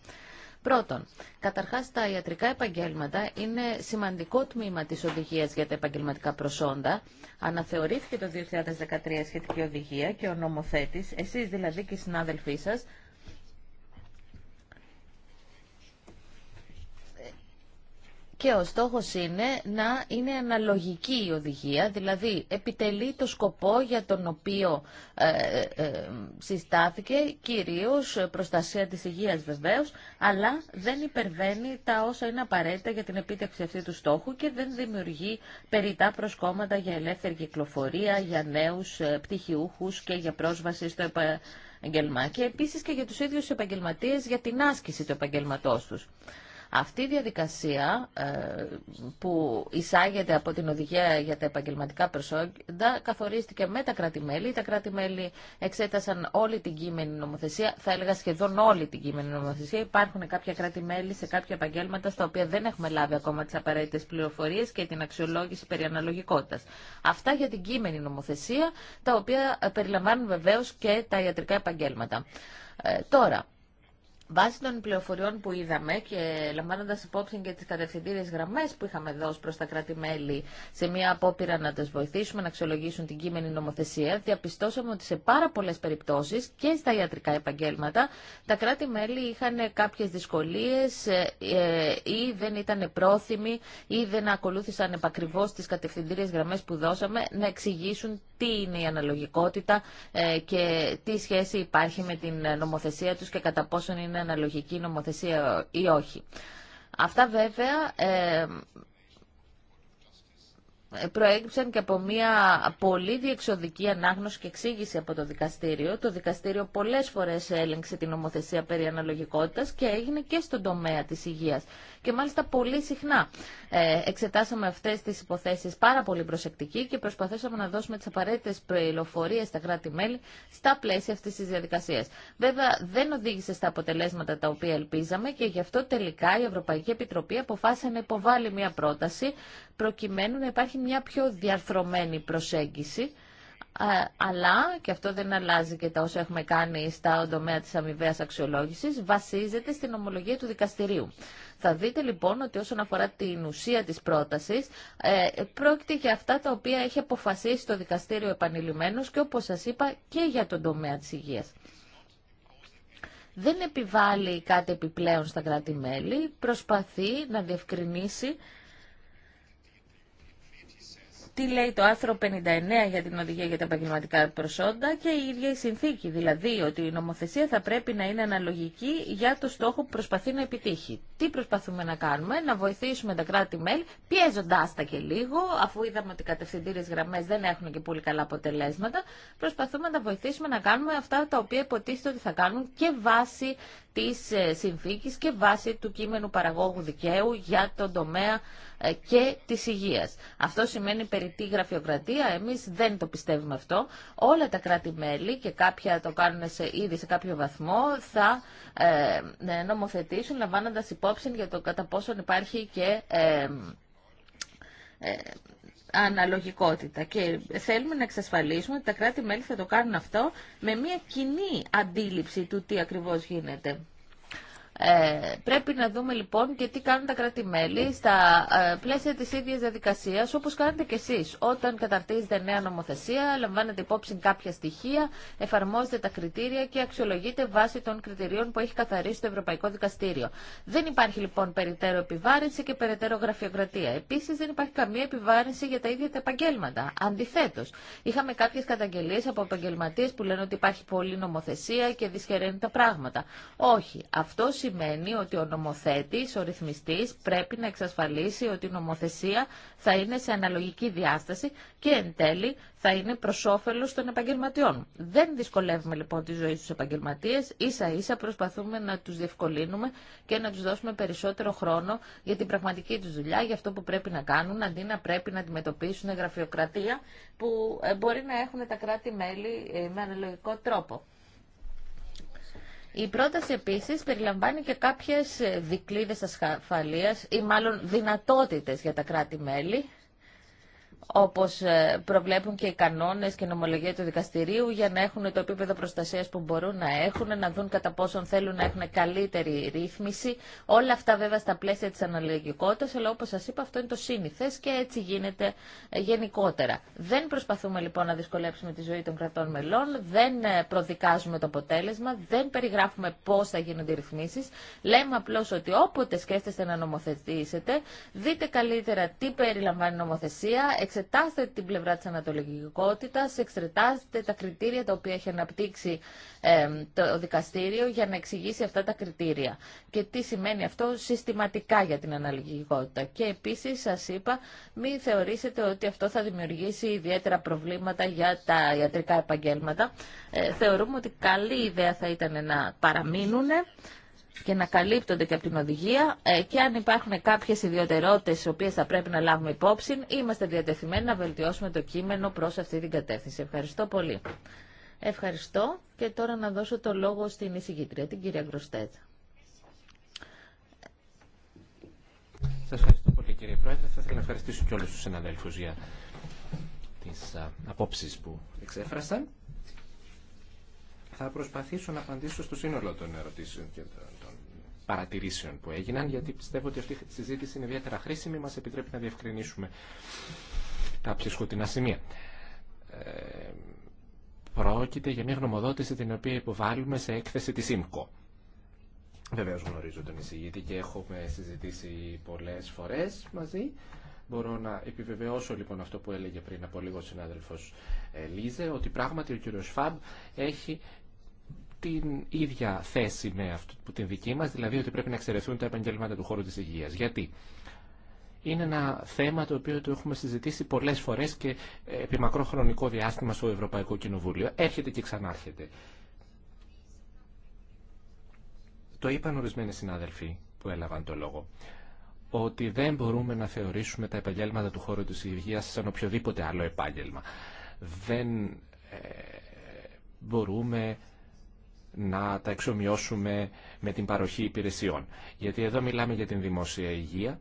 Πρώτον, καταρχάς τα ιατρικά επαγγέλματα είναι σημαντικό τμήμα της οδηγία για τα επαγγελματικά προσόντα. Αναθεωρήθηκε το 2013 σχετική οδηγία και ο νομοθέτης, εσείς δηλαδή και οι συνάδελφοί σα. Και ο στόχος είναι να είναι αναλογική η οδηγία, δηλαδή επιτελεί το σκοπό για τον οποίο ε, ε, συστάθηκε, κυρίως προστασία της υγείας βεβαίω, αλλά δεν υπερβαίνει τα όσα είναι απαραίτητα για την επίτευξη αυτή του στόχου και δεν δημιουργεί περιτά προσκόμματα για ελεύθερη κυκλοφορία, για νέους ε, πτυχιούχους και για πρόσβαση στο επαγγελμά. Και επίσης και για τους ίδιους επαγγελματίες για την άσκηση του επαγγελματός τους. Αυτή η διαδικασία ε, που εισάγεται από την οδηγία για τα επαγγελματικά προσόντα καθορίστηκε με τα κράτη-μέλη. Τα κράτη-μέλη εξέτασαν όλη την κείμενη νομοθεσία, θα έλεγα σχεδόν όλη την κείμενη νομοθεσία. Υπάρχουν κάποια κράτη-μέλη σε κάποια επαγγέλματα στα οποία δεν έχουμε λάβει ακόμα τι απαραίτητε πληροφορίε και την αξιολόγηση περί αναλογικότητα. Αυτά για την κείμενη νομοθεσία, τα οποία περιλαμβάνουν βεβαίω και τα ιατρικά επαγγέλματα. Ε, τώρα, Βάσει των πληροφοριών που είδαμε και λαμβάνοντα υπόψη και τι κατευθυντήριε γραμμέ που είχαμε δώσει προ τα κράτη-μέλη σε μια απόπειρα να τις βοηθήσουμε να αξιολογήσουν την κείμενη νομοθεσία, διαπιστώσαμε ότι σε πάρα πολλέ περιπτώσει και στα ιατρικά επαγγέλματα τα κράτη-μέλη είχαν κάποιες δυσκολίες ε, ε, ή δεν ήταν πρόθυμοι ή δεν ακολούθησαν επακριβώς τι κατευθυντήριε γραμμέ που δώσαμε να εξηγήσουν τι είναι η δεν ηταν προθυμοι η δεν ακολουθησαν επακριβω τι κατευθυντηριε γραμμε που δωσαμε να εξηγησουν τι ειναι η αναλογικοτητα ε, και τι σχέση υπάρχει με την νομοθεσία του και κατά πόσον είναι είναι αναλογική νομοθεσία ή όχι. Αυτά βέβαια ε, ε, προέκυψαν και από μια πολύ διεξοδική ανάγνωση και εξήγηση από το δικαστήριο. Το δικαστήριο πολλές φορές έλεγξε την νομοθεσία περί αναλογικότητας και έγινε και στον τομέα της υγείας και μάλιστα πολύ συχνά. Ε, εξετάσαμε αυτέ τι υποθέσει πάρα πολύ προσεκτική και προσπαθήσαμε να δώσουμε τι απαραίτητε πληροφορίες στα κράτη-μέλη στα πλαίσια αυτή τη διαδικασία. Βέβαια δεν οδήγησε στα αποτελέσματα τα οποία ελπίζαμε και γι' αυτό τελικά η Ευρωπαϊκή Επιτροπή αποφάσισε να υποβάλει μια πρόταση προκειμένου να υπάρχει μια πιο διαρθρωμένη προσέγγιση ε, αλλά, και αυτό δεν αλλάζει και τα όσα έχουμε κάνει στα τομέα της αμοιβαία αξιολόγησης, βασίζεται στην ομολογία του δικαστηρίου. Θα δείτε λοιπόν ότι όσον αφορά την ουσία της πρότασης, ε, πρόκειται για αυτά τα οποία έχει αποφασίσει το δικαστήριο επανειλημμένος και όπως σας είπα και για τον τομέα της υγείας δεν επιβάλλει κάτι επιπλέον στα κράτη-μέλη, προσπαθεί να διευκρινίσει τι λέει το άρθρο 59 για την οδηγία για τα επαγγελματικά προσόντα και η ίδια η συνθήκη, δηλαδή ότι η νομοθεσία θα πρέπει να είναι αναλογική για το στόχο που προσπαθεί να επιτύχει. Τι προσπαθούμε να κάνουμε, να βοηθήσουμε τα κράτη-μέλη, πιέζοντά τα και λίγο, αφού είδαμε ότι οι κατευθυντήριε γραμμέ δεν έχουν και πολύ καλά αποτελέσματα, προσπαθούμε να βοηθήσουμε να κάνουμε αυτά τα οποία υποτίθεται ότι θα κάνουν και βάσει τη ε, συνθήκη και βάσει του κείμενου παραγόγου δικαίου για τον τομέα ε, και τη υγεία. Αυτό σημαίνει περιττή γραφειοκρατία, Εμεί δεν το πιστεύουμε αυτό. Όλα τα κράτη-μέλη και κάποια το κάνουν σε, ήδη σε κάποιο βαθμό θα ε, ε, νομοθετήσουν λαμβάνοντα υπόψη για το κατά πόσον υπάρχει και... αναλογικότητα και θέλουμε να εξασφαλίσουμε ότι τα κράτη-μέλη θα το κάνουν αυτό με μια κοινή αντίληψη του τι ακριβώς γίνεται. Ε, πρέπει να δούμε λοιπόν και τι κάνουν τα κράτη-μέλη στα ε, πλαίσια της ίδιας διαδικασίας, όπως κάνετε και εσείς. Όταν καταρτίζετε νέα νομοθεσία, λαμβάνετε υπόψη κάποια στοιχεία, εφαρμόζετε τα κριτήρια και αξιολογείτε βάσει των κριτηρίων που έχει καθαρίσει το Ευρωπαϊκό Δικαστήριο. Δεν υπάρχει λοιπόν περιττέρω επιβάρυνση και περαιτέρω γραφειοκρατία. Επίσης δεν υπάρχει καμία επιβάρυνση για τα ίδια τα επαγγέλματα. Αντιθέτω, είχαμε κάποιε καταγγελίε από επαγγελματίε που λένε ότι υπάρχει πολλή νομοθεσία και δυσχεραίνει τα πράγματα. Όχι. αυτό σημαίνει ότι ο νομοθέτης, ο ρυθμιστής πρέπει να εξασφαλίσει ότι η νομοθεσία θα είναι σε αναλογική διάσταση και εν τέλει θα είναι προ όφελο των επαγγελματιών. Δεν δυσκολεύουμε λοιπόν τη ζωή στους επαγγελματίες, ίσα ίσα προσπαθούμε να τους διευκολύνουμε και να τους δώσουμε περισσότερο χρόνο για την πραγματική τους δουλειά, για αυτό που πρέπει να κάνουν, αντί να πρέπει να αντιμετωπίσουν γραφειοκρατία που ε, μπορεί να έχουν τα κράτη-μέλη ε, με αναλογικό τρόπο. Η πρόταση επίσης περιλαμβάνει και κάποιες δικλείδες ασφαλείας ή μάλλον δυνατότητες για τα κράτη-μέλη όπως ε, προβλέπουν και οι κανόνες και η νομολογία του δικαστηρίου για να έχουν το επίπεδο προστασίας που μπορούν να έχουν, να δουν κατά πόσον θέλουν να έχουν καλύτερη ρύθμιση. Όλα αυτά βέβαια στα πλαίσια της αναλογικότητας, αλλά όπως σας είπα αυτό είναι το σύνηθες και έτσι γίνεται ε, γενικότερα. Δεν προσπαθούμε λοιπόν να δυσκολέψουμε τη ζωή των κρατών μελών, δεν ε, προδικάζουμε το αποτέλεσμα, δεν περιγράφουμε πώς θα γίνονται οι ρυθμίσεις. Λέμε απλώς ότι όποτε σκέφτεστε να νομοθετήσετε, δείτε καλύτερα τι περιλαμβάνει νομοθεσία, εξετάστε την πλευρά της ανατολικότητας, εξετάστε τα κριτήρια τα οποία έχει αναπτύξει ε, το δικαστήριο για να εξηγήσει αυτά τα κριτήρια. Και τι σημαίνει αυτό συστηματικά για την αναλογικότητα. Και επίσης σας είπα μην θεωρήσετε ότι αυτό θα δημιουργήσει ιδιαίτερα προβλήματα για τα ιατρικά επαγγέλματα. Ε, θεωρούμε ότι καλή ιδέα θα ήταν να παραμείνουν και να καλύπτονται και από την οδηγία ε, και αν υπάρχουν κάποιες ιδιωτερότητες τις οποίες θα πρέπει να λάβουμε υπόψη, είμαστε διατεθειμένοι να βελτιώσουμε το κείμενο προς αυτή την κατεύθυνση. Ευχαριστώ πολύ. Ευχαριστώ και τώρα να δώσω το λόγο στην εισηγήτρια, την κυρία Γκροστέτ. Σας ευχαριστώ πολύ κύριε Πρόεδρε. Θα ήθελα να ευχαριστήσω και όλους τους συναδέλφους για τις απόψεις που εξέφρασαν. Θα προσπαθήσω να απαντήσω στο σύνολο των ερωτήσεων και των παρατηρήσεων που έγιναν, γιατί πιστεύω ότι αυτή η συζήτηση είναι ιδιαίτερα χρήσιμη, μας επιτρέπει να διευκρινίσουμε τα σκοτεινά σημεία. Ε, πρόκειται για μια γνωμοδότηση την οποία υποβάλλουμε σε έκθεση της ΥΜΚΟ. Βεβαίως γνωρίζω τον εισηγήτη και έχουμε συζητήσει πολλές φορές μαζί. Μπορώ να επιβεβαιώσω λοιπόν αυτό που έλεγε πριν από λίγο ο συνάδελφος Λίζε, ότι πράγματι ο κύριος Φαμπ έχει την ίδια θέση με αυτή που την δική μας, δηλαδή ότι πρέπει να εξαιρεθούν τα επαγγελμάτα του χώρου της υγείας. Γιατί είναι ένα θέμα το οποίο το έχουμε συζητήσει πολλές φορές και ε, επί μακρό χρονικό διάστημα στο Ευρωπαϊκό Κοινοβούλιο. Έρχεται και ξανάρχεται. Το είπαν ορισμένοι συνάδελφοι που έλαβαν το λόγο ότι δεν μπορούμε να θεωρήσουμε τα επαγγέλματα του χώρου της υγείας σαν οποιοδήποτε άλλο επάγγελμα. Δεν ε, μπορούμε να τα εξομοιώσουμε με την παροχή υπηρεσιών. Γιατί εδώ μιλάμε για την δημόσια υγεία,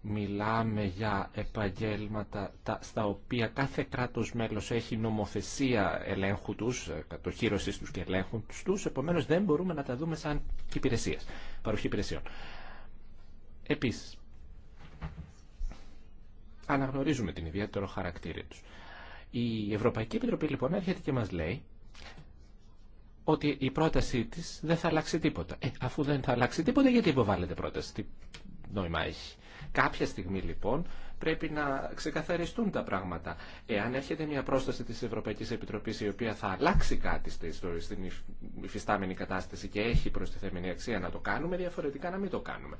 μιλάμε για επαγγέλματα στα οποία κάθε κράτος μέλος έχει νομοθεσία ελέγχου τους, ε, κατοχήρωσης τους και ελέγχου τους, επομένως δεν μπορούμε να τα δούμε σαν υπηρεσίες, παροχή υπηρεσιών. Επίσης, αναγνωρίζουμε την ιδιαίτερο χαρακτήρα τους. Η Ευρωπαϊκή Επιτροπή λοιπόν έρχεται και μας λέει ότι η πρότασή τη δεν θα αλλάξει τίποτα. Ε, αφού δεν θα αλλάξει τίποτα, γιατί υποβάλλεται πρόταση, τι νόημα έχει. Κάποια στιγμή λοιπόν πρέπει να ξεκαθαριστούν τα πράγματα. Εάν έρχεται μια πρόσταση της Ευρωπαϊκής Επιτροπής η οποία θα αλλάξει κάτι στην υφιστάμενη κατάσταση και έχει προστιθέμενη αξία να το κάνουμε, διαφορετικά να μην το κάνουμε.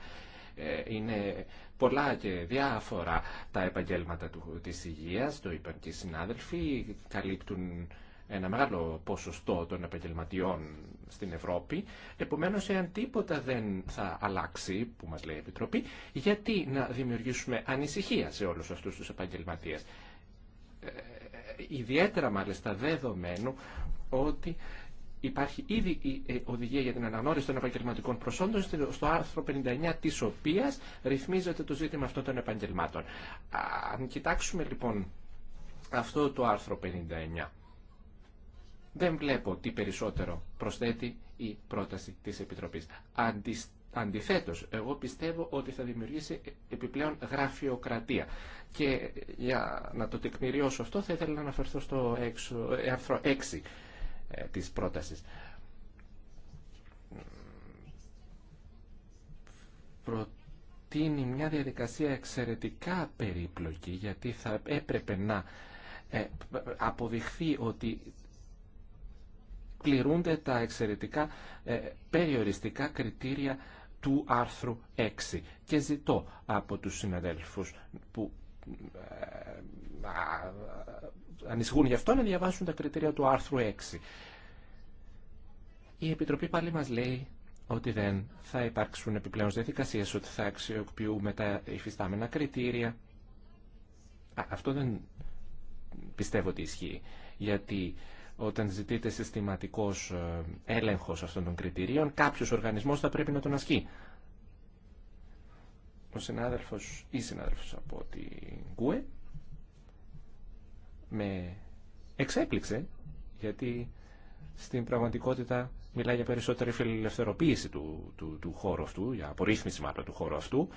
Ε, είναι πολλά και διάφορα τα επαγγέλματα της υγείας, το είπαν και οι συνάδελφοι, καλύπτουν ένα μεγάλο ποσοστό των επαγγελματιών στην Ευρώπη. Επομένως, εάν τίποτα δεν θα αλλάξει, που μας λέει η Επιτροπή, γιατί να δημιουργήσουμε ανησυχία σε όλους αυτούς τους επαγγελματίες. Ε, ιδιαίτερα, μάλιστα, δεδομένου ότι υπάρχει ήδη η ε, οδηγία για την αναγνώριση των επαγγελματικών προσόντων στο άρθρο 59 της οποίας ρυθμίζεται το ζήτημα αυτών των επαγγελμάτων. Αν κοιτάξουμε λοιπόν αυτό το άρθρο 59 δεν βλέπω τι περισσότερο προσθέτει η πρόταση της Επιτροπής. Αντιθέτως, εγώ πιστεύω ότι θα δημιουργήσει επιπλέον γραφειοκρατία. Και για να το τεκμηριώσω αυτό θα ήθελα να αναφερθώ στο ε, άρθρο 6 ε, της πρότασης. Προτείνει μια διαδικασία εξαιρετικά περίπλοκη γιατί θα έπρεπε να ε, αποδειχθεί ότι κληρούνται τα εξαιρετικά ε, περιοριστικά κριτήρια του άρθρου 6 και ζητώ από τους συναδέλφους που ε, ανησυχούν γι' αυτό να διαβάσουν τα κριτήρια του άρθρου 6. Η Επιτροπή πάλι μας λέει ότι δεν θα υπάρξουν επιπλέον διαδικασίε, ότι θα αξιοποιούμε τα υφιστάμενα κριτήρια. αυτό δεν πιστεύω ότι ισχύει, γιατί όταν ζητείται συστηματικός ε, έλεγχος αυτών των κριτηρίων, κάποιος οργανισμός θα πρέπει να τον ασκεί. Ο συνάδελφος ή συνάδελφος από την ΚΟΕ με εξέπληξε, γιατί στην πραγματικότητα μιλάει για περισσότερη φιλελευθερωποίηση του, του, του χώρου αυτού, για απορρίθμιση μάλλον του χώρου αυτού,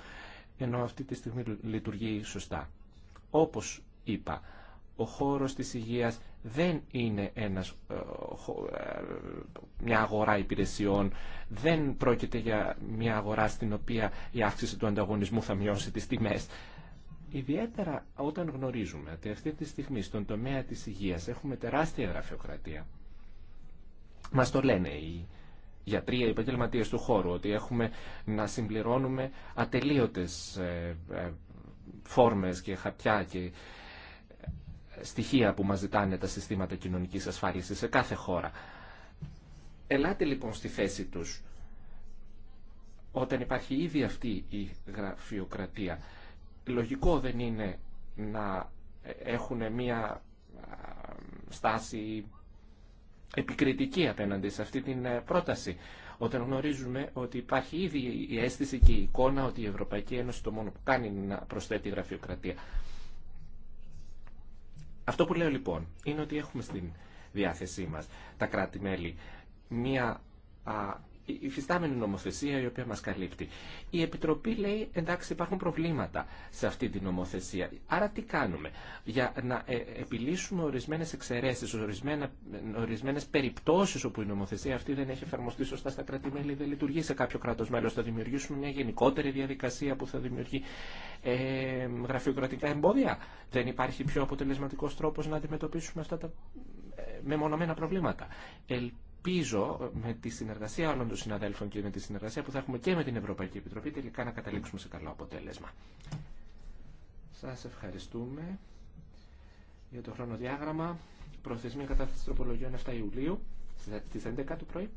ενώ αυτή τη στιγμή λειτουργεί σωστά. Όπως είπα, ο χώρος της υγείας δεν είναι ένας, ε, ε, μια αγορά υπηρεσιών, δεν πρόκειται για μια αγορά στην οποία η αύξηση του ανταγωνισμού θα μειώσει τις τιμές. Ιδιαίτερα όταν γνωρίζουμε ότι αυτή τη στιγμή στον τομέα της υγείας έχουμε τεράστια γραφειοκρατία. Μας το λένε οι γιατροί, οι επαγγελματίες του χώρου, ότι έχουμε να συμπληρώνουμε ατελείωτες ε, φόρμες και χαπιά και στοιχεία που μας ζητάνε τα συστήματα κοινωνικής ασφάλισης σε κάθε χώρα. Ελάτε λοιπόν στη θέση τους όταν υπάρχει ήδη αυτή η γραφειοκρατία. Λογικό δεν είναι να έχουν μία στάση επικριτική απέναντι σε αυτή την ε, πρόταση όταν γνωρίζουμε ότι υπάρχει ήδη η αίσθηση και η εικόνα ότι η Ευρωπαϊκή Ένωση το μόνο που κάνει είναι να προσθέτει γραφειοκρατία. Αυτό που λέω λοιπόν είναι ότι έχουμε στην διάθεσή μας τα κράτη-μέλη μία η φυστάμενη νομοθεσία η οποία μας καλύπτει. Η Επιτροπή λέει εντάξει υπάρχουν προβλήματα σε αυτή τη νομοθεσία. Άρα τι κάνουμε για να ε, επιλύσουμε ορισμένες εξαιρέσεις, ορισμένα, ορισμένες περιπτώσεις όπου η νομοθεσία αυτή δεν έχει εφαρμοστεί σωστά στα κρατημέλη, δεν λειτουργεί σε κάποιο κράτος μέλος. Θα δημιουργήσουμε μια γενικότερη διαδικασία που θα δημιουργεί ε, γραφειοκρατικά εμπόδια. Δεν υπάρχει πιο αποτελεσματικός τρόπος να αντιμετωπίσουμε αυτά τα ε, μεμονωμένα προβλήματα ελπίζω με τη συνεργασία όλων των συναδέλφων και με τη συνεργασία που θα έχουμε και με την Ευρωπαϊκή Επιτροπή τελικά να καταλήξουμε σε καλό αποτέλεσμα. Σας ευχαριστούμε για το χρονοδιάγραμμα. Προθεσμία κατάθεση τροπολογιών 7 Ιουλίου στις 11 το πρωί.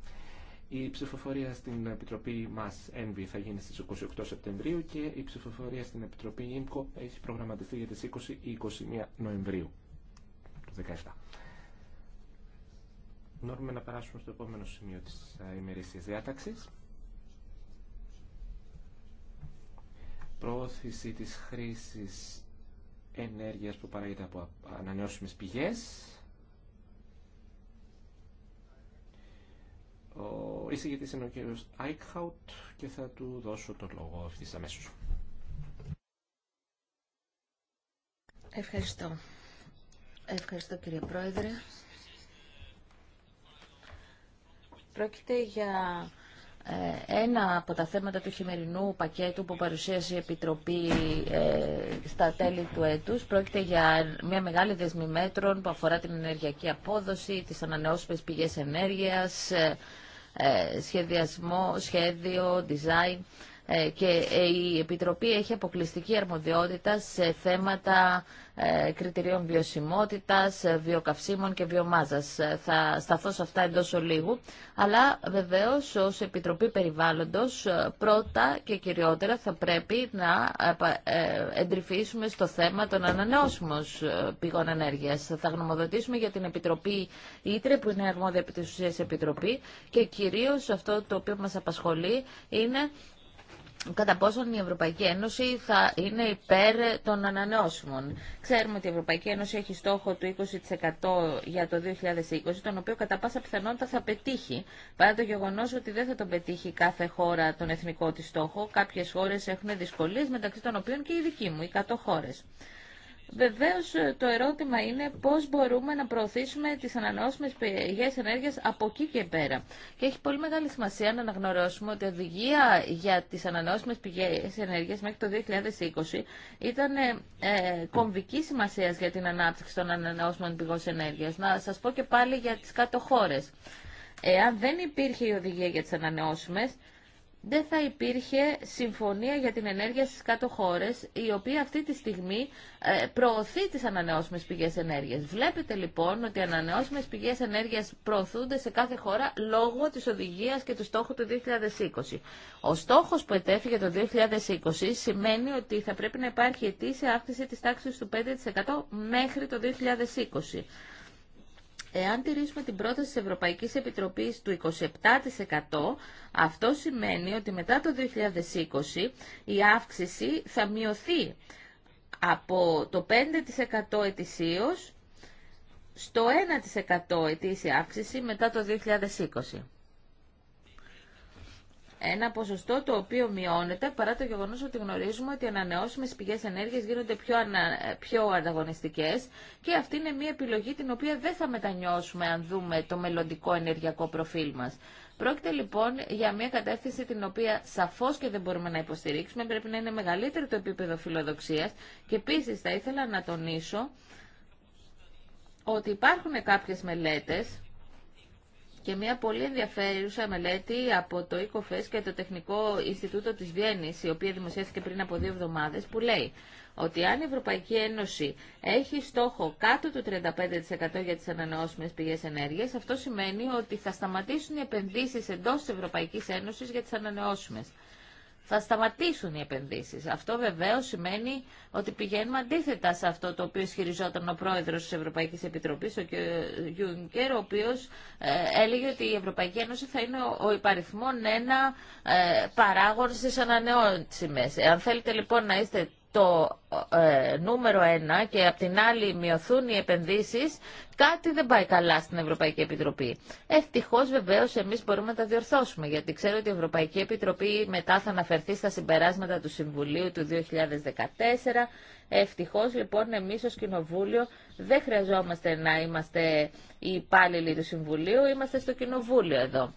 Η ψηφοφορία στην Επιτροπή μας ΕΝΒΙ θα γίνει στις 28 Σεπτεμβρίου και η ψηφοφορία στην Επιτροπή ΙΜΚΟ έχει προγραμματιστεί για τις 20 ή 21 Νοεμβρίου του 2017. Μπορούμε να περάσουμε στο επόμενο σημείο της ε, ημερήσιας διάταξης. Πρόθεση της χρήσης ενέργειας που παράγεται από ανανεώσιμες πηγές. Ο εισηγητής είναι ο κύριος Άικχαουτ και θα του δώσω τον λόγο αυτής αμέσως. Ευχαριστώ. Ευχαριστώ κύριε Πρόεδρε. Πρόκειται για ε, ένα από τα θέματα του χειμερινού πακέτου που παρουσίασε η Επιτροπή ε, στα τέλη του έτους πρόκειται για μια μεγάλη δεσμή μέτρων που αφορά την ενεργειακή απόδοση, τις ανανεώσιμες πηγές ενέργειας, ε, σχεδιασμό, σχέδιο, design. Ε, και ε, η Επιτροπή έχει αποκλειστική αρμοδιότητα σε θέματα ε, κριτηρίων βιωσιμότητας, βιοκαυσίμων και βιομάζας. Θα σταθώ σε αυτά εντός ολίγου, αλλά βεβαίως ως Επιτροπή Περιβάλλοντος πρώτα και κυριότερα θα πρέπει να εντρυφήσουμε στο θέμα των ανανεώσιμων πηγών ενέργειας. Θα γνωμοδοτήσουμε για την Επιτροπή Ήτρε που είναι αρμόδια επί της Επιτροπή και κυρίως αυτό το οποίο μας απασχολεί είναι κατά πόσον η Ευρωπαϊκή Ένωση θα είναι υπέρ των ανανεώσιμων. Ξέρουμε ότι η Ευρωπαϊκή Ένωση έχει στόχο του 20% για το 2020, τον οποίο κατά πάσα πιθανότητα θα πετύχει, παρά το γεγονό ότι δεν θα τον πετύχει κάθε χώρα τον εθνικό τη στόχο. Κάποιε χώρε έχουν δυσκολίε, μεταξύ των οποίων και η δική μου, οι 100 χώρε. Βεβαίω, ε, το ερώτημα είναι πώς μπορούμε να προωθήσουμε τις ανανεώσιμες πηγές ενέργειας από εκεί και πέρα. Και έχει πολύ μεγάλη σημασία να αναγνωρίσουμε ότι η οδηγία για τις ανανεώσιμες πηγές ενέργειας μέχρι το 2020 ήταν ε, ε κομβική σημασία για την ανάπτυξη των ανανεώσιμων πηγών ενέργειας. Να σας πω και πάλι για τι κάτω χώρε. Εάν δεν υπήρχε η οδηγία για τι ανανεώσιμε, δεν θα υπήρχε συμφωνία για την ενέργεια στις κάτω χώρες, η οποία αυτή τη στιγμή ε, προωθεί τις ανανεώσιμες πηγές ενέργειας. Βλέπετε λοιπόν ότι οι ανανεώσιμες πηγές ενέργειας προωθούνται σε κάθε χώρα λόγω της οδηγίας και του στόχου του 2020. Ο στόχος που για το 2020 σημαίνει ότι θα πρέπει να υπάρχει ετήσια αύξηση της τάξης του 5% μέχρι το 2020. Εάν τηρήσουμε την πρόταση της Ευρωπαϊκής Επιτροπής του 27%, αυτό σημαίνει ότι μετά το 2020 η αύξηση θα μειωθεί από το 5% ετησίως στο 1% ετήσια αύξηση μετά το 2020 ένα ποσοστό το οποίο μειώνεται παρά το γεγονός ότι γνωρίζουμε ότι οι ανανεώσιμες πηγές ενέργειας γίνονται πιο, ανα... πιο ανταγωνιστικές και αυτή είναι μια επιλογή την οποία δεν θα μετανιώσουμε αν δούμε το μελλοντικό ενεργειακό προφίλ μας. Πρόκειται λοιπόν για μια κατεύθυνση την οποία σαφώ και δεν μπορούμε να υποστηρίξουμε. Πρέπει να είναι μεγαλύτερο το επίπεδο φιλοδοξία. Και επίση θα ήθελα να τονίσω ότι υπάρχουν κάποιες μελέτες και μια πολύ ενδιαφέρουσα μελέτη από το ECOFES και το Τεχνικό Ινστιτούτο της Βιέννης, η οποία δημοσιεύθηκε πριν από δύο εβδομάδες, που λέει ότι αν η Ευρωπαϊκή Ένωση έχει στόχο κάτω του 35% για τις ανανεώσιμες πηγές ενέργειας, αυτό σημαίνει ότι θα σταματήσουν οι επενδύσεις εντός της Ευρωπαϊκής Ένωσης για τις ανανεώσιμες θα σταματήσουν οι επενδύσεις. Αυτό βεβαίως σημαίνει ότι πηγαίνουμε αντίθετα σε αυτό το οποίο ισχυριζόταν ο πρόεδρος της Ευρωπαϊκής Επιτροπής, ο κ. Γιούνκερ, ο οποίος ε, έλεγε ότι η Ευρωπαϊκή Ένωση θα είναι ο υπαριθμόν ένα ε, παράγον στις ανανεώσιμες. Αν θέλετε λοιπόν να είστε το ε, νούμερο ένα και απ' την άλλη μειωθούν οι επενδύσεις, κάτι δεν πάει καλά στην Ευρωπαϊκή Επιτροπή. Ευτυχώ βεβαίω εμείς μπορούμε να τα διορθώσουμε, γιατί ξέρω ότι η Ευρωπαϊκή Επιτροπή μετά θα αναφερθεί στα συμπεράσματα του Συμβουλίου του 2014. Ευτυχώ λοιπόν εμείς ως Κοινοβούλιο δεν χρειαζόμαστε να είμαστε οι υπάλληλοι του Συμβουλίου, είμαστε στο Κοινοβούλιο εδώ.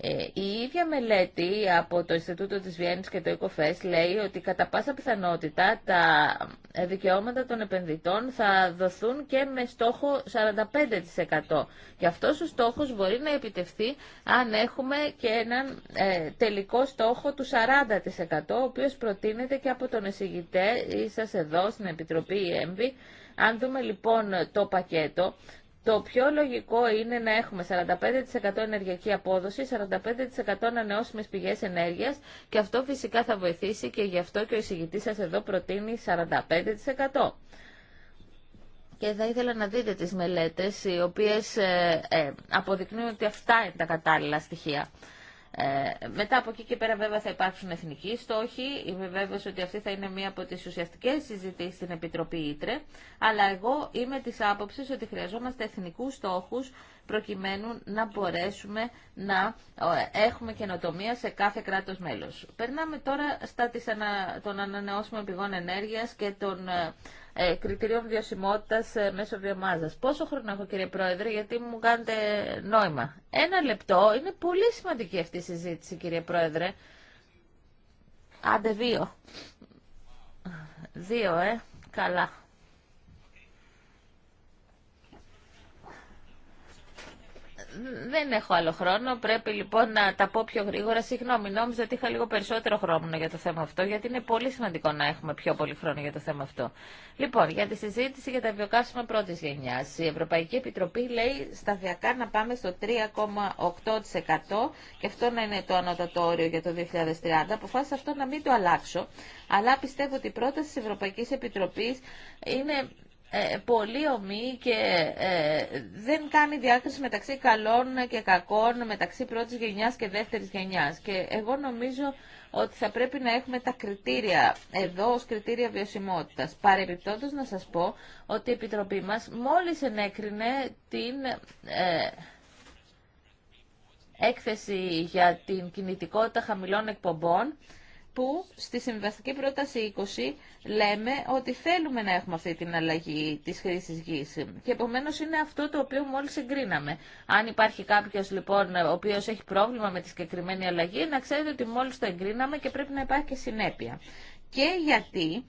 Ε, η ίδια μελέτη από το Ινστιτούτο της Βιέννης και το ΕΚΟΦΕΣ λέει ότι κατά πάσα πιθανότητα τα δικαιώματα των επενδυτών θα δοθούν και με στόχο 45%. Και αυτός ο στόχος μπορεί να επιτευχθεί αν έχουμε και έναν ε, τελικό στόχο του 40%, ο οποίος προτείνεται και από τον εισηγητέ σας εδώ στην Επιτροπή ΕΜΒΗ. Αν δούμε λοιπόν το πακέτο, το πιο λογικό είναι να έχουμε 45% ενεργειακή απόδοση, 45% ανανεώσιμε πηγέ ενέργεια και αυτό φυσικά θα βοηθήσει και γι' αυτό και ο εισηγητή σα εδώ προτείνει 45%. Και θα ήθελα να δείτε τις μελέτες οι οποίες ε, ε, αποδεικνύουν ότι αυτά είναι τα κατάλληλα στοιχεία. Ε, μετά από εκεί και πέρα βέβαια θα υπάρξουν εθνικοί στόχοι. Είμαι βέβαιος ότι αυτή θα είναι μία από τις ουσιαστικές συζητήσεις στην Επιτροπή Ήτρε. Αλλά εγώ είμαι της άποψης ότι χρειαζόμαστε εθνικούς στόχους προκειμένου να μπορέσουμε να ε, έχουμε καινοτομία σε κάθε κράτος μέλος. Περνάμε τώρα στα ανα... των ανανεώσιμων πηγών ενέργειας και των ε, ε, κριτηρίων βιωσιμότητα ε, μέσω βιομάζας. Πόσο χρόνο έχω κύριε Πρόεδρε, γιατί μου κάνετε νόημα. Ένα λεπτό. Είναι πολύ σημαντική αυτή η συζήτηση κύριε Πρόεδρε. Άντε δύο. Δύο, ε. Καλά. δεν έχω άλλο χρόνο. Πρέπει λοιπόν να τα πω πιο γρήγορα. Συγγνώμη, νόμιζα ότι είχα λίγο περισσότερο χρόνο για το θέμα αυτό, γιατί είναι πολύ σημαντικό να έχουμε πιο πολύ χρόνο για το θέμα αυτό. Λοιπόν, για τη συζήτηση για τα βιοκαύσιμα πρώτη γενιά. Η Ευρωπαϊκή Επιτροπή λέει σταδιακά να πάμε στο 3,8% και αυτό να είναι το ανώτατο για το 2030. Αποφάσισα αυτό να μην το αλλάξω. Αλλά πιστεύω ότι η πρόταση τη Ευρωπαϊκή Επιτροπή είναι ε, πολύ ομοί και ε, δεν κάνει διάκριση μεταξύ καλών και κακών, μεταξύ πρώτης γενιάς και δεύτερης γενιάς. Και εγώ νομίζω ότι θα πρέπει να έχουμε τα κριτήρια εδώ ως κριτήρια βιωσιμότητας. Παρεμπιπτόντως να σας πω ότι η Επιτροπή μας μόλις ενέκρινε την... Ε, έκθεση για την κινητικότητα χαμηλών εκπομπών που στη Συμβαστική πρόταση 20 λέμε ότι θέλουμε να έχουμε αυτή την αλλαγή της χρήσης γης. Και επομένως είναι αυτό το οποίο μόλις εγκρίναμε. Αν υπάρχει κάποιος λοιπόν ο οποίος έχει πρόβλημα με τη συγκεκριμένη αλλαγή, να ξέρετε ότι μόλις το εγκρίναμε και πρέπει να υπάρχει και συνέπεια. Και γιατί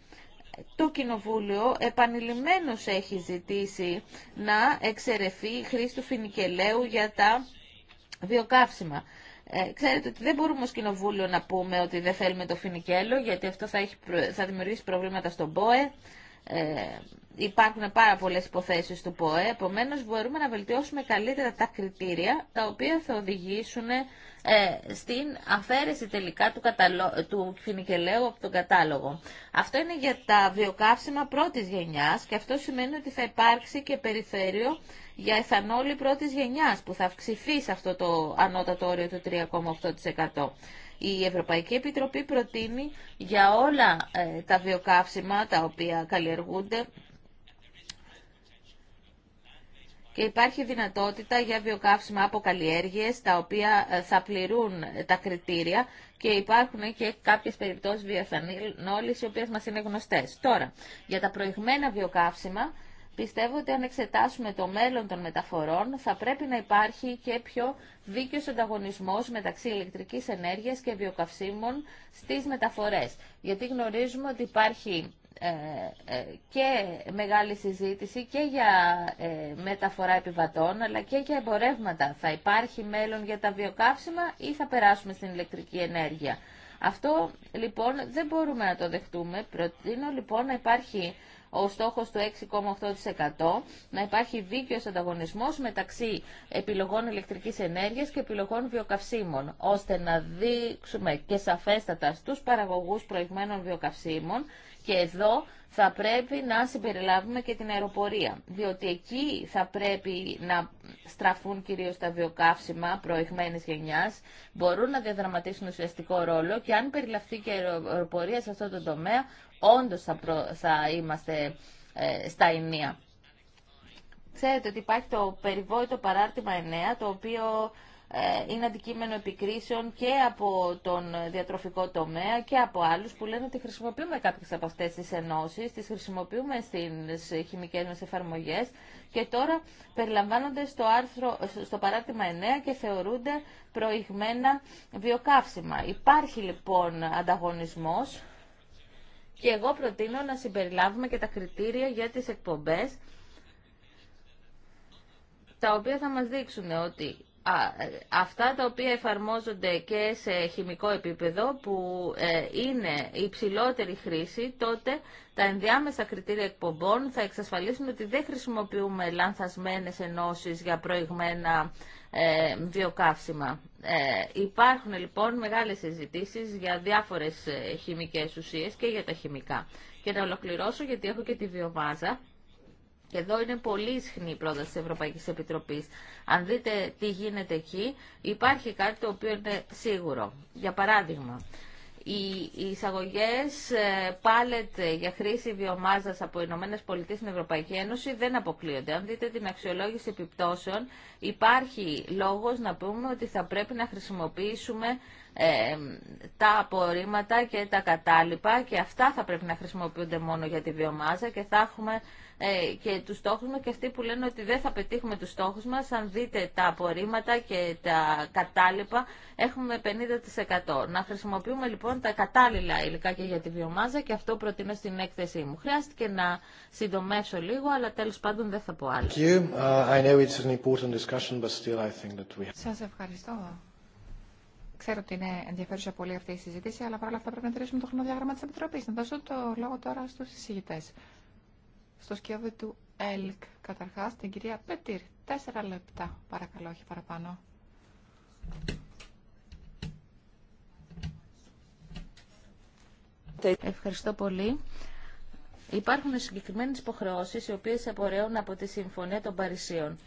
το Κοινοβούλιο επανειλημμένως έχει ζητήσει να εξαιρεθεί η χρήση του φινικελαίου για τα βιοκαύσιμα. Ε, ξέρετε ότι δεν μπορούμε ως κοινοβούλιο να πούμε ότι δεν θέλουμε το φινικέλο, γιατί αυτό θα, έχει, θα δημιουργήσει προβλήματα στον ΠΟΕ. Ε, υπάρχουν πάρα πολλές υποθέσεις του ΠΟΕ, επομένως μπορούμε να βελτιώσουμε καλύτερα τα κριτήρια, τα οποία θα οδηγήσουν ε, στην αφαίρεση τελικά του, καταλο... του φινικελαίου από τον κατάλογο. Αυτό είναι για τα βιοκαύσιμα πρώτης γενιάς και αυτό σημαίνει ότι θα υπάρξει και περιθέριο για εθανόλη πρώτης γενιάς που θα αυξηθεί σε αυτό το ανώτατο όριο του 3,8%. Η Ευρωπαϊκή Επιτροπή προτείνει για όλα ε, τα βιοκαύσιμα τα οποία καλλιεργούνται και υπάρχει δυνατότητα για βιοκαύσιμα από καλλιέργειες τα οποία ε, θα πληρούν ε, τα κριτήρια και υπάρχουν και κάποιες περιπτώσεις βιοθανόλης οι οποίες μας είναι γνωστές. Τώρα, για τα προηγμένα βιοκαύσιμα Πιστεύω ότι αν εξετάσουμε το μέλλον των μεταφορών θα πρέπει να υπάρχει και πιο δίκαιος ανταγωνισμός μεταξύ ηλεκτρικής ενέργειας και βιοκαυσίμων στις μεταφορές. Γιατί γνωρίζουμε ότι υπάρχει ε, ε, και μεγάλη συζήτηση και για ε, μεταφορά επιβατών αλλά και για εμπορεύματα. Θα υπάρχει μέλλον για τα βιοκαύσιμα ή θα περάσουμε στην ηλεκτρική ενέργεια. Αυτό λοιπόν δεν μπορούμε να το δεχτούμε. Προτείνω λοιπόν να υπάρχει ο στόχος του 6,8%, να υπάρχει δίκαιος ανταγωνισμός μεταξύ επιλογών ηλεκτρικής ενέργειας και επιλογών βιοκαυσίμων, ώστε να δείξουμε και σαφέστατα στους παραγωγούς προηγμένων βιοκαυσίμων και εδώ θα πρέπει να συμπεριλάβουμε και την αεροπορία, διότι εκεί θα πρέπει να στραφούν κυρίως τα βιοκαύσιμα προηγμένης γενιάς, μπορούν να διαδραματίσουν ουσιαστικό ρόλο και αν περιλαφθεί και η αεροπορία σε αυτό το τομέα, όντως θα, προ... θα είμαστε ε, στα ημεία. Ξέρετε ότι υπάρχει το περιβόητο παράρτημα 9, το οποίο ε, είναι αντικείμενο επικρίσεων και από τον διατροφικό τομέα και από άλλους που λένε ότι χρησιμοποιούμε κάποιες από αυτές τις ενώσεις, τις χρησιμοποιούμε στις χημικές μας εφαρμογές και τώρα περιλαμβάνονται στο, άρθρο, στο παράρτημα 9 και θεωρούνται προηγμένα βιοκαύσιμα. Υπάρχει λοιπόν ανταγωνισμός και εγώ προτείνω να συμπεριλάβουμε και τα κριτήρια για τις εκπομπές, τα οποία θα μας δείξουν ότι αυτά τα οποία εφαρμόζονται και σε χημικό επίπεδο που ε, είναι υψηλότερη χρήση, τότε τα ενδιάμεσα κριτήρια εκπομπών θα εξασφαλίσουν ότι δεν χρησιμοποιούμε λανθασμένες ενώσεις για προηγμένα ε, βιοκαύσιμα. Ε, υπάρχουν λοιπόν μεγάλες συζητήσει για διάφορες ε, χημικές ουσίες και για τα χημικά. Και να ολοκληρώσω γιατί έχω και τη βιομάζα. Και εδώ είναι πολύ ισχνή η πρόταση της Ευρωπαϊκής Επιτροπής. Αν δείτε τι γίνεται εκεί, υπάρχει κάτι το οποίο είναι σίγουρο. Για παράδειγμα, οι εισαγωγέ ε, πάλετ για χρήση βιομάζας από Ηνωμένε Πολιτείε στην Ευρωπαϊκή Ένωση δεν αποκλείονται. Αν δείτε την αξιολόγηση επιπτώσεων, υπάρχει λόγος να πούμε ότι θα πρέπει να χρησιμοποιήσουμε ε, τα απορρίμματα και τα κατάλοιπα και αυτά θα πρέπει να χρησιμοποιούνται μόνο για τη βιομάζα και θα έχουμε ε, και τους στόχους μας και αυτοί που λένε ότι δεν θα πετύχουμε τους στόχους μας. Αν δείτε τα απορρίμματα και τα κατάλοιπα, έχουμε 50%. Να χρησιμοποιούμε λοιπόν τα κατάλληλα υλικά και για τη βιομάζα και αυτό προτείνω στην έκθεσή μου. Χρειάστηκε να συντομεύσω λίγο, αλλά τέλος πάντων δεν θα πω άλλο. Σας ευχαριστώ. Ξέρω ότι είναι ενδιαφέρουσα πολύ αυτή η συζήτηση, αλλά παρόλα αυτά πρέπει να τηρήσουμε το χρονοδιάγραμμα τη Επιτροπή. Να δώσω το λόγο τώρα στου συζητητέ στο σκεύο του ΕΛΚ. Καταρχάς, την κυρία Πετήρ. Τέσσερα λεπτά, παρακαλώ, όχι παραπάνω. Ευχαριστώ πολύ. Υπάρχουν συγκεκριμένες υποχρεώσεις οι οποίες απορρέουν από τη Συμφωνία των Παρισίων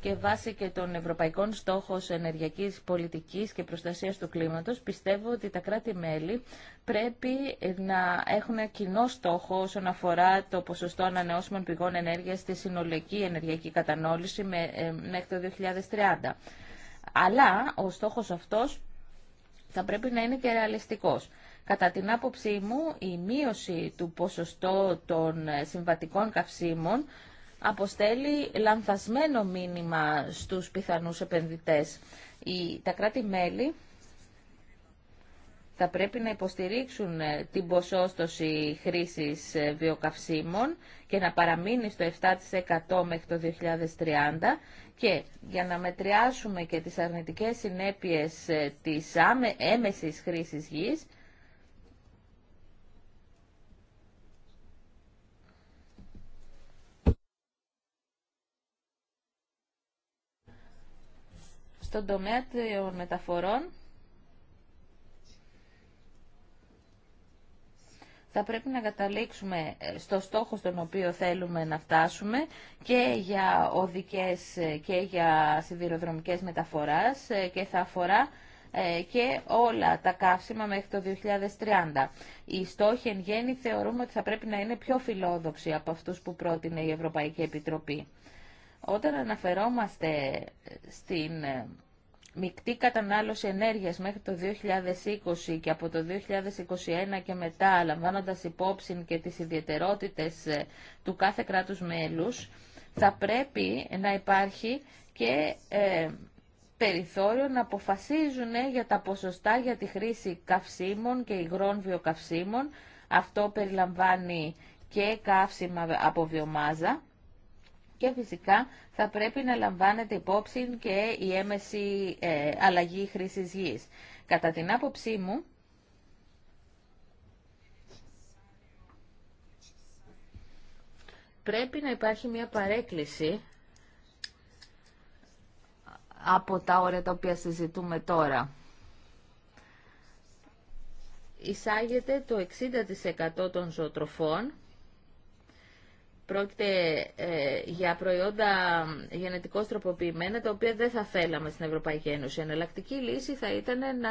και βάσει και των ευρωπαϊκών στόχων ενεργειακής πολιτικής και προστασίας του κλίματος, πιστεύω ότι τα κράτη-μέλη πρέπει να έχουν κοινό στόχο όσον αφορά το ποσοστό ανανεώσιμων πηγών ενέργειας στη συνολική ενεργειακή κατανόληση ε, μέχρι το 2030. Αλλά ο στόχος αυτός θα πρέπει να είναι και ρεαλιστικός. Κατά την άποψή μου, η μείωση του ποσοστό των συμβατικών καυσίμων αποστέλει λανθασμένο μήνυμα στους πιθανούς επενδυτές. Η τα κράτη-μέλη θα πρέπει να υποστηρίξουν ε, την ποσόστοση χρήσης ε, βιοκαυσίμων και να παραμείνει στο 7% μέχρι το 2030 και για να μετριάσουμε και τις αρνητικές συνέπειες ε, της άμεσης χρήσης γης, Στον τομέα των μεταφορών θα πρέπει να καταλήξουμε ε, στο στόχο στον οποίο θέλουμε να φτάσουμε και για οδικές ε, και για σιδηροδρομικές μεταφοράς ε, και θα αφορά και όλα τα καύσιμα μέχρι το 2030. Οι στόχοι εν γέννη θεωρούμε ότι θα πρέπει να είναι πιο φιλόδοξοι από αυτούς που πρότεινε η Ευρωπαϊκή Επιτροπή. Όταν αναφερόμαστε στην ε, μεικτή κατανάλωση ενέργειας μέχρι το 2020 και από το 2021 και μετά, λαμβάνοντας υπόψη και τις ιδιαιτερότητες ε, του κάθε κράτους μέλους, θα πρέπει να υπάρχει και ε, περιθώριο να αποφασίζουν για τα ποσοστά για τη χρήση καυσίμων και υγρών βιοκαυσίμων. Αυτό περιλαμβάνει και καύσιμα από βιομάζα. Και φυσικά θα πρέπει να λαμβάνεται υπόψη και η έμεση ε, αλλαγή χρήσης γης. Κατά την άποψή μου, πρέπει να υπάρχει μια παρέκκληση από τα όρια τα οποία συζητούμε τώρα. Εισάγεται το 60% των ζωοτροφών Πρόκειται ε, για προϊόντα γενετικώς τροποποιημένα, τα οποία δεν θα θέλαμε στην Ευρωπαϊκή Ένωση. Η εναλλακτική λύση θα ήταν να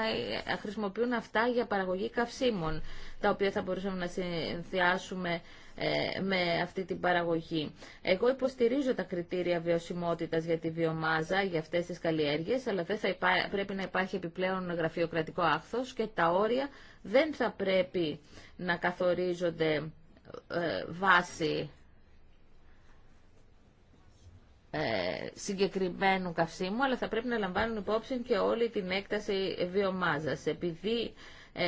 ε, χρησιμοποιούν αυτά για παραγωγή καυσίμων, τα οποία θα μπορούσαμε να συνδυάσουμε ε, με αυτή την παραγωγή. Εγώ υποστηρίζω τα κριτήρια βιωσιμότητας για τη βιομάζα, για αυτές τις καλλιέργειες, αλλά δεν θα πρέπει να υπάρχει επιπλέον γραφειοκρατικό άχθος και τα όρια δεν θα πρέπει να καθορίζονται βάση... Ε, συγκεκριμένου καυσίμου, αλλά θα πρέπει να λαμβάνουν υπόψη και όλη την έκταση βιομάζας. Επειδή ε,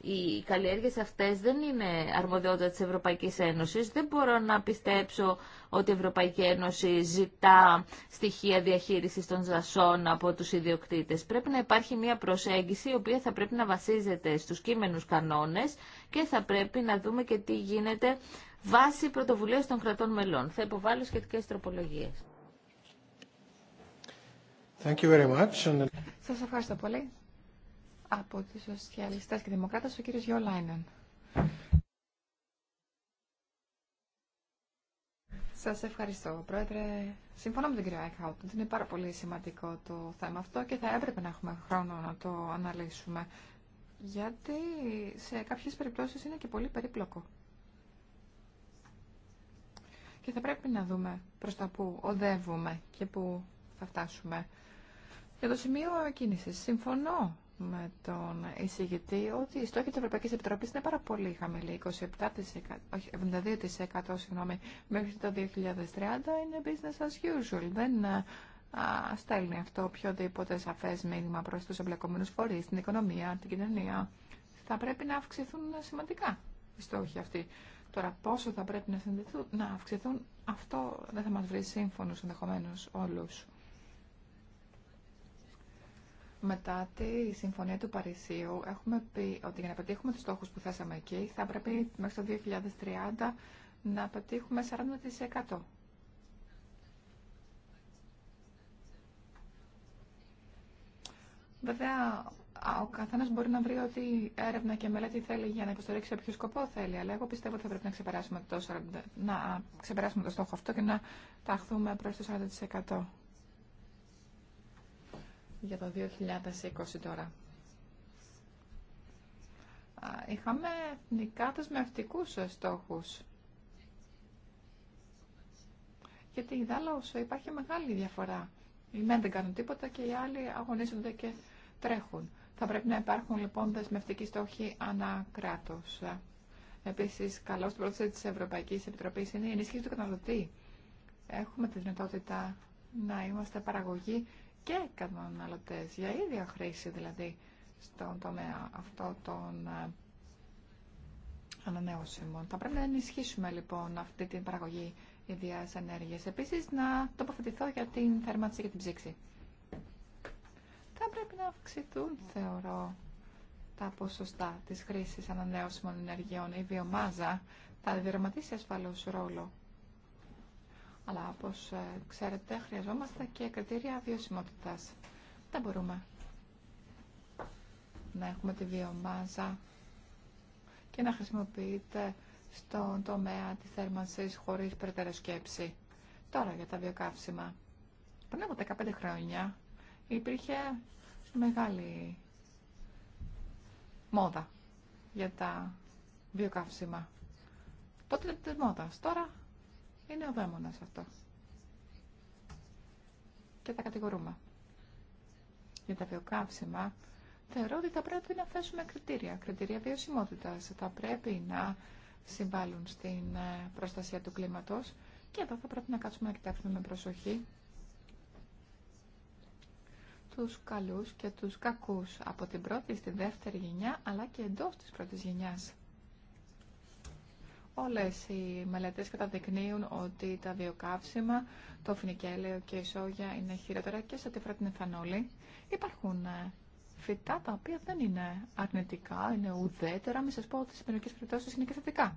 οι καλλιέργειες αυτές δεν είναι αρμοδιότητα της Ευρωπαϊκής Ένωσης. Δεν μπορώ να πιστέψω ότι η Ευρωπαϊκή Ένωση ζητά στοιχεία διαχείρισης των ζασών από τους ιδιοκτήτες. Πρέπει να υπάρχει μια προσέγγιση η οποία θα πρέπει να βασίζεται στους κείμενους κανόνες και θα πρέπει να δούμε και τι γίνεται βάσει πρωτοβουλίας των κρατών μελών. Θα υποβάλω σχετικές τροπολογίες. Thank Σας ευχαριστώ πολύ. Από τους Σοσιαλιστές και Δημοκράτες, ο κύριος Γιώ Λάινεν. Σας ευχαριστώ, Πρόεδρε. Συμφωνώ με τον κύριο Άικχαουτ ότι είναι πάρα πολύ σημαντικό το θέμα αυτό και θα έπρεπε να έχουμε χρόνο να το αναλύσουμε. Γιατί σε κάποιες περιπτώσεις είναι και πολύ περίπλοκο. Και θα πρέπει να δούμε προς τα που οδεύουμε και που θα φτάσουμε. Για το σημείο κίνηση. Συμφωνώ με τον εισηγητή ότι οι στόχοι τη Ευρωπαϊκή Επιτροπή είναι πάρα πολύ χαμηλοί. 27%, 72% συγγνώμη, μέχρι το 2030 είναι business as usual. Δεν α, στέλνει αυτό οποιοδήποτε σαφέ μήνυμα προ του εμπλεκόμενου φορεί, την οικονομία, την κοινωνία. Θα πρέπει να αυξηθούν σημαντικά οι στόχοι αυτοί. Τώρα πόσο θα πρέπει να, να αυξηθούν, αυτό δεν θα μα βρει σύμφωνος ενδεχομένω όλου μετά τη Συμφωνία του Παρισίου έχουμε πει ότι για να πετύχουμε τους στόχους που θέσαμε εκεί θα πρέπει μέχρι το 2030 να πετύχουμε 40%. Βέβαια, ο καθένα μπορεί να βρει ό,τι έρευνα και μελέτη θέλει για να υποστηρίξει σε ποιο σκοπό θέλει. Αλλά εγώ πιστεύω ότι θα πρέπει να ξεπεράσουμε το, 40, να ξεπεράσουμε το στόχο αυτό και να ταχθούμε προ το 40% για το 2020 τώρα. Είχαμε εθνικά δεσμευτικού στόχους. Γιατί η όσο υπάρχει μεγάλη διαφορά. Οι μεν δεν κάνουν τίποτα και οι άλλοι αγωνίζονται και τρέχουν. Θα πρέπει να υπάρχουν λοιπόν δεσμευτικοί στόχοι ανά κράτος. Επίσης, καλό στην πρόθεση της Ευρωπαϊκής Επιτροπής είναι η ενίσχυση του καταναλωτή. Έχουμε τη δυνατότητα να είμαστε παραγωγοί και καταναλωτέ για ίδια χρήση δηλαδή στον τομέα αυτό των ε, ανανεώσιμων. Θα πρέπει να ενισχύσουμε λοιπόν αυτή την παραγωγή ιδέα ενέργεια. Επίση να τοποθετηθώ για την θέρμανση και την ψήξη. Θα πρέπει να αυξηθούν, θεωρώ, τα ποσοστά της χρήσης ανανεώσιμων ενεργειών. Η βιομάζα θα διδραματίσει ασφαλώς ρόλο αλλά όπως ε, ξέρετε χρειαζόμαστε και κριτήρια βιωσιμότητας. Δεν μπορούμε να έχουμε τη βιομάζα και να χρησιμοποιείται στον τομέα της θέρμανσης χωρίς περαιτέρω σκέψη. Τώρα για τα βιοκαύσιμα. Πριν από 15 χρόνια υπήρχε μεγάλη μόδα για τα βιοκαύσιμα. Τότε ήταν μόδα. Τώρα είναι ο δαίμονας αυτό. Και τα κατηγορούμε. Για τα βιοκάψιμα. θεωρώ ότι θα πρέπει να θέσουμε κριτήρια, κριτήρια βιωσιμότητας. Θα πρέπει να συμβάλλουν στην ε, προστασία του κλίματος και εδώ θα πρέπει να κάτσουμε να κοιτάξουμε με προσοχή τους καλούς και τους κακούς από την πρώτη στη δεύτερη γενιά αλλά και εντός της πρώτης γενιάς. Όλες οι μελέτες καταδεικνύουν ότι τα βιοκαύσιμα, το φινικέλαιο και η σόγια είναι χειρότερα και σε ό,τι αφορά την εθανόλη. Υπάρχουν ε, φυτά τα οποία δεν είναι αρνητικά, είναι ουδέτερα. Μην σας πω ότι σε μερικές περιπτώσεις είναι και θετικά.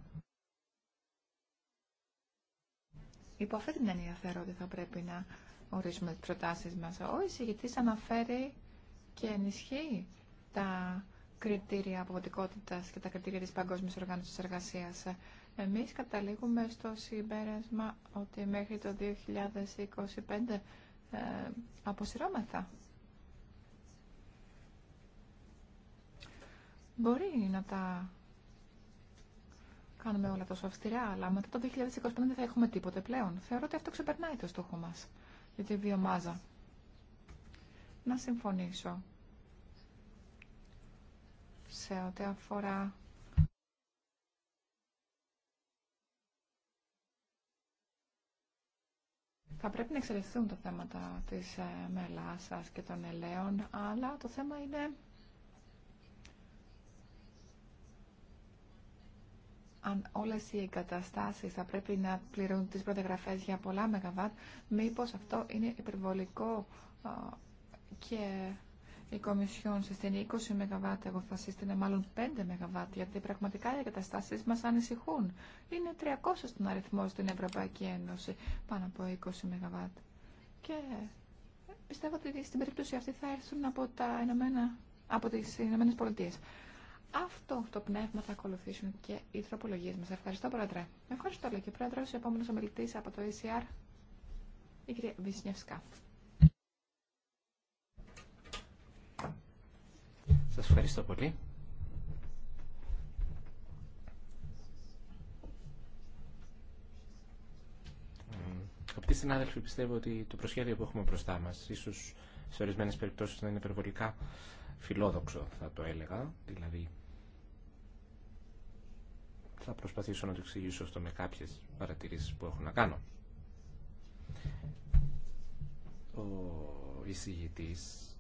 Υπό αυτή την έννοια θεωρώ ότι θα πρέπει να ορίσουμε τις προτάσεις μας. Ο εισηγητής αναφέρει και ενισχύει τα κριτήρια αποδοτικότητας και τα κριτήρια της Παγκόσμιας Οργάνωσης Εργασίας. Εμείς καταλήγουμε στο συμπέρασμα ότι μέχρι το 2025 ε, αποσυρώμεθα. Μπορεί να τα κάνουμε όλα τόσο αυστηρά, αλλά μετά το 2025 δεν θα έχουμε τίποτε πλέον. Θεωρώ ότι αυτό ξεπερνάει το στόχο μας για τη βιομάζα. Να συμφωνήσω σε ό,τι αφορά Θα πρέπει να εξελιχθούν τα θέματα της ε, μελάσας και των ελαίων, αλλά το θέμα είναι αν όλες οι εγκαταστάσεις θα πρέπει να πληρούν τις προδιαγραφές για πολλά μεγαβάτ, μήπως αυτό είναι υπερβολικό ε, και η Κομισιόν συστήνει 20 ΜΒ, εγώ θα σύστηνα μάλλον 5 ΜΒ, γιατί πραγματικά οι εγκαταστάσεις μας ανησυχούν. Είναι 300 στον αριθμό στην Ευρωπαϊκή Ένωση, πάνω από 20 ΜΒ. Και πιστεύω ότι στην περίπτωση αυτή θα έρθουν από, τα Ηνωμένα, από τις Ηνωμένες Πολιτείες. Αυτό το πνεύμα θα ακολουθήσουν και οι τροπολογίε μα. Ευχαριστώ, Πρόεδρε. Ευχαριστώ, λέει και Πρόεδρο. Επόμενο ομιλητή από το ECR, η κυρία Βυσνιευσκά. Σας ευχαριστώ πολύ. συνάδελφοι, πιστεύω ότι το προσχέδιο που έχουμε μπροστά μας, ίσως σε ορισμένες περιπτώσεις να είναι υπερβολικά φιλόδοξο, θα το έλεγα. Δηλαδή, θα προσπαθήσω να το εξηγήσω αυτό με κάποιες παρατηρήσεις που έχω να κάνω. Ο εισηγητής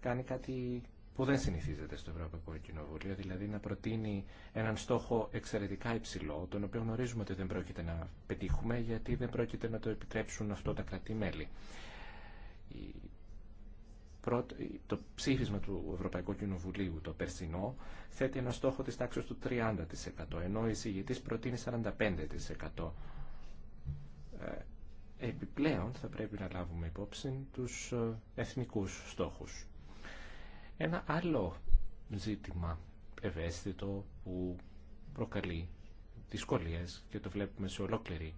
κάνει κάτι που δεν συνηθίζεται στο Ευρωπαϊκό Κοινοβούλιο, δηλαδή να προτείνει έναν στόχο εξαιρετικά υψηλό, τον οποίο γνωρίζουμε ότι δεν πρόκειται να πετύχουμε, γιατί δεν πρόκειται να το επιτρέψουν αυτό τα κρατή-μέλη. Το ψήφισμα του Ευρωπαϊκού Κοινοβουλίου, το περσινό, θέτει ένα στόχο της τάξης του 30%, ενώ η εισηγητής προτείνει 45%. Ε, επιπλέον θα πρέπει να λάβουμε υπόψη τους ε, εθνικούς στόχους ένα άλλο ζήτημα ευαίσθητο που προκαλεί δυσκολίες και το βλέπουμε σε ολόκληρη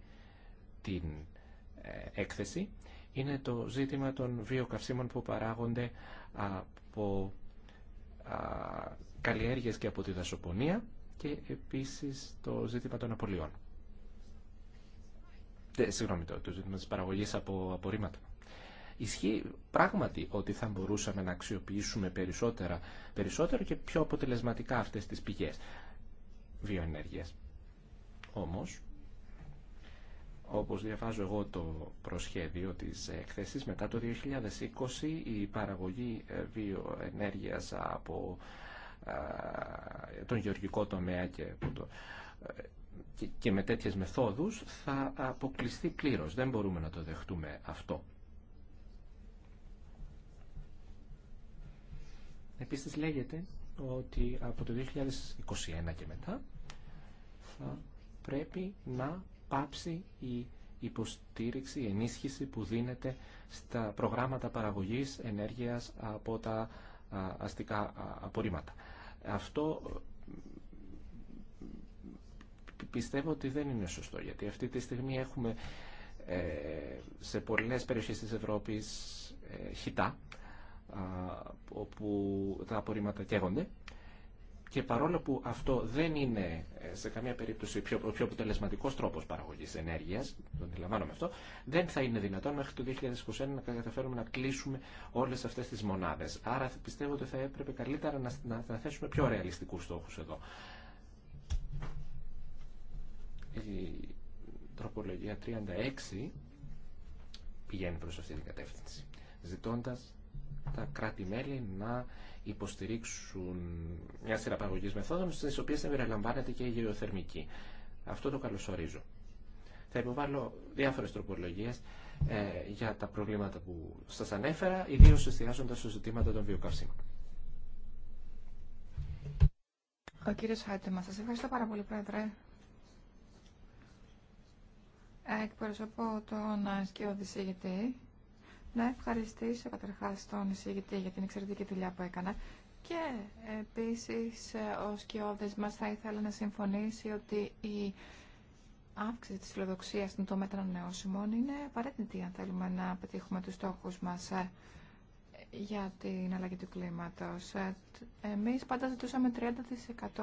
την ε, έκθεση είναι το ζήτημα των βιοκαυσίμων που παράγονται από καλλιέργειες και από τη δασοπονία και επίσης το ζήτημα των απολειών. Ε, συγγνώμη, το, το ζήτημα της παραγωγής από απορρίμματα. Ισχύει πράγματι ότι θα μπορούσαμε να αξιοποιήσουμε περισσότερα, περισσότερο και πιο αποτελεσματικά αυτές τις πηγές βιοενέργειας. Όμως, όπως διαβάζω εγώ το προσχέδιο της εκθέσης, μετά το 2020 η παραγωγή ε, βιοενέργειας από τον γεωργικό τομέα ε, και, και με τέτοιες μεθόδους θα αποκλειστεί πλήρως. Δεν μπορούμε να το δεχτούμε αυτό. Επίσης λέγεται ότι από το 2021 και μετά θα πρέπει να πάψει η υποστήριξη, η ενίσχυση που δίνεται στα προγράμματα παραγωγής ενέργειας από τα αστικά απορρίμματα. Αυτό πιστεύω ότι δεν είναι σωστό, γιατί αυτή τη στιγμή έχουμε ε, σε πολλές περιοχές της Ευρώπης ε, χιτά, όπου τα απορρίμματα καίγονται. Και παρόλο που αυτό δεν είναι ε, σε καμία περίπτωση ο πιο αποτελεσματικό τρόπο παραγωγή ενέργεια, το αντιλαμβάνομαι αυτό, δεν θα είναι δυνατόν μέχρι το 2021 να καταφέρουμε να κλείσουμε όλε αυτέ τι μονάδε. Άρα πιστεύω ότι θα έπρεπε καλύτερα να, να, θέσουμε πιο ρεαλιστικού στόχου εδώ. Η τροπολογία 36 πηγαίνει προς αυτή την κατεύθυνση, ζητώντας τα κράτη-μέλη να υποστηρίξουν μια σειρά παραγωγή μεθόδων στι οποίε θα περιλαμβάνεται και η γεωθερμική. Αυτό το καλωσορίζω. Θα υποβάλω διάφορε τροπολογίε ε, για τα προβλήματα που σα ανέφερα, ιδίω εστιάζοντα στο ζητήματα των βιοκαυσίμων. Ο κύριο Χάτεμα, σα ευχαριστώ πάρα πολύ, Πρόεδρε. Ε, εκπροσωπώ τον να ευχαριστήσω καταρχά τον εισηγητή για την εξαιρετική δουλειά που έκανα και επίση ε, ο σκιώδης μα θα ήθελε να συμφωνήσει ότι η αύξηση τη φιλοδοξία των τομέα των νεώσιμων είναι απαραίτητη αν θέλουμε να πετύχουμε του στόχου μα ε, για την αλλαγή του κλίματος. Ε, εμείς πάντα ζητούσαμε 30%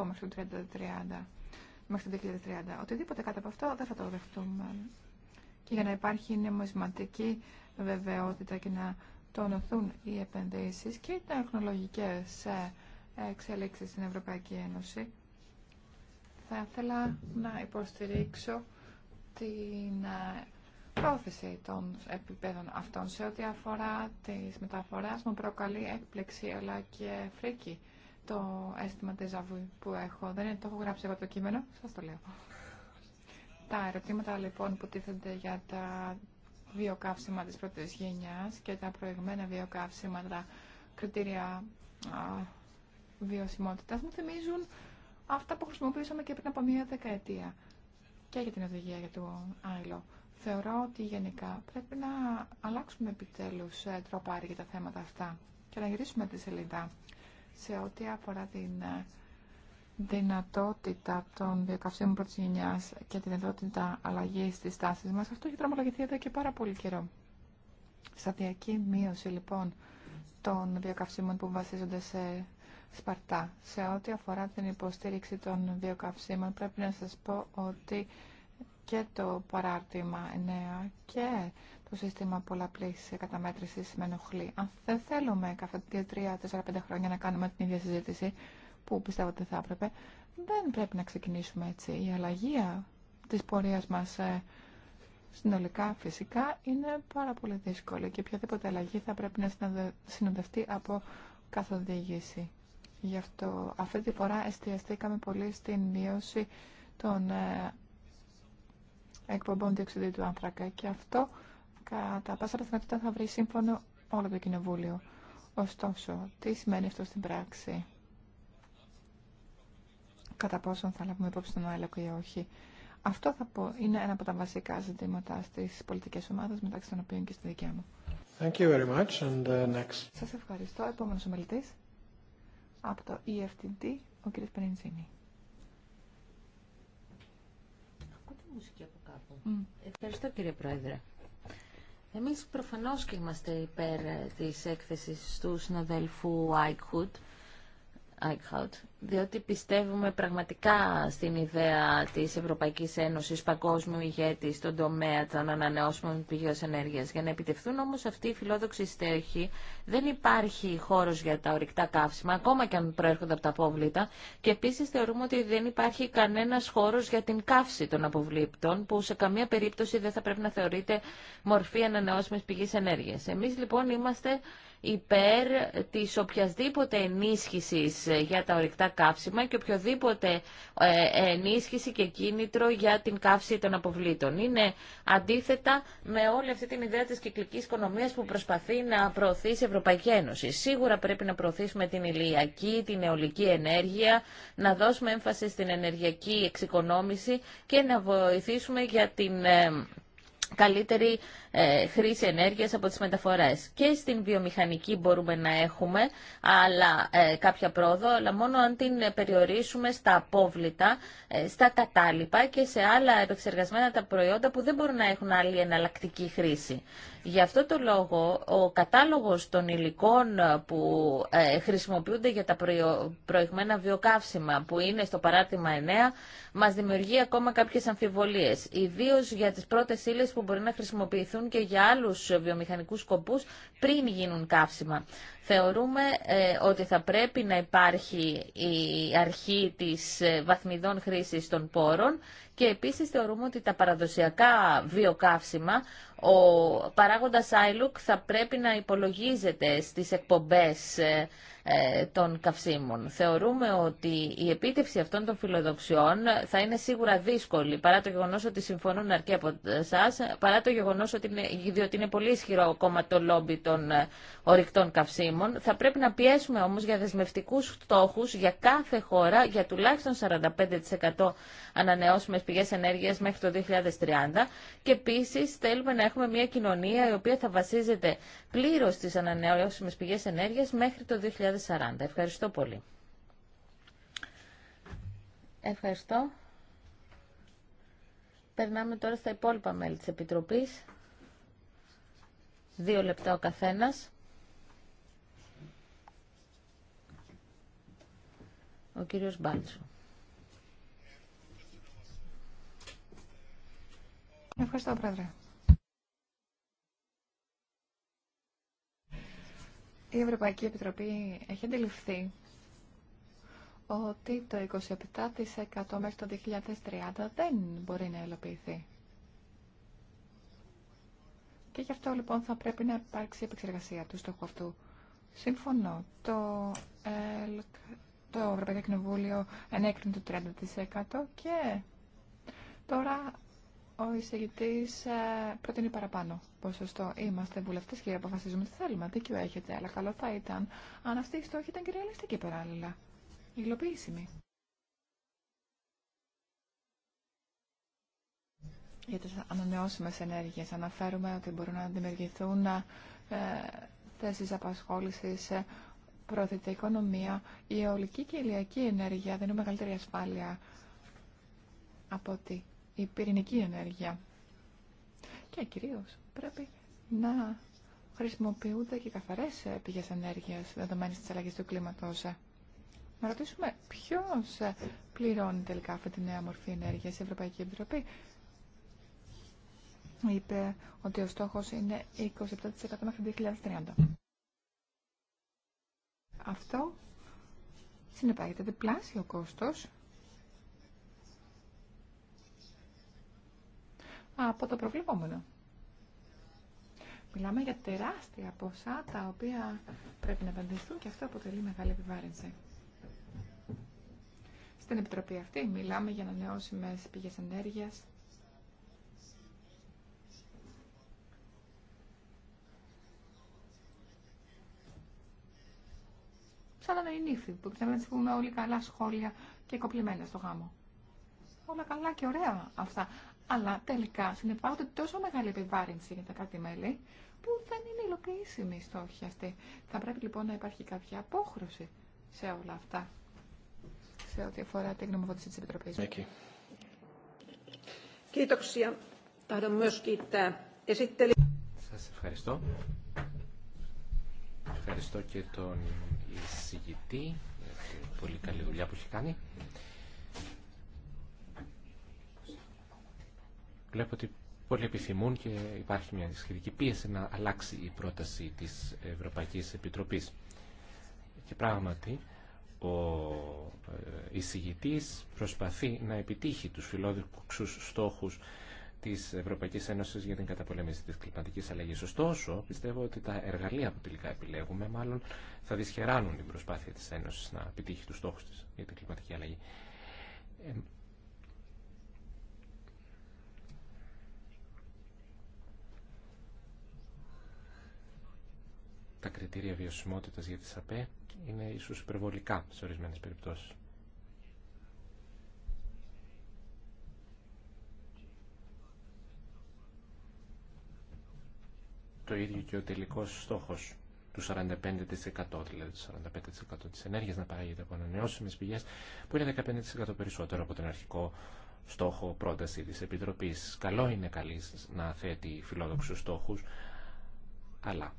μέχρι το μέχρι το 2030. Οτιδήποτε κάτω από αυτό δεν θα το δεχτούμε. Και για να υπάρχει νομισματική βεβαιότητα και να τονωθούν οι επενδύσεις και οι τεχνολογικές ε, εξελίξεις στην Ευρωπαϊκή Ένωση. Θα ήθελα να υποστηρίξω την ε, πρόθεση των επιπέδων αυτών σε ό,τι αφορά τις μεταφοράς μου προκαλεί έκπληξη αλλά και φρίκη το αίσθημα τεζαβού που έχω. Δεν είναι, το έχω γράψει εγώ το κείμενο, σας το λέω. Τα ερωτήματα λοιπόν που τίθενται για τα βιοκαύσιμα της πρώτης γενιάς και τα προηγμένα βιοκαύσιμα, τα κριτήρια βιωσιμότητας μου θυμίζουν αυτά που χρησιμοποιήσαμε και πριν από μία δεκαετία και για την οδηγία για το άλλο. Θεωρώ ότι γενικά πρέπει να αλλάξουμε επιτέλους ε, τροπάρι για τα θέματα αυτά και να γυρίσουμε τη σελίδα σε ό,τι αφορά την ε, δυνατότητα των βιοκαυσίμων πρώτη γενιά και τη δυνατότητα αλλαγή τη τάση μα, αυτό έχει τρομολογηθεί εδώ και πάρα πολύ καιρό. Σταδιακή μείωση λοιπόν των βιοκαυσίμων που βασίζονται σε Σπαρτά. Σε ό,τι αφορά την υποστήριξη των βιοκαυσίμων, πρέπει να σα πω ότι και το παράρτημα 9 και το σύστημα πολλαπλή καταμέτρηση με ενοχλεί. Αν δεν θέλουμε κάθε 2, 3, 4, 5 χρόνια να κάνουμε την ίδια συζήτηση, που πιστεύω ότι θα έπρεπε. Δεν πρέπει να ξεκινήσουμε έτσι. Η αλλαγή της πορείας μας ε, συνολικά φυσικά είναι πάρα πολύ δύσκολη και οποιαδήποτε αλλαγή θα πρέπει να συνοδευτεί από καθοδήγηση. Γι' αυτό αυτή τη φορά εστιαστήκαμε πολύ στην μείωση των ε, εκπομπών διοξιδίου του άνθρακα και αυτό κατά πάσα πιθανότητα θα βρει σύμφωνο όλο το Κοινοβούλιο. Ωστόσο, τι σημαίνει αυτό στην πράξη κατά πόσον θα λάβουμε υπόψη τον έλεγχο ή όχι. Αυτό θα πω είναι ένα από τα βασικά ζητήματα στις πολιτικές ομάδε, μεταξύ των οποίων και στη δικιά μου. Uh, Σας ευχαριστώ. Επόμενος ομιλητή από το EFTD, ο κ. Ακούτε μουσική από κάπου. Ευχαριστώ κύριε Πρόεδρε. Εμείς προφανώς και είμαστε υπέρ ε, της έκθεσης του συναδέλφου Άικχουτ Eichhout, διότι πιστεύουμε πραγματικά στην ιδέα της Ευρωπαϊκής Ένωσης παγκόσμιου ηγέτη στον τομέα των ανανεώσιμων πηγών ενέργειας. Για να επιτευχθούν όμως αυτή η φιλόδοξοι στέχη, δεν υπάρχει χώρος για τα ορυκτά καύσιμα, ακόμα και αν προέρχονται από τα απόβλητα. Και επίσης θεωρούμε ότι δεν υπάρχει κανένας χώρος για την καύση των αποβλήπτων, που σε καμία περίπτωση δεν θα πρέπει να θεωρείται μορφή ανανεώσιμης πηγής ενέργειας. Εμείς λοιπόν είμαστε υπέρ της οποιασδήποτε ενίσχυσης για τα ορυκτά καύσιμα και οποιοδήποτε ε, ενίσχυση και κίνητρο για την καύση των αποβλήτων. Είναι αντίθετα με όλη αυτή την ιδέα της κυκλικής οικονομίας που προσπαθεί να προωθήσει η Ευρωπαϊκή Ένωση. Σίγουρα πρέπει να προωθήσουμε την ηλιακή, την αιωλική ενέργεια, να δώσουμε έμφαση στην ενεργειακή εξοικονόμηση και να βοηθήσουμε για την ε, καλύτερη ε, χρήση ενέργειας από τις μεταφορές. Και στην βιομηχανική μπορούμε να έχουμε αλλά, ε, κάποια πρόοδο, αλλά μόνο αν την περιορίσουμε στα απόβλητα, ε, στα κατάλοιπα και σε άλλα επεξεργασμένα τα προϊόντα που δεν μπορούν να έχουν άλλη εναλλακτική χρήση. Γι' αυτό το λόγο ο κατάλογος των υλικών που χρησιμοποιούνται για τα προηγμένα βιοκαύσιμα που είναι στο παράρτημα 9 μας δημιουργεί ακόμα κάποιες αμφιβολίες, ιδίως για τις πρώτες ύλες που μπορεί να χρησιμοποιηθούν και για άλλους βιομηχανικούς σκοπούς πριν γίνουν καύσιμα. Θεωρούμε ε, ότι θα πρέπει να υπάρχει η αρχή της ε, βαθμιδών χρήσης των πόρων και επίσης θεωρούμε ότι τα παραδοσιακά βιοκαύσιμα, ο παράγοντας Άιλουκ θα πρέπει να υπολογίζεται στις εκπομπές ε, των καυσίμων. Θεωρούμε ότι η επίτευξη αυτών των φιλοδοξιών θα είναι σίγουρα δύσκολη, παρά το γεγονός ότι συμφωνούν αρκεί από εσά, παρά το γεγονό ότι είναι, διότι είναι πολύ ισχυρό ακόμα το λόμπι των ορυκτών καυσίμων θα πρέπει να πιέσουμε όμως για δεσμευτικούς στόχους για κάθε χώρα για τουλάχιστον 45% ανανεώσιμες πηγές ενέργειας μέχρι το 2030 και επίσης θέλουμε να έχουμε μια κοινωνία η οποία θα βασίζεται πλήρως στις ανανεώσιμες πηγές ενέργειας μέχρι το 2040. Ευχαριστώ πολύ. Ευχαριστώ. Περνάμε τώρα στα υπόλοιπα μέλη της Επιτροπής. Δύο λεπτά ο καθένας. Ο κύριος Μπάλτσο. Ευχαριστώ, Πρόεδρε. Η Ευρωπαϊκή Επιτροπή έχει αντιληφθεί ότι το 27% μέχρι το 2030 δεν μπορεί να υλοποιηθεί. Και γι' αυτό λοιπόν θα πρέπει να υπάρξει επεξεργασία του στόχου αυτού. Συμφωνώ. Το ΕΛΚ το Ευρωπαϊκό Κοινοβούλιο ενέκρινε το 30% και τώρα ο εισηγητή ε, προτείνει παραπάνω ποσοστό. Είμαστε βουλευτέ και αποφασίζουμε τι θέλουμε. Δίκιο έχετε, αλλά καλό θα ήταν αν αυτή η στόχη ήταν και ρεαλιστική παράλληλα. Υλοποιήσιμη. Για τι ανανεώσιμε ενέργειε αναφέρουμε ότι μπορούν να δημιουργηθούν ε, θέσει απασχόληση ε, προωθείται η οικονομία, η αιωλική και η ηλιακή ενέργεια δίνουν μεγαλύτερη ασφάλεια από ότι η πυρηνική ενέργεια. Και κυρίως πρέπει να χρησιμοποιούνται και καθαρές πηγές ενέργειας δεδομένης της αλλαγή του κλίματος. Να ρωτήσουμε ποιος πληρώνει τελικά αυτή τη νέα μορφή ενέργειας η Ευρωπαϊκή Επιτροπή. Είπε ότι ο στόχος είναι 27% μέχρι 2030. Αυτό συνεπάγεται διπλάσιο κόστος από το προβλεπόμενο. Μιλάμε για τεράστια ποσά τα οποία πρέπει να επενδυθούν και αυτό αποτελεί μεγάλη επιβάρυνση. Στην Επιτροπή αυτή μιλάμε για ανανεώσιμες πηγές ενέργειας, σαν να είναι νύφη, που θέλουν να όλοι καλά σχόλια και κοπλημένα στο γάμο. Όλα καλά και ωραία αυτά. Αλλά τελικά συνεπάγονται τόσο μεγάλη επιβάρυνση για τα κάτι μέλη, που δεν είναι υλοποιήσιμη η στόχη αυτή. Θα πρέπει λοιπόν να υπάρχει κάποια απόχρωση σε όλα αυτά, σε ό,τι αφορά την γνωμοδότηση τη Επιτροπής. ευχαριστώ. Ευχαριστώ και τον πολύ καλή δουλειά που έχει κάνει. Βλέπω ότι πολλοί επιθυμούν και υπάρχει μια σχετική πίεση να αλλάξει η πρόταση της Ευρωπαϊκής Επιτροπής. Και πράγματι, ο ε, εισηγητής προσπαθεί να επιτύχει τους φιλόδοξους στόχους της Ευρωπαϊκής Ένωση για την καταπολέμηση της κλιματικής αλλαγής. Ωστόσο, πιστεύω ότι τα εργαλεία που τελικά επιλέγουμε μάλλον θα δυσχεράνουν την προσπάθεια της Ένωση να επιτύχει τους στόχους της για την κλιματική αλλαγή. Ε, τα κριτήρια βιωσιμότητας για τις ΑΠΕ είναι ίσως υπερβολικά σε ορισμένες περιπτώσεις. το ίδιο και ο τελικός στόχος του 45%, δηλαδή του 45% της ενέργειας να παράγεται από ανανεώσιμες πηγές, που είναι 15% περισσότερο από τον αρχικό στόχο πρόταση της Επιτροπής. Καλό είναι καλή να θέτει φιλόδοξους στόχους, αλλά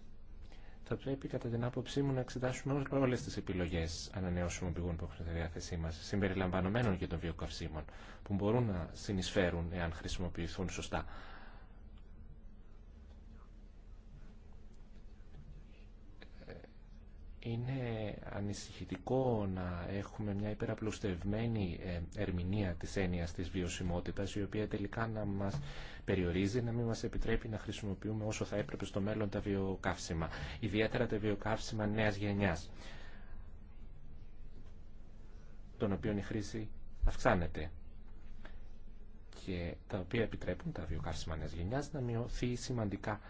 θα πρέπει κατά την άποψή μου να εξετάσουμε όλε τι επιλογέ ανανεώσιμων πηγών που έχουν στη διάθεσή μα, συμπεριλαμβανομένων και των βιοκαυσίμων, που μπορούν να συνεισφέρουν εάν χρησιμοποιηθούν σωστά είναι ανησυχητικό να έχουμε μια υπεραπλουστευμένη ε, ερμηνεία της έννοιας της βιωσιμότητας η οποία τελικά να μας περιορίζει, να μην μας επιτρέπει να χρησιμοποιούμε όσο θα έπρεπε στο μέλλον τα βιοκαύσιμα, ιδιαίτερα τα βιοκαύσιμα νέας γενιάς, των οποίων η χρήση αυξάνεται και τα οποία επιτρέπουν τα βιοκαύσιμα νέας γενιάς να μειωθεί σημαντικά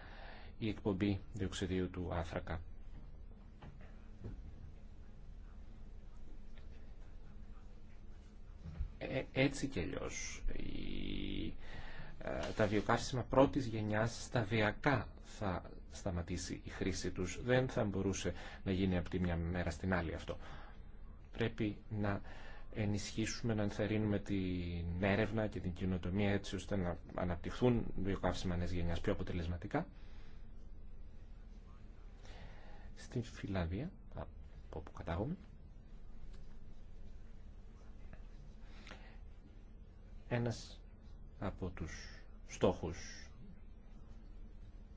η εκπομπή διοξιδίου του άνθρακα. Ε, έτσι κι αλλιώ ε, τα βιοκαύσιμα πρώτης γενιάς σταδιακά θα σταματήσει η χρήση τους. Δεν θα μπορούσε να γίνει από τη μια μέρα στην άλλη αυτό. Πρέπει να ενισχύσουμε, να ενθαρρύνουμε την έρευνα και την κοινοτομία έτσι ώστε να αναπτυχθούν βιοκαύσιμα νέας γενιάς πιο αποτελεσματικά. Στην Φιλανδία, από όπου κατάγομαι, Ένας από τους στόχους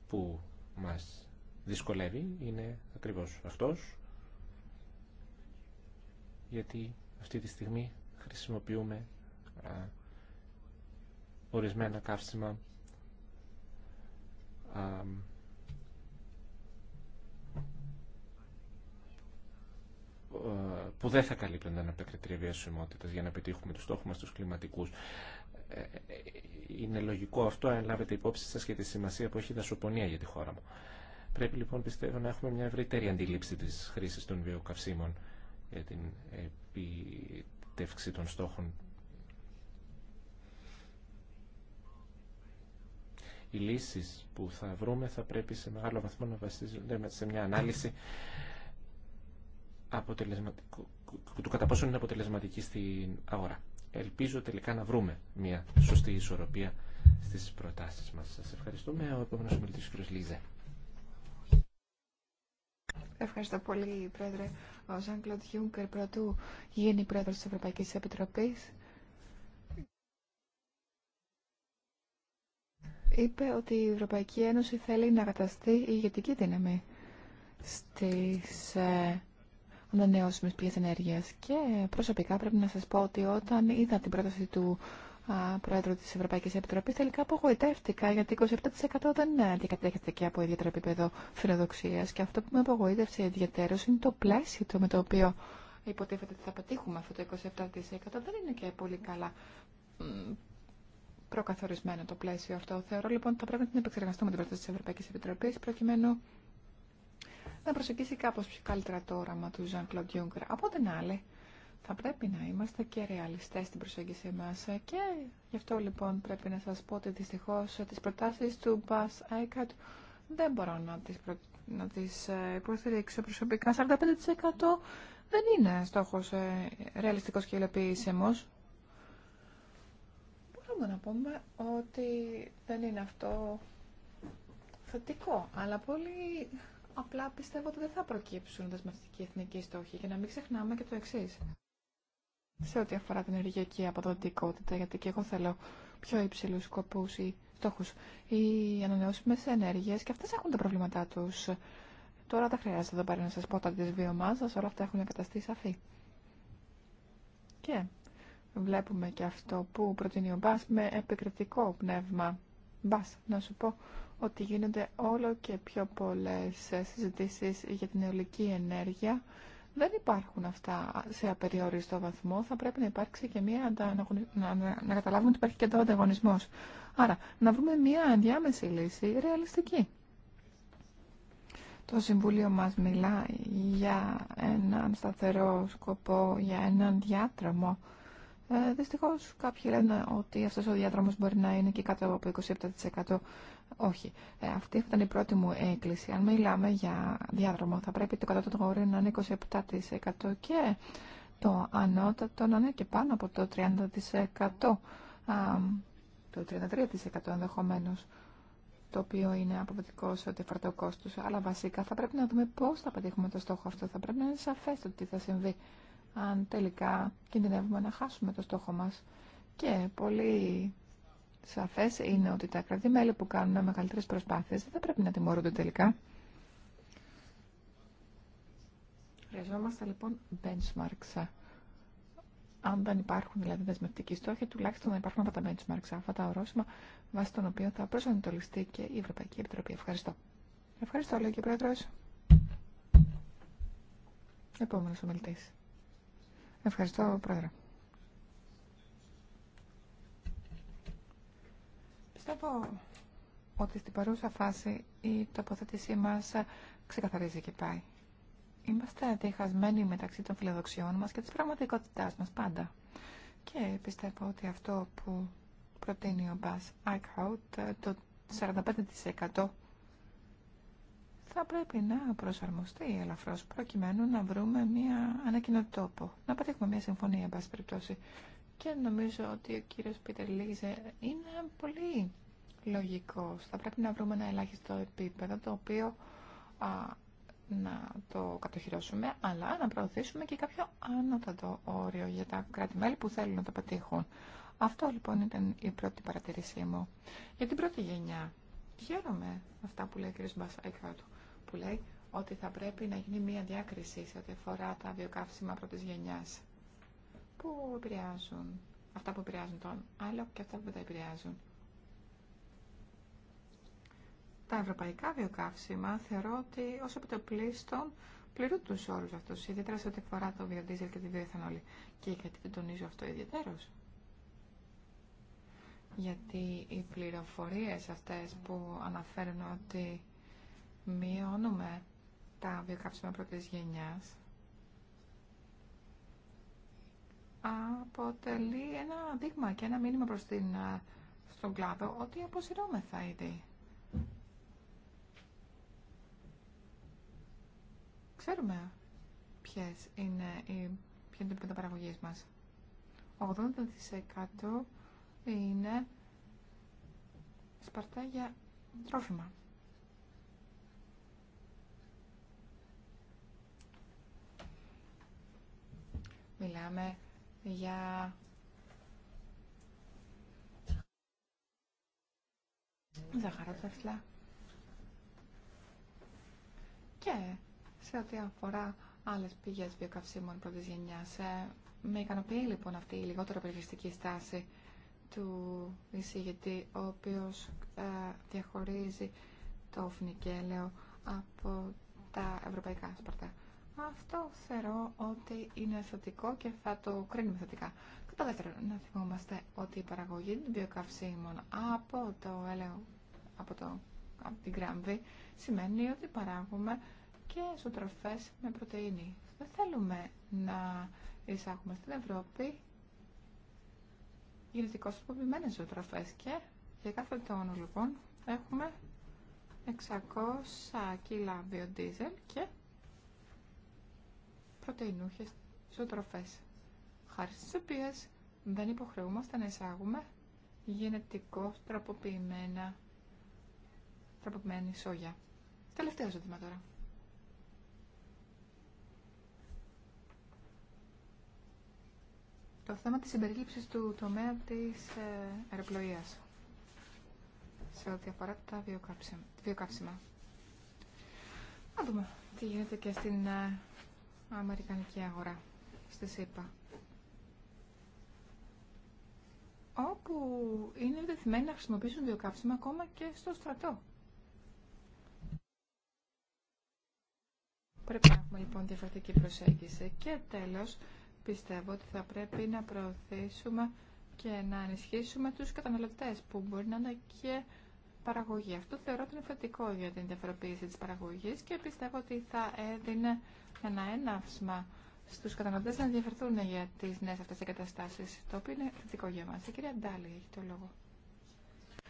που μας δυσκολεύει είναι ακριβώς αυτός γιατί αυτή τη στιγμή χρησιμοποιούμε ορισμένα καύσιμα που δεν θα καλύπτονταν από τα κριτήρια βιωσιμότητας για να πετύχουμε τους στόχους μας, τους κλιματικούς. Ε, ε, είναι λογικό αυτό αν λάβετε υπόψη σας και τη σημασία που έχει η δασοπονία για τη χώρα μου. Πρέπει λοιπόν πιστεύω να έχουμε μια ευρύτερη αντίληψη της χρήσης των βιοκαυσίμων για την επιτεύξη των στόχων. Οι λύσεις που θα βρούμε θα πρέπει σε μεγάλο βαθμό να βασίζονται σε μια ανάλυση του κατά πόσο είναι αποτελεσματική στην αγορά. Ελπίζω τελικά να βρούμε μια σωστή ισορροπία στις προτάσεις μας. Σας ευχαριστούμε. Ο επόμενος ομιλητής, κύριος Λίζε. Ευχαριστώ πολύ, Πρόεδρε. Ο Ζαν Κλοντ Γιούγκερ, πρωτού γίνει Πρόεδρος της Ευρωπαϊκής Επιτροπής, είπε ότι η Ευρωπαϊκή Ένωση θέλει να καταστεί ηγετική δύναμη στις ε, ανανεώσιμες πηγές ενέργειας. Και προσωπικά πρέπει να σας πω ότι όταν είδα την πρόταση του α, Πρόεδρου της Ευρωπαϊκής Επιτροπής τελικά απογοητεύτηκα γιατί 27% δεν αντικατέχεται και από ιδιαίτερο επίπεδο φιλοδοξίας και αυτό που με απογοήτευσε ιδιαίτερως είναι το πλαίσιο με το οποίο υποτίθεται ότι θα πετύχουμε αυτό το 27% δεν είναι και πολύ καλά προκαθορισμένο το πλαίσιο αυτό. Θεωρώ λοιπόν ότι θα πρέπει να την επεξεργαστούμε την πρόταση τη Ευρωπαϊκή Επιτροπή προκειμένου να προσεγγίσει κάπως πιο καλύτερα το όραμα του Ζαν Κλοντ Juncker. Από την άλλη, θα πρέπει να είμαστε και ρεαλιστέ στην προσέγγιση μα. και γι' αυτό λοιπόν πρέπει να σα πω ότι δυστυχώ τι προτάσει του Μπας Άικατ δεν μπορώ να τι προ... να τις ε, υποστηρίξω προσωπικά. 45% δεν είναι στόχο ε, ρεαλιστικός και υλοποιήσιμο. Μπορούμε να πούμε ότι δεν είναι αυτό θετικό, αλλά πολύ απλά πιστεύω ότι δεν θα προκύψουν δεσμευτικοί εθνικοί στόχοι. Και να μην ξεχνάμε και το εξή. Σε ό,τι αφορά την ενεργειακή αποδοτικότητα, γιατί και εγώ θέλω πιο υψηλού σκοπού ή στόχου. Οι ανανεώσιμε ενέργειε και αυτέ έχουν τα προβλήματά του. Τώρα δεν χρειάζεται εδώ πέρα να σα πω τα τη βιομάζα, όλα αυτά έχουν καταστεί σαφή. Και βλέπουμε και αυτό που προτείνει ο Μπά με επικριτικό πνεύμα. Μπά, να σου πω ότι γίνονται όλο και πιο πολλές συζητήσεις για την αιωλική ενέργεια. Δεν υπάρχουν αυτά σε απεριόριστο βαθμό. Θα πρέπει να υπάρξει και μία να, να, καταλάβουμε ότι υπάρχει και το ανταγωνισμό. Άρα, να βρούμε μία ενδιάμεση λύση ρεαλιστική. Το Συμβούλιο μας μιλά για έναν σταθερό σκοπό, για έναν διάδρομο. Ε, Δυστυχώ κάποιοι λένε ότι αυτό ο διάδρομο μπορεί να είναι και κάτω από 27% όχι. Ε, αυτή ήταν η πρώτη μου έκκληση. Αν μιλάμε για διάδρομο, θα πρέπει το κατώτατο όριο να είναι 27% και το ανώτατο να είναι και πάνω από το 30%. το 33% ενδεχομένω το οποίο είναι αποδοτικό σε ό,τι αφορά το κόστο. Αλλά βασικά θα πρέπει να δούμε πώ θα πετύχουμε το στόχο αυτό. Θα πρέπει να είναι σαφέ το τι θα συμβεί, αν τελικά κινδυνεύουμε να χάσουμε το στόχο μα. Και πολύ σαφέ είναι ότι τα κρατημέλη που κάνουν μεγαλύτερε προσπάθειε δεν θα πρέπει να τιμωρούνται τελικά. Χρειαζόμαστε λοιπόν benchmarks. Αν δεν υπάρχουν δηλαδή δεσμευτικοί στόχοι, τουλάχιστον να υπάρχουν αυτά τα benchmarks, αυτά τα ορόσημα βάσει των οποίων θα προσανατολιστεί και η Ευρωπαϊκή Επιτροπή. Ευχαριστώ. Ευχαριστώ, λέει και ο Πρόεδρο. Επόμενο ομιλητή. Ευχαριστώ, Πρόεδρε. Πιστεύω ότι στην παρούσα φάση η τοποθέτησή μας ξεκαθαρίζει και πάει. Είμαστε διχασμένοι μεταξύ των φιλοδοξιών μας και της πραγματικότητάς μας πάντα. Και πιστεύω ότι αυτό που προτείνει ο Μπάς Άικχαουτ, το 45% θα πρέπει να προσαρμοστεί ελαφρώς προκειμένου να βρούμε μια τόπο, να πετύχουμε μια συμφωνία, εν περιπτώσει, και νομίζω ότι ο κύριος Πίτερ Λίζε είναι πολύ λογικός. Θα πρέπει να βρούμε ένα ελάχιστο επίπεδο το οποίο α, να το κατοχυρώσουμε, αλλά να προωθήσουμε και κάποιο άνωτατο όριο για τα κράτη-μέλη που θέλουν να το πετύχουν. Αυτό λοιπόν ήταν η πρώτη παρατηρήσή μου. Για την πρώτη γενιά, χαίρομαι αυτά που λέει ο κύριο Μπασάκη, που λέει ότι θα πρέπει να γίνει μια διάκριση σε ό,τι αφορά τα βιοκαύσιμα πρώτης γενιάς που επηρεάζουν. Αυτά που επηρεάζουν τον άλλο και αυτά που τα επηρεάζουν. Τα ευρωπαϊκά βιοκαύσιμα θεωρώ ότι ως πλήστον πληρούν τους όρους αυτούς, ιδιαίτερα σε ό,τι αφορά το βιοδίζελ και τη βιοεθανόλη. Και γιατί δεν τονίζω αυτό ιδιαίτερος. Γιατί οι πληροφορίες αυτές που αναφέρουν ότι μειώνουμε τα βιοκαύσιμα πρώτης γενιάς αποτελεί ένα δείγμα και ένα μήνυμα προς την, στον κλάδο ότι αποσυρώμεθα ήδη. Ξέρουμε ποιες είναι οι, ποιο είναι το επίπεδο παραγωγής μας. 80% είναι σπαρτά για τρόφιμα. Μιλάμε για ζαχαρότευσλα και σε ό,τι αφορά άλλες πηγές βιοκαυσίμων πρώτης γενιάς. Ε, με ικανοποιεί λοιπόν αυτή η λιγότερο περιοριστική στάση του εισηγητή, ο οποίος ε, διαχωρίζει το φινικέλαιο από τα ευρωπαϊκά σπαρτά. Αυτό θεωρώ ότι είναι θετικό και θα το κρίνουμε θετικά. Κατά δεύτερον, να θυμόμαστε ότι η παραγωγή των βιοκαυσίμων από το έλαιο, από, το, από την κραμβή, σημαίνει ότι παράγουμε και ζωοτροφές με πρωτεΐνη. Δεν θέλουμε να εισάγουμε στην Ευρώπη γενετικώς τροποποιημένες ζωοτροφές και για κάθε τόνο λοιπόν έχουμε 600 κιλά βιοντίζελ και πρωτεϊνούχες ζωοτροφές, χάρη στις οποίες δεν υποχρεούμαστε να εισάγουμε γενετικώς τροποποιημένα τροποποιημένη σόγια. Τελευταίο ζήτημα τώρα. Το θέμα της συμπερίληψης του τομέα της ε, αεροπλοείας σε ό,τι αφορά τα βιοκαύσιμα. Να δούμε τι γίνεται και στην ε, αμερικανική αγορά στη ΣΥΠΑ όπου είναι δεθμένοι να χρησιμοποιήσουν βιοκάψιμα ακόμα και στο στρατό. Πρέπει να έχουμε λοιπόν διαφορετική προσέγγιση. Και τέλος, πιστεύω ότι θα πρέπει να προωθήσουμε και να ενισχύσουμε τους καταναλωτές που μπορεί να είναι και παραγωγή. Αυτό θεωρώ ότι είναι για την διαφοροποίηση της παραγωγής και πιστεύω ότι θα έδινε ένα έναυσμα στους καταναλωτές να ενδιαφερθούν για τις νέες αυτές εγκαταστάσεις, το οποίο είναι θετικό για μας. Η κυρία Ντάλη έχει το λόγο.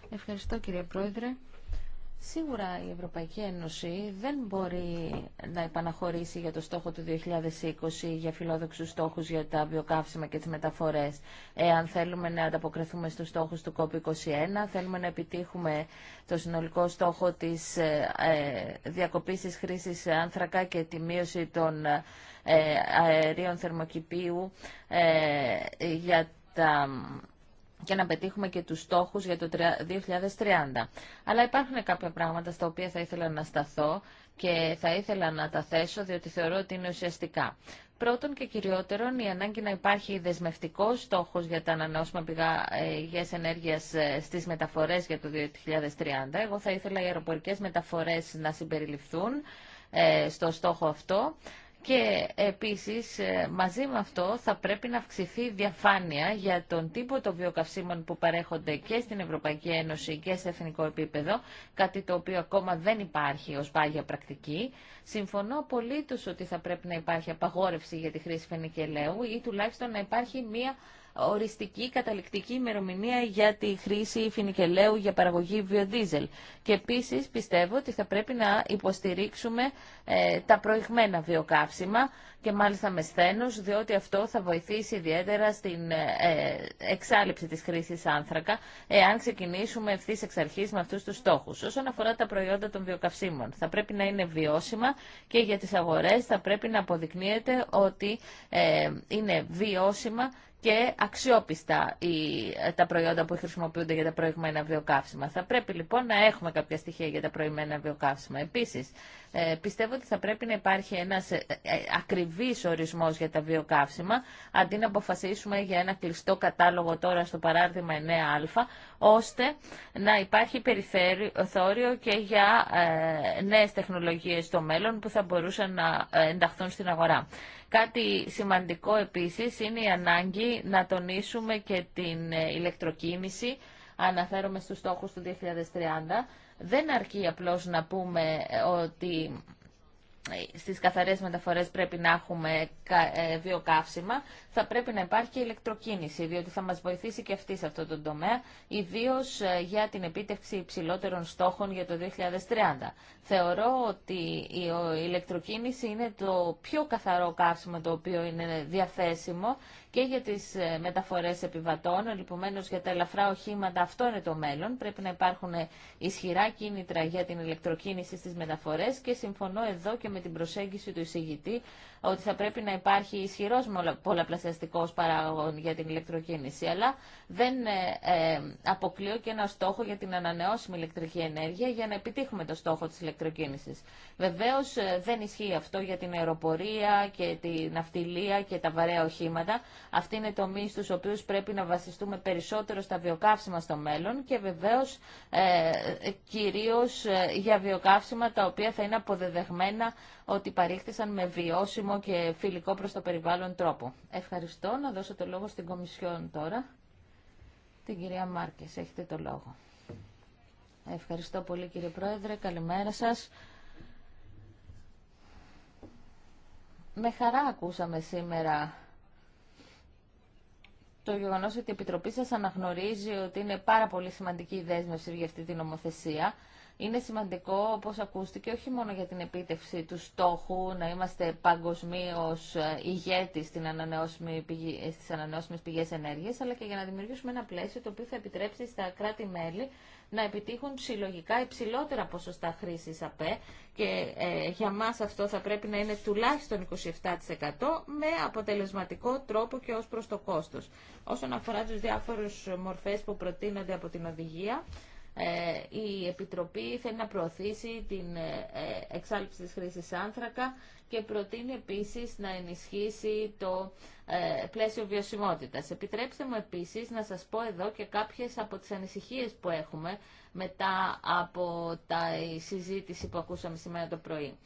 Ευχαριστώ κύριε Πρόεδρε. Σίγουρα η Ευρωπαϊκή Ένωση δεν μπορεί να επαναχωρήσει για το στόχο του 2020 για φιλόδοξους στόχους για τα βιοκαύσιμα και τις μεταφορές. Εάν θέλουμε να ανταποκριθούμε στους στόχους του COP21, θέλουμε να επιτύχουμε το συνολικό στόχο της ε, ε, διακοπής της χρήσης άνθρακα και τη μείωση των ε, αερίων θερμοκηπίου για τα και να πετύχουμε και τους στόχους για το 2030. Αλλά υπάρχουν κάποια πράγματα στα οποία θα ήθελα να σταθώ και θα ήθελα να τα θέσω διότι θεωρώ ότι είναι ουσιαστικά. Πρώτον και κυριότερον, η ανάγκη να υπάρχει δεσμευτικό στόχος για τα ανανεώσιμα πηγές ε, ενέργειας ε, στις μεταφορές για το 2030. Εγώ θα ήθελα οι αεροπορικές μεταφορές να συμπεριληφθούν ε, στο στόχο αυτό. Και επίσης ε, μαζί με αυτό θα πρέπει να αυξηθεί διαφάνεια για τον τύπο των βιοκαυσίμων που παρέχονται και στην Ευρωπαϊκή Ένωση και σε εθνικό επίπεδο, κάτι το οποίο ακόμα δεν υπάρχει ως πάγια πρακτική. Συμφωνώ πολύ τους ότι θα πρέπει να υπάρχει απαγόρευση για τη χρήση φενικελαίου ή τουλάχιστον να υπάρχει μία οριστική καταληκτική ημερομηνία για τη χρήση φινικελαίου για παραγωγή βιοδίζελ. Και επίσης πιστεύω ότι θα πρέπει να υποστηρίξουμε ε, τα προηγμένα βιοκαύσιμα και μάλιστα με σθένος, διότι αυτό θα βοηθήσει ιδιαίτερα στην ε, ε εξάλληψη της χρήσης άνθρακα, εάν ξεκινήσουμε ευθύ εξ αρχής με αυτούς τους στόχους. Όσον αφορά τα προϊόντα των βιοκαυσίμων, θα πρέπει να είναι βιώσιμα και για τις αγορές θα πρέπει να αποδεικνύεται ότι ε, είναι βιώσιμα και αξιόπιστα τα προϊόντα που χρησιμοποιούνται για τα προηγμένα βιοκαύσιμα. Θα πρέπει λοιπόν να έχουμε κάποια στοιχεία για τα προηγμένα βιοκαύσιμα. Επίσης, ε, πιστεύω ότι θα πρέπει να υπάρχει ένας ε, ε, ακριβή ορισμό για τα βιοκαύσιμα, αντί να αποφασίσουμε για ένα κλειστό κατάλογο τώρα στο παράδειγμα 9α, ώστε να υπάρχει περιθώριο και για νέε τεχνολογίε στο μέλλον που θα μπορούσαν να ενταχθούν στην αγορά. Κάτι σημαντικό επίσης είναι η ανάγκη να τονίσουμε και την ε, ηλεκτροκίνηση, αναφέρομαι στους στόχους του 2030. Δεν αρκεί απλώς να πούμε ε, ότι στις καθαρές μεταφορές πρέπει να έχουμε ε, βιοκαύσιμα, θα πρέπει να υπάρχει και ηλεκτροκίνηση, διότι θα μας βοηθήσει και αυτή σε αυτό το τομέα, ιδίω ε, για την επίτευξη υψηλότερων στόχων για το 2030. Θεωρώ ότι η ηλεκτροκίνηση είναι το πιο καθαρό καύσιμο το οποίο είναι διαθέσιμο και για τις ε, μεταφορές επιβατών, λοιπόν για τα ελαφρά οχήματα αυτό είναι το μέλλον. Πρέπει να υπάρχουν ισχυρά κίνητρα για την ηλεκτροκίνηση στι μεταφορές και συμφωνώ εδώ και με την προσέγγιση του εισηγητή ότι θα πρέπει να υπάρχει ισχυρό πολλαπλασιαστικό παράγον για την ηλεκτροκίνηση, αλλά δεν ε, ε, αποκλείω και ένα στόχο για την ανανεώσιμη ηλεκτρική ενέργεια για να επιτύχουμε το στόχο της ηλεκτροκίνησης. Βεβαίως ε, δεν ισχύει αυτό για την αεροπορία και την ναυτιλία και τα βαρέα οχήματα. Αυτή είναι τομεί στου οποίου πρέπει να βασιστούμε περισσότερο στα βιοκαύσιμα στο μέλλον και βεβαίω ε, για βιοκαύσιμα τα οποία θα είναι αποδεδεχμένα ότι παρήχθησαν με βιώσιμο και φιλικό προς το περιβάλλον τρόπο. Ευχαριστώ. Να δώσω το λόγο στην Κομισιόν τώρα. Την κυρία Μάρκες, έχετε το λόγο. Ευχαριστώ πολύ κύριε Πρόεδρε. Καλημέρα σας. Με χαρά ακούσαμε σήμερα το γεγονός ότι η Επιτροπή σας αναγνωρίζει ότι είναι πάρα πολύ σημαντική η δέσμευση για αυτή την νομοθεσία είναι σημαντικό, όπως ακούστηκε, όχι μόνο για την επίτευξη του στόχου να είμαστε παγκοσμίω ε, ηγέτης στην ανανεώσιμη πηγή, ε, στις ανανεώσιμες πηγές ενέργειας, αλλά και για να δημιουργήσουμε ένα πλαίσιο το οποίο θα επιτρέψει στα κράτη-μέλη να επιτύχουν συλλογικά υψηλότερα ποσοστά χρήσης ΑΠΕ και ε, για μας αυτό θα πρέπει να είναι τουλάχιστον 27% με αποτελεσματικό τρόπο και ως προς το κόστος. Όσον αφορά τους διάφορους μορφές που προτείνονται από την οδηγία, ε, η Επιτροπή θέλει να προωθήσει την ε, εξάλληψη της χρήσης άνθρακα και προτείνει επίσης να ενισχύσει το ε, πλαίσιο βιωσιμότητας. Επιτρέψτε μου επίσης να σας πω εδώ και κάποιες από τις ανησυχίες που έχουμε μετά από τα συζήτηση που ακούσαμε σήμερα το πρωί.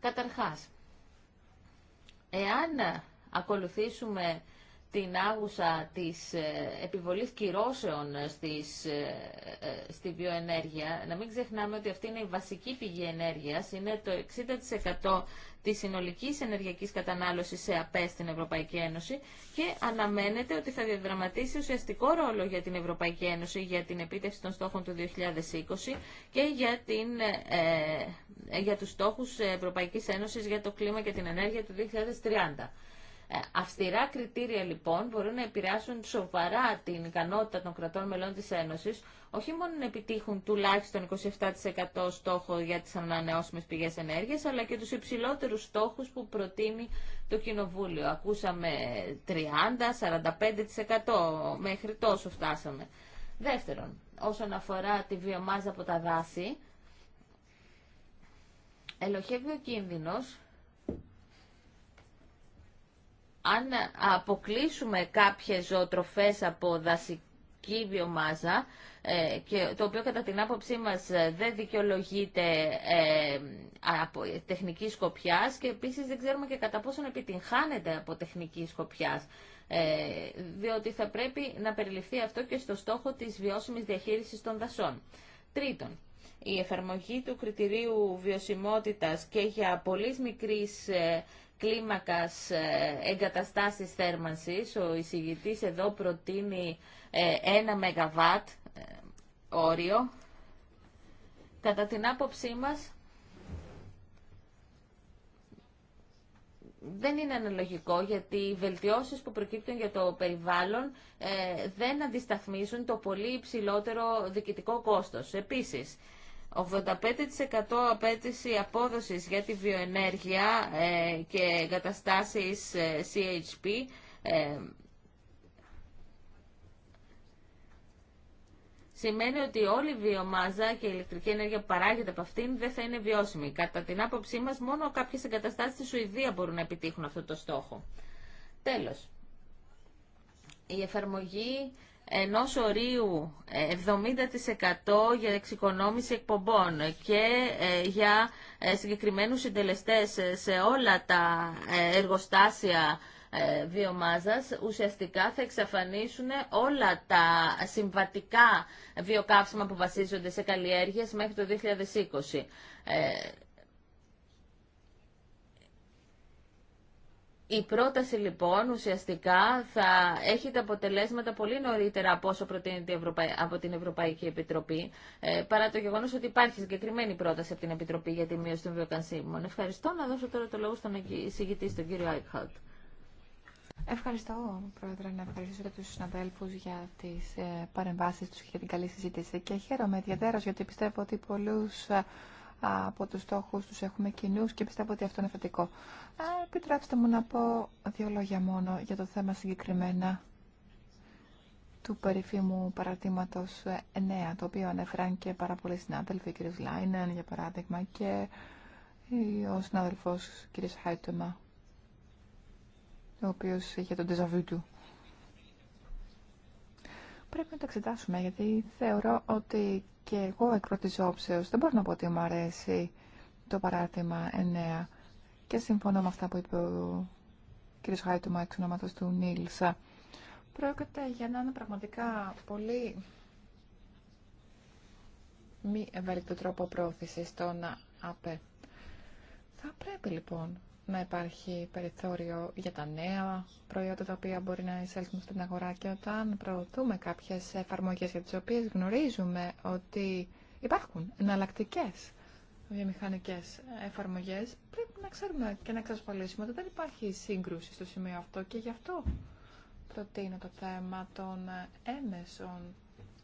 Καταρχάς, εάν ακολουθήσουμε την άγουσα της ε, επιβολής κυρώσεων στις, ε, ε, στη βιοενέργεια, να μην ξεχνάμε ότι αυτή είναι η βασική πηγή ενέργειας, είναι το 60% της συνολικής ενεργειακής κατανάλωσης σε ΑΠΕ στην Ευρωπαϊκή Ένωση και αναμένεται ότι θα διαδραματίσει ουσιαστικό ρόλο για την Ευρωπαϊκή Ένωση για την επίτευξη των στόχων του 2020 και για, ε, για τους στόχους Ευρωπαϊκής Ένωσης για το κλίμα και την ενέργεια του 2030. Ε, αυστηρά κριτήρια λοιπόν μπορούν να επηρεάσουν σοβαρά την ικανότητα των κρατών μελών της Ένωσης όχι μόνο να επιτύχουν τουλάχιστον 27% στόχο για τις ανανεώσιμες πηγές ενέργειας αλλά και τους υψηλότερους στόχους που προτείνει το Κοινοβούλιο. Ακούσαμε 30-45% μέχρι τόσο φτάσαμε. Δεύτερον, όσον αφορά τη βιομάζα από τα δάση, ελοχεύει ο κίνδυνος αν αποκλείσουμε κάποιες ζωοτροφές από δασική βιομάζα, ε, και το οποίο κατά την άποψή μας ε, δεν δικαιολογείται ε, από τεχνική σκοπιάς και επίσης δεν ξέρουμε και κατά πόσον επιτυγχάνεται από τεχνική σκοπιάς. Ε, διότι θα πρέπει να περιληφθεί αυτό και στο στόχο της βιώσιμης διαχείρισης των δασών. Τρίτον, η εφαρμογή του κριτηρίου βιωσιμότητας και για πολύ μικρής κλίμακας ε, εγκαταστάσεις θέρμανσης. Ο εισηγητής εδώ προτείνει 1 ε, μεγαβάτ ε, όριο. Κατά την άποψή μας, δεν είναι αναλογικό γιατί οι βελτιώσεις που προκύπτουν για το περιβάλλον δεν αντισταθμίζουν το πολύ υψηλότερο διοικητικό κόστος. Επίσης, 85% απέτηση απόδοσης για τη βιοενέργεια ε, και εγκαταστάσεις ε, CHP ε, σημαίνει ότι όλη η βιομάζα και η ηλεκτρική ενέργεια που παράγεται από αυτήν δεν θα είναι βιώσιμη. Κατά την άποψή μας, μόνο κάποιες εγκαταστάσεις στη Σουηδία μπορούν να επιτύχουν αυτό το στόχο. Τέλος, η εφαρμογή ενός ορίου 70% ε, για εξοικονόμηση εκπομπών και ε, για ε, συγκεκριμένους συντελεστές σε όλα τα εργοστάσια βιομάζας ουσιαστικά θα εξαφανίσουν όλα τα συμβατικά βιοκαύσιμα που βασίζονται σε καλλιέργειες μέχρι το 2020. Η πρόταση λοιπόν ουσιαστικά θα έχει τα αποτελέσματα πολύ νωρίτερα από όσο προτείνεται από την Ευρωπαϊκή Επιτροπή, ε, παρά το γεγονός ότι υπάρχει συγκεκριμένη πρόταση από την Επιτροπή για τη μείωση των βιοκανσίμων. Ευχαριστώ. Να δώσω τώρα το λόγο στον εισηγητή, τον κύριο Άικχαλτ. Ευχαριστώ, Πρόεδρε, να ευχαριστήσω και τους συναδέλφους για τις ε, παρεμβάσεις τους και την καλή συζήτηση. Και χαίρομαι ιδιαίτερα γιατί πιστεύω ότι πολλούς ε, από τους στόχους τους έχουμε κοινού και πιστεύω ότι αυτό είναι θετικό. Επιτρέψτε μου να πω δύο λόγια μόνο για το θέμα συγκεκριμένα του περίφημου παρατήματος 9, ε, το οποίο ανέφεραν και πάρα πολλοί συνάδελφοι, κ. Λάινεν για παράδειγμα και ο συνάδελφος κ. Χάιτομα, ο οποίος είχε τον τεζαβού του. Πρέπει να το εξετάσουμε, γιατί θεωρώ ότι και εγώ εκ πρώτης όψεως δεν μπορώ να πω ότι μου αρέσει το παράρτημα 9 και συμφωνώ με αυτά που είπε ο κ. Χάιτουμα εξ ονόματος του Νίλσα. Πρόκειται για να είναι πραγματικά πολύ μη ευέλικτο τρόπο πρόθεση των ΑΠΕ. Θα πρέπει λοιπόν να υπάρχει περιθώριο για τα νέα προϊόντα τα οποία μπορεί να εισέλθουν στην αγορά και όταν προωθούμε κάποιες εφαρμογές για τις οποίες γνωρίζουμε ότι υπάρχουν εναλλακτικέ βιομηχανικές εφαρμογές πρέπει να ξέρουμε και να εξασφαλίσουμε ότι δεν υπάρχει σύγκρουση στο σημείο αυτό και γι' αυτό προτείνω το θέμα των έμεσων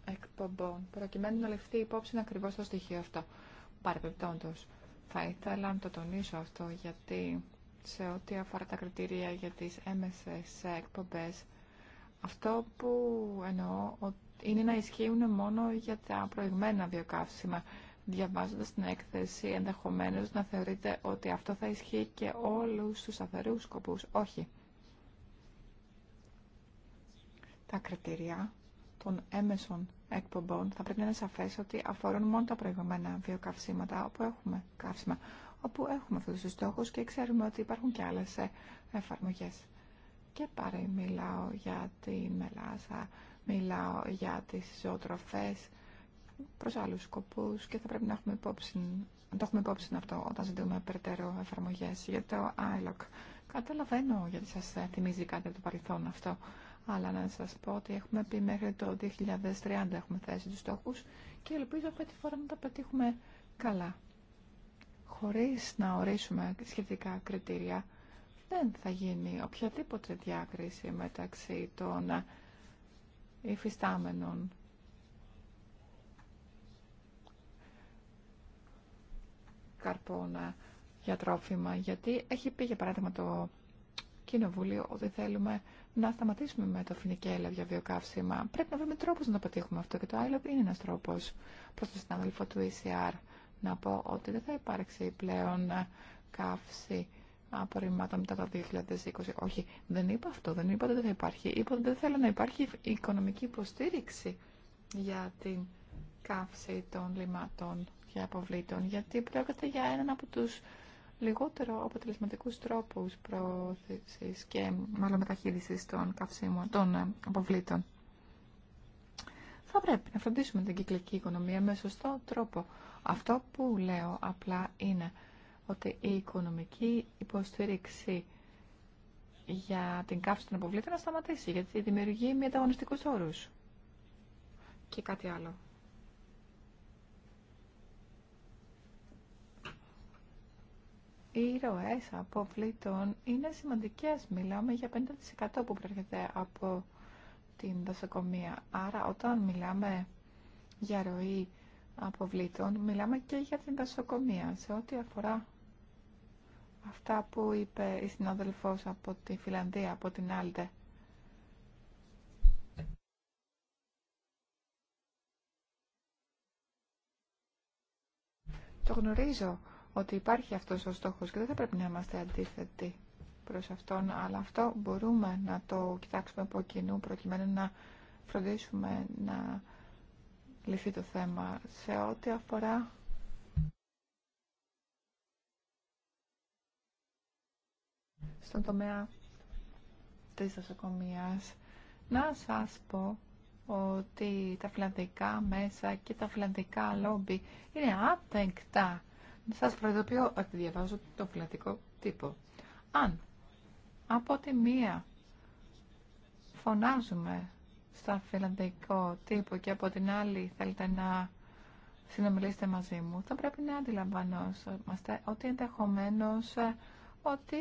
εκπομπών προκειμένου να ληφθεί υπόψη ακριβώ το στοιχείο αυτό. Παρεπιπτόντως, θα ήθελα να το τονίσω αυτό γιατί σε ό,τι αφορά τα κριτήρια για τις σε εκπομπές. Αυτό που εννοώ είναι να ισχύουν μόνο για τα προηγμένα βιοκαύσιμα. Διαβάζοντας την έκθεση, ενδεχομένως να θεωρείτε ότι αυτό θα ισχύει και όλους τους αφαιρούς σκοπούς. Όχι. Τα κριτήρια των έμεσων εκπομπών θα πρέπει να είναι σαφές ότι αφορούν μόνο τα προηγούμενα βιοκαυσίματα όπου έχουμε καύσιμα όπου έχουμε αυτού του στόχου και ξέρουμε ότι υπάρχουν και άλλε εφαρμογέ. Και πάρε μιλάω για τη μελάσα, μιλάω για τι ζωοτροφέ προ άλλου σκοπού και θα πρέπει να, έχουμε υπόψη, να το έχουμε υπόψη αυτό όταν ζητούμε περαιτέρω εφαρμογέ για το ILOC. Καταλαβαίνω γιατί σα ε, θυμίζει κάτι από το παρελθόν αυτό, αλλά να σα πω ότι έχουμε πει μέχρι το 2030 έχουμε θέσει του στόχου και ελπίζω αυτή τη φορά να τα πετύχουμε καλά χωρίς να ορίσουμε σχετικά κριτήρια, δεν θα γίνει οποιαδήποτε διάκριση μεταξύ των υφιστάμενων καρπόνα για τρόφιμα, γιατί έχει πει για παράδειγμα το Κοινοβούλιο ότι θέλουμε να σταματήσουμε με το φινικέλα για βιοκαύσιμα. Πρέπει να βρούμε τρόπους να το πετύχουμε αυτό και το άλλο είναι ένας τρόπος προς τον συνάδελφο του ECR να πω ότι δεν θα υπάρξει πλέον ε, καύση απορριμμάτων μετά το 2020. Όχι, δεν είπα αυτό, δεν είπα ότι δεν θα υπάρχει. Είπα ότι δεν θέλω να υπάρχει οικονομική υποστήριξη για την καύση των λιμάτων και αποβλήτων, γιατί πρόκειται για έναν από τους λιγότερο αποτελεσματικούς τρόπους προώθησης και μάλλον μεταχείρισης των καυσίμων, των ε, αποβλήτων. Θα πρέπει να φροντίσουμε την κυκλική οικονομία με σωστό τρόπο, αυτό που λέω απλά είναι ότι η οικονομική υποστήριξη για την καύση των αποβλήτων να σταματήσει, γιατί δημιουργεί μη ανταγωνιστικού όρου. Και κάτι άλλο. Οι ροέ αποβλήτων είναι σημαντικέ. Μιλάμε για 50% που προέρχεται από την δασοκομεία. Άρα, όταν μιλάμε για ροή αποβλήτων, μιλάμε και για την νοσοκομεία σε ό,τι αφορά αυτά που είπε η συνάδελφος από τη Φιλανδία, από την Άλτε. Το γνωρίζω ότι υπάρχει αυτός ο στόχος και δεν θα πρέπει να είμαστε αντίθετοι προς αυτόν, αλλά αυτό μπορούμε να το κοιτάξουμε από κοινού προκειμένου να φροντίσουμε να λυθεί το θέμα σε ό,τι αφορά στον τομέα της δοσοκομείας. Να σας πω ότι τα φιλανδικά μέσα και τα φιλανδικά λόμπι είναι άτεγκτα. Σας προειδοποιώ ότι διαβάζω το φιλανδικό τύπο. Αν από τη μία φωνάζουμε στα φιλανδικό τύπο και από την άλλη θέλετε να συνομιλήσετε μαζί μου, θα πρέπει να αντιλαμβανόμαστε ότι ενδεχομένω ε, ότι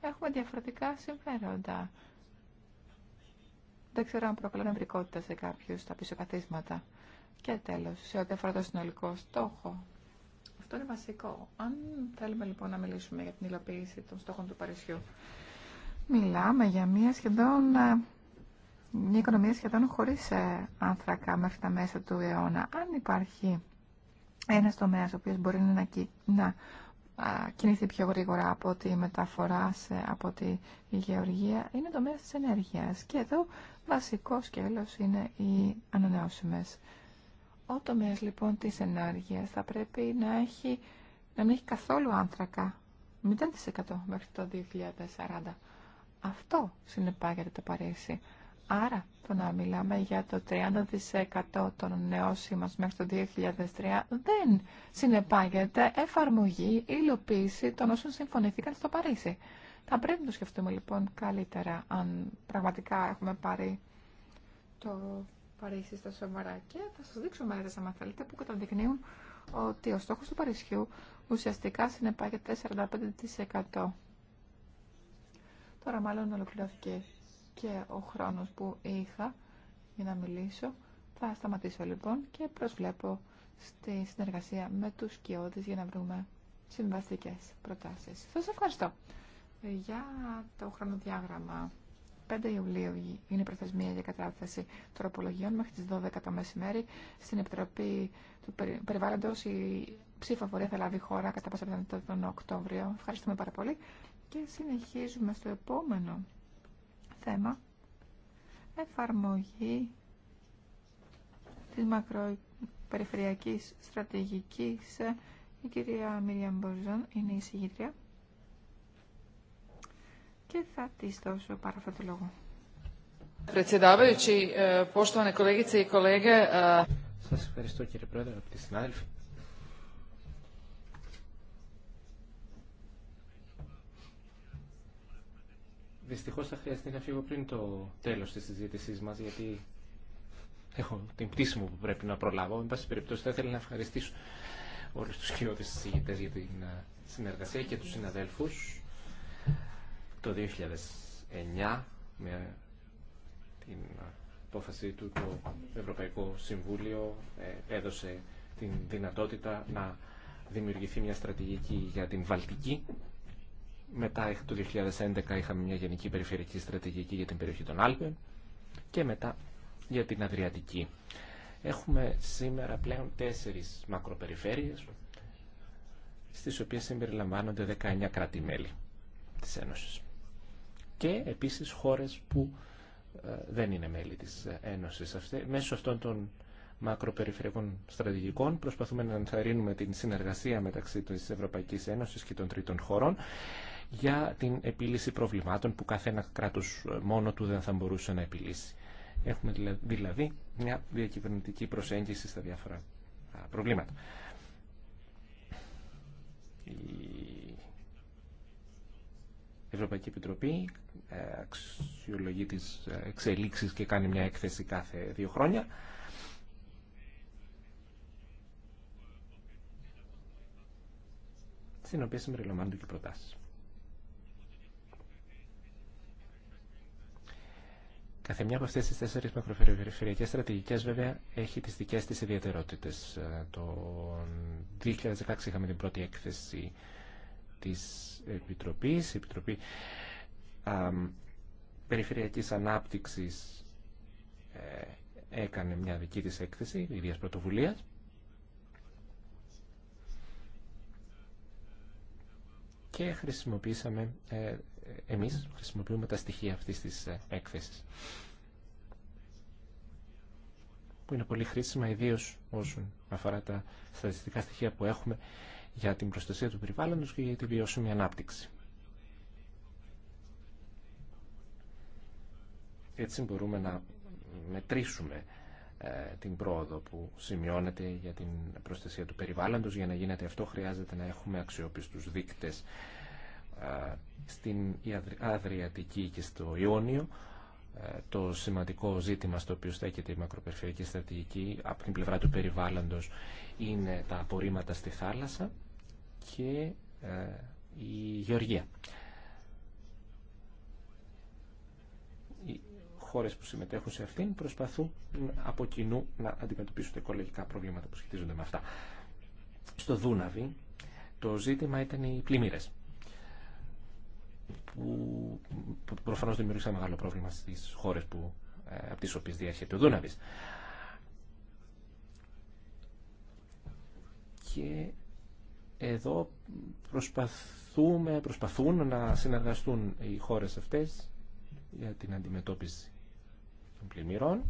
έχουμε διαφορετικά συμφέροντα. Δεν ξέρω αν προκαλώ εμπρικότητα σε κάποιους τα πίσω καθίσματα. Και τέλος, σε ό,τι αφορά το συνολικό στόχο. Αυτό είναι βασικό. Αν θέλουμε λοιπόν να μιλήσουμε για την υλοποίηση των στόχων του Παρισιού, μιλάμε για μία σχεδόν ε, μια οικονομία σχεδόν χωρίς ε, άνθρακα μέχρι τα μέσα του αιώνα. Αν υπάρχει ένα τομέα ο οποίο μπορεί να, να κινηθεί πιο γρήγορα από τη μεταφορά σε, από τη γεωργία, είναι το μέσο της ενέργειας. Και εδώ βασικό σκέλος είναι οι ανανεώσιμες. Ο τομέας λοιπόν της ενέργειας θα πρέπει να, έχει, να μην έχει καθόλου άνθρακα, 0% μέχρι το 2040. Αυτό συνεπάγεται το Παρίσι. Άρα το να μιλάμε για το 30% των νεώσιμων μέχρι το 2003 δεν συνεπάγεται εφαρμογή, υλοποίηση των όσων συμφωνήθηκαν στο Παρίσι. Θα πρέπει να το σκεφτούμε λοιπόν καλύτερα αν πραγματικά έχουμε πάρει το Παρίσι στα σοβαρά και θα σας δείξω μέρες, αν θέλετε που καταδεικνύουν ότι ο στόχος του Παρισιού ουσιαστικά συνεπάγεται 45%. Τώρα μάλλον ολοκληρώθηκε και ο χρόνος που είχα για να μιλήσω. Θα σταματήσω λοιπόν και προσβλέπω στη συνεργασία με τους σκιώδεις για να βρούμε συμβαστικές προτάσεις. Σας ευχαριστώ. Για το χρονοδιάγραμμα, 5 Ιουλίου είναι η προθεσμία για κατάθεση τροπολογιών μέχρι τις 12 το μεσημέρι. Στην Επιτροπή του Περιβάλλοντος η ψηφοφορία θα λάβει χώρα κατά πάσα πιθανότητα τον Οκτώβριο. Ευχαριστούμε πάρα πολύ και συνεχίζουμε στο επόμενο θέμα εφαρμογή της μακροπεριφερειακής στρατηγικής η κυρία Μίρια Μποζόν είναι η συγγήτρια και θα τη δώσω πάρα αυτό το λόγο. Eh, eh, Σας ευχαριστώ κύριε Πρόεδρε από τη συνάδελφη. Δυστυχώ θα χρειαστεί να φύγω πριν το τέλος της συζήτησή μα γιατί έχω την πτήση μου που πρέπει να προλάβω. Εν πάση περιπτώσει θα ήθελα να ευχαριστήσω όλους τους κοιότητες συζητητές για την ε, συνεργασία και τους συναδέλφους. Το 2009 με την απόφαση του το Ευρωπαϊκό Συμβούλιο ε, έδωσε την δυνατότητα να δημιουργηθεί μια στρατηγική για την Βαλτική μετά το 2011 είχαμε μια γενική περιφερειακή στρατηγική για την περιοχή των Άλπων και μετά για την Αδριατική. Έχουμε σήμερα πλέον τέσσερις μακροπεριφέρειες στις οποίες συμπεριλαμβάνονται 19 κράτη-μέλη της Ένωσης και επίσης χώρες που ε, δεν είναι μέλη της ε, Ένωσης. Μέσω αυτών των μακροπεριφερειακών στρατηγικών. Προσπαθούμε να ενθαρρύνουμε την συνεργασία μεταξύ της Ευρωπαϊκής Ένωσης και των τρίτων χωρών για την επίλυση προβλημάτων που κάθε ένα κράτος ε, μόνο του δεν θα μπορούσε να επιλύσει. Έχουμε δηλαδή μια διακυβερνητική προσέγγιση στα διάφορα προβλήματα. Η Ευρωπαϊκή Επιτροπή ε, αξιολογεί τις ε, εξελίξεις και κάνει μια έκθεση κάθε δύο χρόνια. στην οποία συμπεριλαμβάνονται και προτάσεις. Κάθε μια από αυτέ τι τέσσερι μακροπεριφερειακέ στρατηγικέ, βέβαια, έχει τι δικέ τη ιδιαιτερότητε. Ε, το 2016 είχαμε την πρώτη έκθεση τη Επιτροπή, η Επιτροπή Περιφερειακής ε, έκανε μια δική της έκθεση ίδιας πρωτοβουλία. Και χρησιμοποίησαμε ε, εμείς χρησιμοποιούμε τα στοιχεία αυτής της ε, έκθεσης που είναι πολύ χρήσιμα ιδίω όσον αφορά τα στατιστικά στοιχεία που έχουμε για την προστασία του περιβάλλοντος και για τη βιώσιμη ανάπτυξη. Έτσι μπορούμε να μετρήσουμε ε, την πρόοδο που σημειώνεται για την προστασία του περιβάλλοντος. Για να γίνεται αυτό χρειάζεται να έχουμε αξιόπιστους δείκτες ε, στην Αδριατική και στο Ιόνιο ε, το σημαντικό ζήτημα στο οποίο στέκεται η μακροπεριφερειακή στρατηγική από την πλευρά του περιβάλλοντος είναι τα απορρίμματα στη θάλασσα και ε, η γεωργία. Οι χώρες που συμμετέχουν σε αυτήν προσπαθούν από κοινού να αντιμετωπίσουν τα οικολογικά προβλήματα που σχετίζονται με αυτά. Στο Δούναβι το ζήτημα ήταν οι πλημμύρες που προφανώς δημιούργησαν μεγάλο πρόβλημα στις χώρες που, ε, από τις οποίες διέρχεται ο Δούναβης. Και εδώ προσπαθούμε, προσπαθούν να συνεργαστούν οι χώρες αυτές για την αντιμετώπιση των πλημμυρών.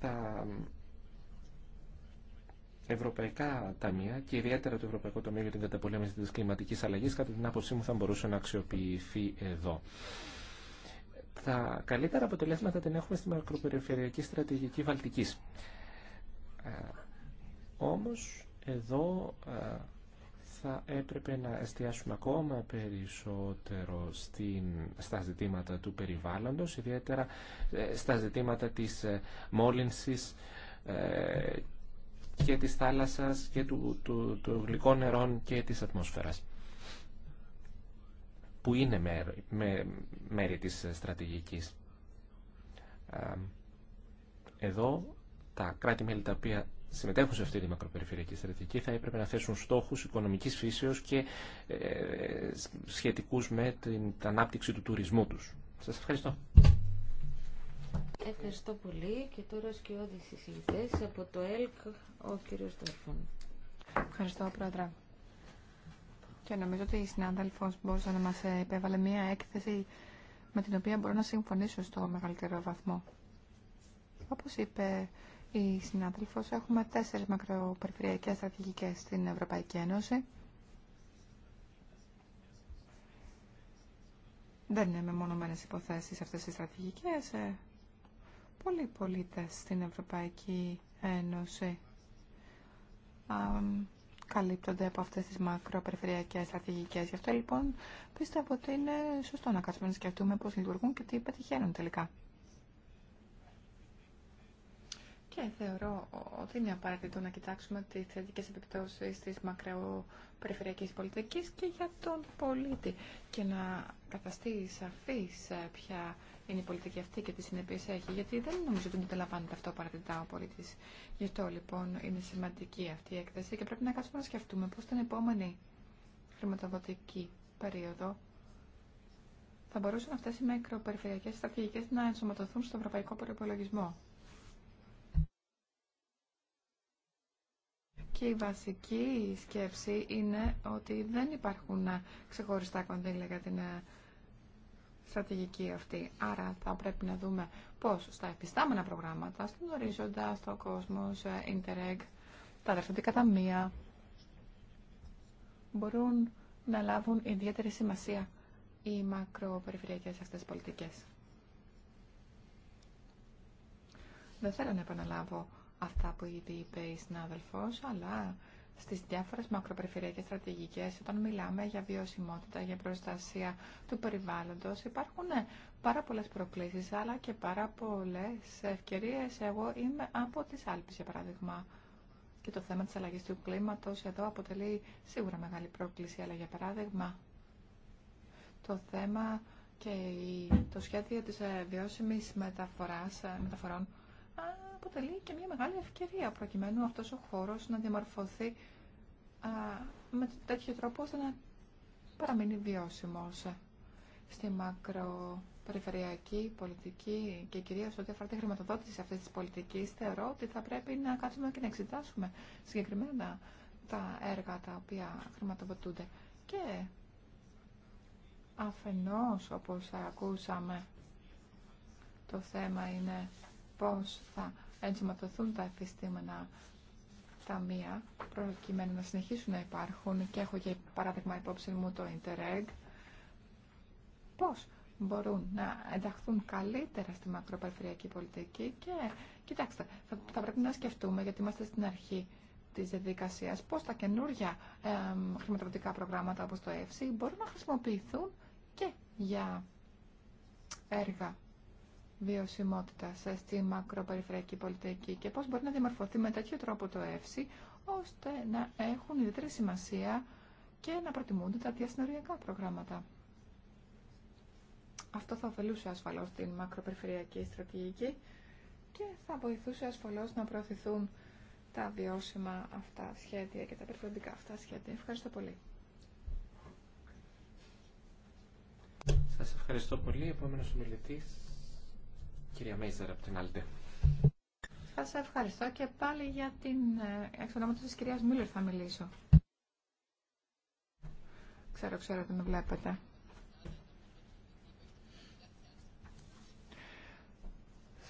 Τα ευρωπαϊκά ταμεία και ιδιαίτερα το Ευρωπαϊκό Ταμείο για την Καταπολέμηση της Κλιματικής Αλλαγής κατά την άποψή μου θα μπορούσε να αξιοποιηθεί εδώ. Τα καλύτερα αποτελέσματα την έχουμε στη μακροπεριφερειακή στρατηγική Βαλτικής. Ε, όμως εδώ ε, θα έπρεπε να εστιάσουμε ακόμα περισσότερο στην, στα ζητήματα του περιβάλλοντος, ιδιαίτερα ε, στα ζητήματα της μόλυνσης και της θάλασσας και του, του, του γλυκών νερών και της ατμόσφαιρας που είναι μέρη, με, μέρη της στρατηγικής. Εδώ τα κράτη-μέλη τα οποία συμμετέχουν σε αυτή τη μακροπεριφερειακή στρατηγική θα έπρεπε να θέσουν στόχους οικονομικής φύσεως και ε, σχετικούς με την, την ανάπτυξη του τουρισμού τους. Σας ευχαριστώ. Ευχαριστώ πολύ και τώρα σκιώδη συζητητέ από το ΕΛΚ ο κύριο Τόρφων. Ευχαριστώ πρόεδρε. Και νομίζω ότι η συνάδελφος μπορούσε να μας επέβαλε μια έκθεση με την οποία μπορώ να συμφωνήσω στο μεγαλύτερο βαθμό. Όπως είπε η συνάδελφος, έχουμε τέσσερι μακροπεριφερειακές στρατηγικές στην Ευρωπαϊκή Ένωση. Δεν είναι μεμονωμένε υποθέσει αυτές οι στρατηγικές. Ε πολλοί πολίτες στην Ευρωπαϊκή Ένωση α, καλύπτονται από αυτές τις μακροπεριφερειακές στρατηγικές. Γι' αυτό λοιπόν πιστεύω ότι είναι σωστό να κάτσουμε να σκεφτούμε πώς λειτουργούν και τι πετυχαίνουν τελικά. Και θεωρώ ότι είναι απαραίτητο να κοιτάξουμε τι θετικέ επιπτώσει τη μακροπεριφερειακή πολιτική και για τον πολίτη. Και να καταστεί σαφή ε, ποια είναι η πολιτική αυτή και τι συνέπειε έχει. Γιατί δεν νομίζω ότι αντιλαμβάνεται αυτό παρατητάω, ο πολίτη. Γι' αυτό λοιπόν είναι σημαντική αυτή η έκθεση και πρέπει να κάτσουμε να σκεφτούμε πώ την επόμενη χρηματοδοτική περίοδο θα μπορούσαν αυτέ οι μακροπεριφερειακέ στρατηγικέ να ενσωματωθούν στο ευρωπαϊκό προπολογισμό. Και η βασική σκέψη είναι ότι δεν υπάρχουν ε, ξεχωριστά κονδύλια για την ε, στρατηγική αυτή. Άρα θα πρέπει να δούμε πώς στα επιστάμενα προγράμματα, στον ορίζοντα, στο κόσμο, ε, Interreg, τα κατά ταμεία, μπορούν να λάβουν ιδιαίτερη σημασία οι μακροπεριφερειακές αυτές τις πολιτικές. Δεν θέλω να επαναλάβω αυτά που ήδη είπε η συνάδελφος, αλλά στις διάφορες μακροπεριφερειακές στρατηγικές, όταν μιλάμε για βιωσιμότητα, για προστασία του περιβάλλοντος, υπάρχουν ε, πάρα πολλές προκλήσεις, αλλά και πάρα πολλές ευκαιρίες. Εγώ είμαι από τις Άλπες, για παράδειγμα. Και το θέμα της αλλαγής του κλίματος εδώ αποτελεί σίγουρα μεγάλη πρόκληση, αλλά για παράδειγμα το θέμα και το σχέδιο της ε, βιώσιμης μεταφοράς, ε, μεταφορών αποτελεί και μια μεγάλη ευκαιρία προκειμένου αυτός ο χώρος να διαμορφωθεί α, με τέτοιο τρόπο ώστε να παραμείνει βιώσιμος στη μακροπεριφερειακή πολιτική και κυρίω ό,τι αφορά τη χρηματοδότηση αυτή τη πολιτική, θεωρώ ότι θα πρέπει να κάτσουμε και να εξετάσουμε συγκεκριμένα τα έργα τα οποία χρηματοδοτούνται. Και αφενός, όπως ακούσαμε, το θέμα είναι πώς θα ενσωματωθούν τα εφιστήμενα ταμεία προκειμένου να συνεχίσουν να υπάρχουν και έχω και παράδειγμα υπόψη μου το Interreg πώς μπορούν να ενταχθούν καλύτερα στη μακροπεριφερειακή πολιτική και κοιτάξτε, θα, πρέπει να σκεφτούμε γιατί είμαστε στην αρχή της διαδικασίας πώς τα καινούργια ε, χρηματοδοτικά προγράμματα όπως το ΕΦΣΥ μπορούν να χρησιμοποιηθούν και για έργα βιωσιμότητα στη μακροπεριφερειακή πολιτική και πώς μπορεί να διαμορφωθεί με τέτοιο τρόπο το ΕΦΣΥ ώστε να έχουν ιδιαίτερη σημασία και να προτιμούνται τα διασυνοριακά προγράμματα. Αυτό θα ωφελούσε ασφαλώς την μακροπεριφερειακή στρατηγική και θα βοηθούσε ασφαλώς να προωθηθούν τα βιώσιμα αυτά σχέδια και τα περιφερειακά αυτά σχέδια. Ευχαριστώ πολύ. Σας ευχαριστώ πολύ. Επόμενος ομιλητής. Κυρία Μέιζερ από την Άλτε. Σας ευχαριστώ και πάλι για την ε, εξονόματος της κυρίας Μίλλερ θα μιλήσω. Ξέρω, ξέρω ότι με βλέπετε.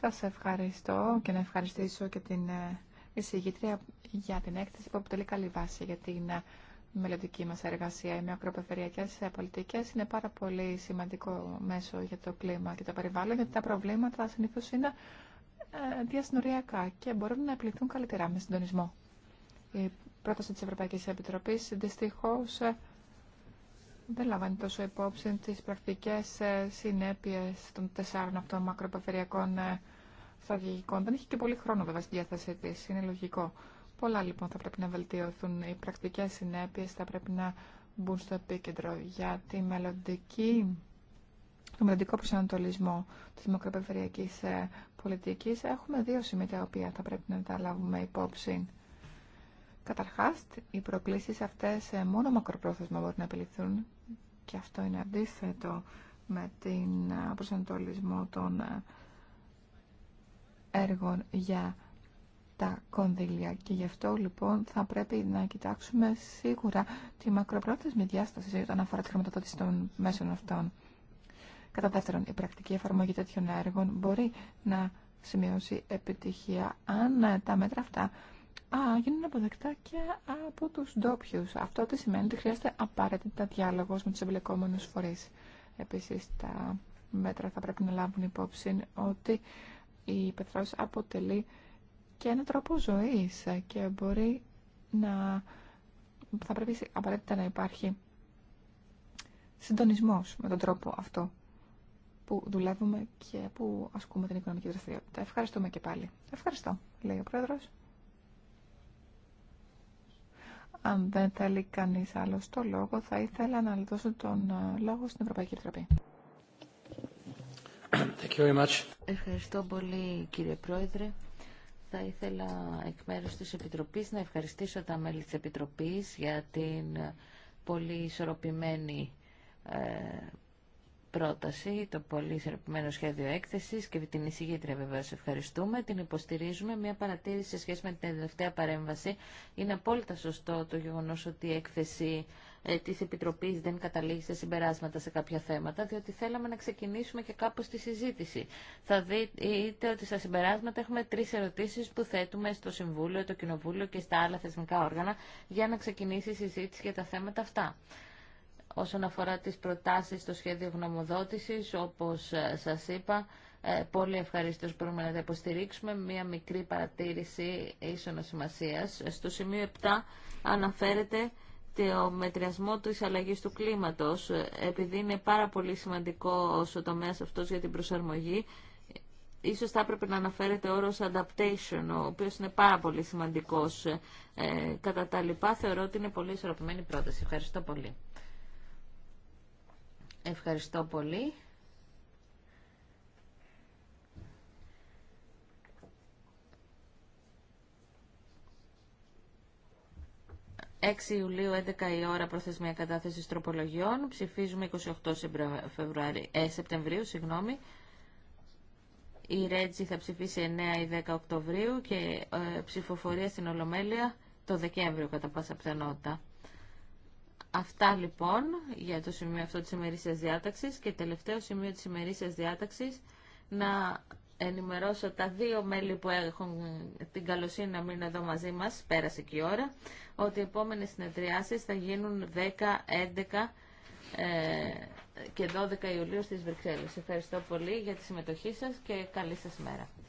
Σας ευχαριστώ και να ευχαριστήσω και την ε, εισηγήτρια για την έκθεση που αποτελεί καλή βάση για την ε, μελλοντική μας εργασία. Οι μακροπεριφερειακές πολιτικές είναι πάρα πολύ σημαντικό μέσο για το κλίμα και το περιβάλλον, γιατί τα προβλήματα συνήθως είναι ε, διασυνοριακά και μπορούν να επιληθούν καλύτερα με συντονισμό. Η πρόταση της Ευρωπαϊκής Επιτροπής δυστυχώς ε, δεν λαμβάνει τόσο υπόψη τις πρακτικές ε, συνέπειες των τεσσάρων αυτών μακροπεριφερειακών στρατηγικών. Δεν έχει και πολύ χρόνο βέβαια στη διάθεσή της, είναι λογικό. Πολλά λοιπόν θα πρέπει να βελτιωθούν. Οι πρακτικές συνέπειες θα πρέπει να μπουν στο επίκεντρο για τη μελλοντική, το μελλοντικό προσανατολισμό της δημοκρατική ε, πολιτικής. Έχουμε δύο σημεία τα οποία θα πρέπει να τα λάβουμε υπόψη. Καταρχάς, οι προκλήσεις αυτές ε, μόνο μακροπρόθεσμα μπορούν να επιληθούν και αυτό είναι αντίθετο με την ε, προσανατολισμό των έργων για τα κονδύλια. Και γι' αυτό λοιπόν θα πρέπει να κοιτάξουμε σίγουρα τη μακροπρόθεσμη διάσταση όταν αφορά τη χρηματοδότηση των μέσων αυτών. Κατά δεύτερον, η πρακτική εφαρμογή τέτοιων έργων μπορεί να σημειώσει επιτυχία αν τα μέτρα αυτά γίνουν αποδεκτά και από τους ντόπιου. Αυτό τι σημαίνει ότι χρειάζεται απαραίτητα διάλογος με τους εμπλεκόμενους φορείς. Επίσης, τα μέτρα θα πρέπει να λάβουν υπόψη ότι η πεθρός αποτελεί και ένα τρόπο ζωής και μπορεί να θα πρέπει απαραίτητα να υπάρχει συντονισμός με τον τρόπο αυτό που δουλεύουμε και που ασκούμε την οικονομική δραστηριότητα. Ευχαριστούμε και πάλι. Ευχαριστώ, λέει ο Πρόεδρος. Αν δεν θέλει κανείς άλλο το λόγο, θα ήθελα να δώσω τον ε, λόγο στην Ευρωπαϊκή Επιτροπή. Ευχαριστώ πολύ, κύριε Πρόεδρε θα ήθελα εκ μέρους της Επιτροπής να ευχαριστήσω τα μέλη της Επιτροπής για την πολύ ισορροπημένη ε, πρόταση, το πολύ ισορροπημένο σχέδιο έκθεσης και την εισηγήτρια βεβαίω ευχαριστούμε. Την υποστηρίζουμε. Μια παρατήρηση σε σχέση με την τελευταία παρέμβαση. Είναι απόλυτα σωστό το γεγονός ότι η έκθεση ε, τη επιτροπή δεν καταλήγει σε συμπεράσματα σε κάποια θέματα, διότι θέλαμε να ξεκινήσουμε και κάπω τη συζήτηση. Θα δείτε ότι στα συμπεράσματα έχουμε τρει ερωτήσει που θέτουμε στο Συμβούλιο, το Κοινοβούλιο και στα άλλα θεσμικά όργανα για να ξεκινήσει η συζήτηση για τα θέματα αυτά όσον αφορά τις προτάσεις στο σχέδιο γνωμοδότησης, όπως ε, σας είπα, ε, πολύ που μπορούμε να τα υποστηρίξουμε. Μία μικρή παρατήρηση ίσονο σημασία. Στο σημείο 7 αναφέρεται το μετριασμό της αλλαγής του κλίματος, επειδή είναι πάρα πολύ σημαντικό ο τομέας αυτός για την προσαρμογή, ίσως θα έπρεπε να αναφέρεται ο όρος adaptation, ο οποίος είναι πάρα πολύ σημαντικός. Ε, κατά τα λοιπά, θεωρώ ότι είναι πολύ ισορροπημένη πρόταση. Ευχαριστώ πολύ. Ευχαριστώ πολύ. 6 Ιουλίου, 11 η ώρα, προθεσμία κατάθεση τροπολογιών. Ψηφίζουμε 28 Φεβρουαρίου, ε, Σεπτεμβρίου. Συγγνώμη. Η Ρέτζη θα ψηφίσει 9 ή 10 Οκτωβρίου και ε, ψηφοφορία στην Ολομέλεια το Δεκέμβριο κατά πάσα πιθανότητα. Αυτά λοιπόν για το σημείο αυτό της ημερήσιας διάταξης και τελευταίο σημείο της ημερήσιας διάταξης να ενημερώσω τα δύο μέλη που έχουν την καλοσύνη να μείνουν εδώ μαζί μας, πέρασε και η ώρα, ότι οι επόμενες συνεδριάσεις θα γίνουν 10, 11 ε, και 12 Ιουλίου στις Βρυξέλλες. Ευχαριστώ πολύ για τη συμμετοχή σας και καλή σας μέρα.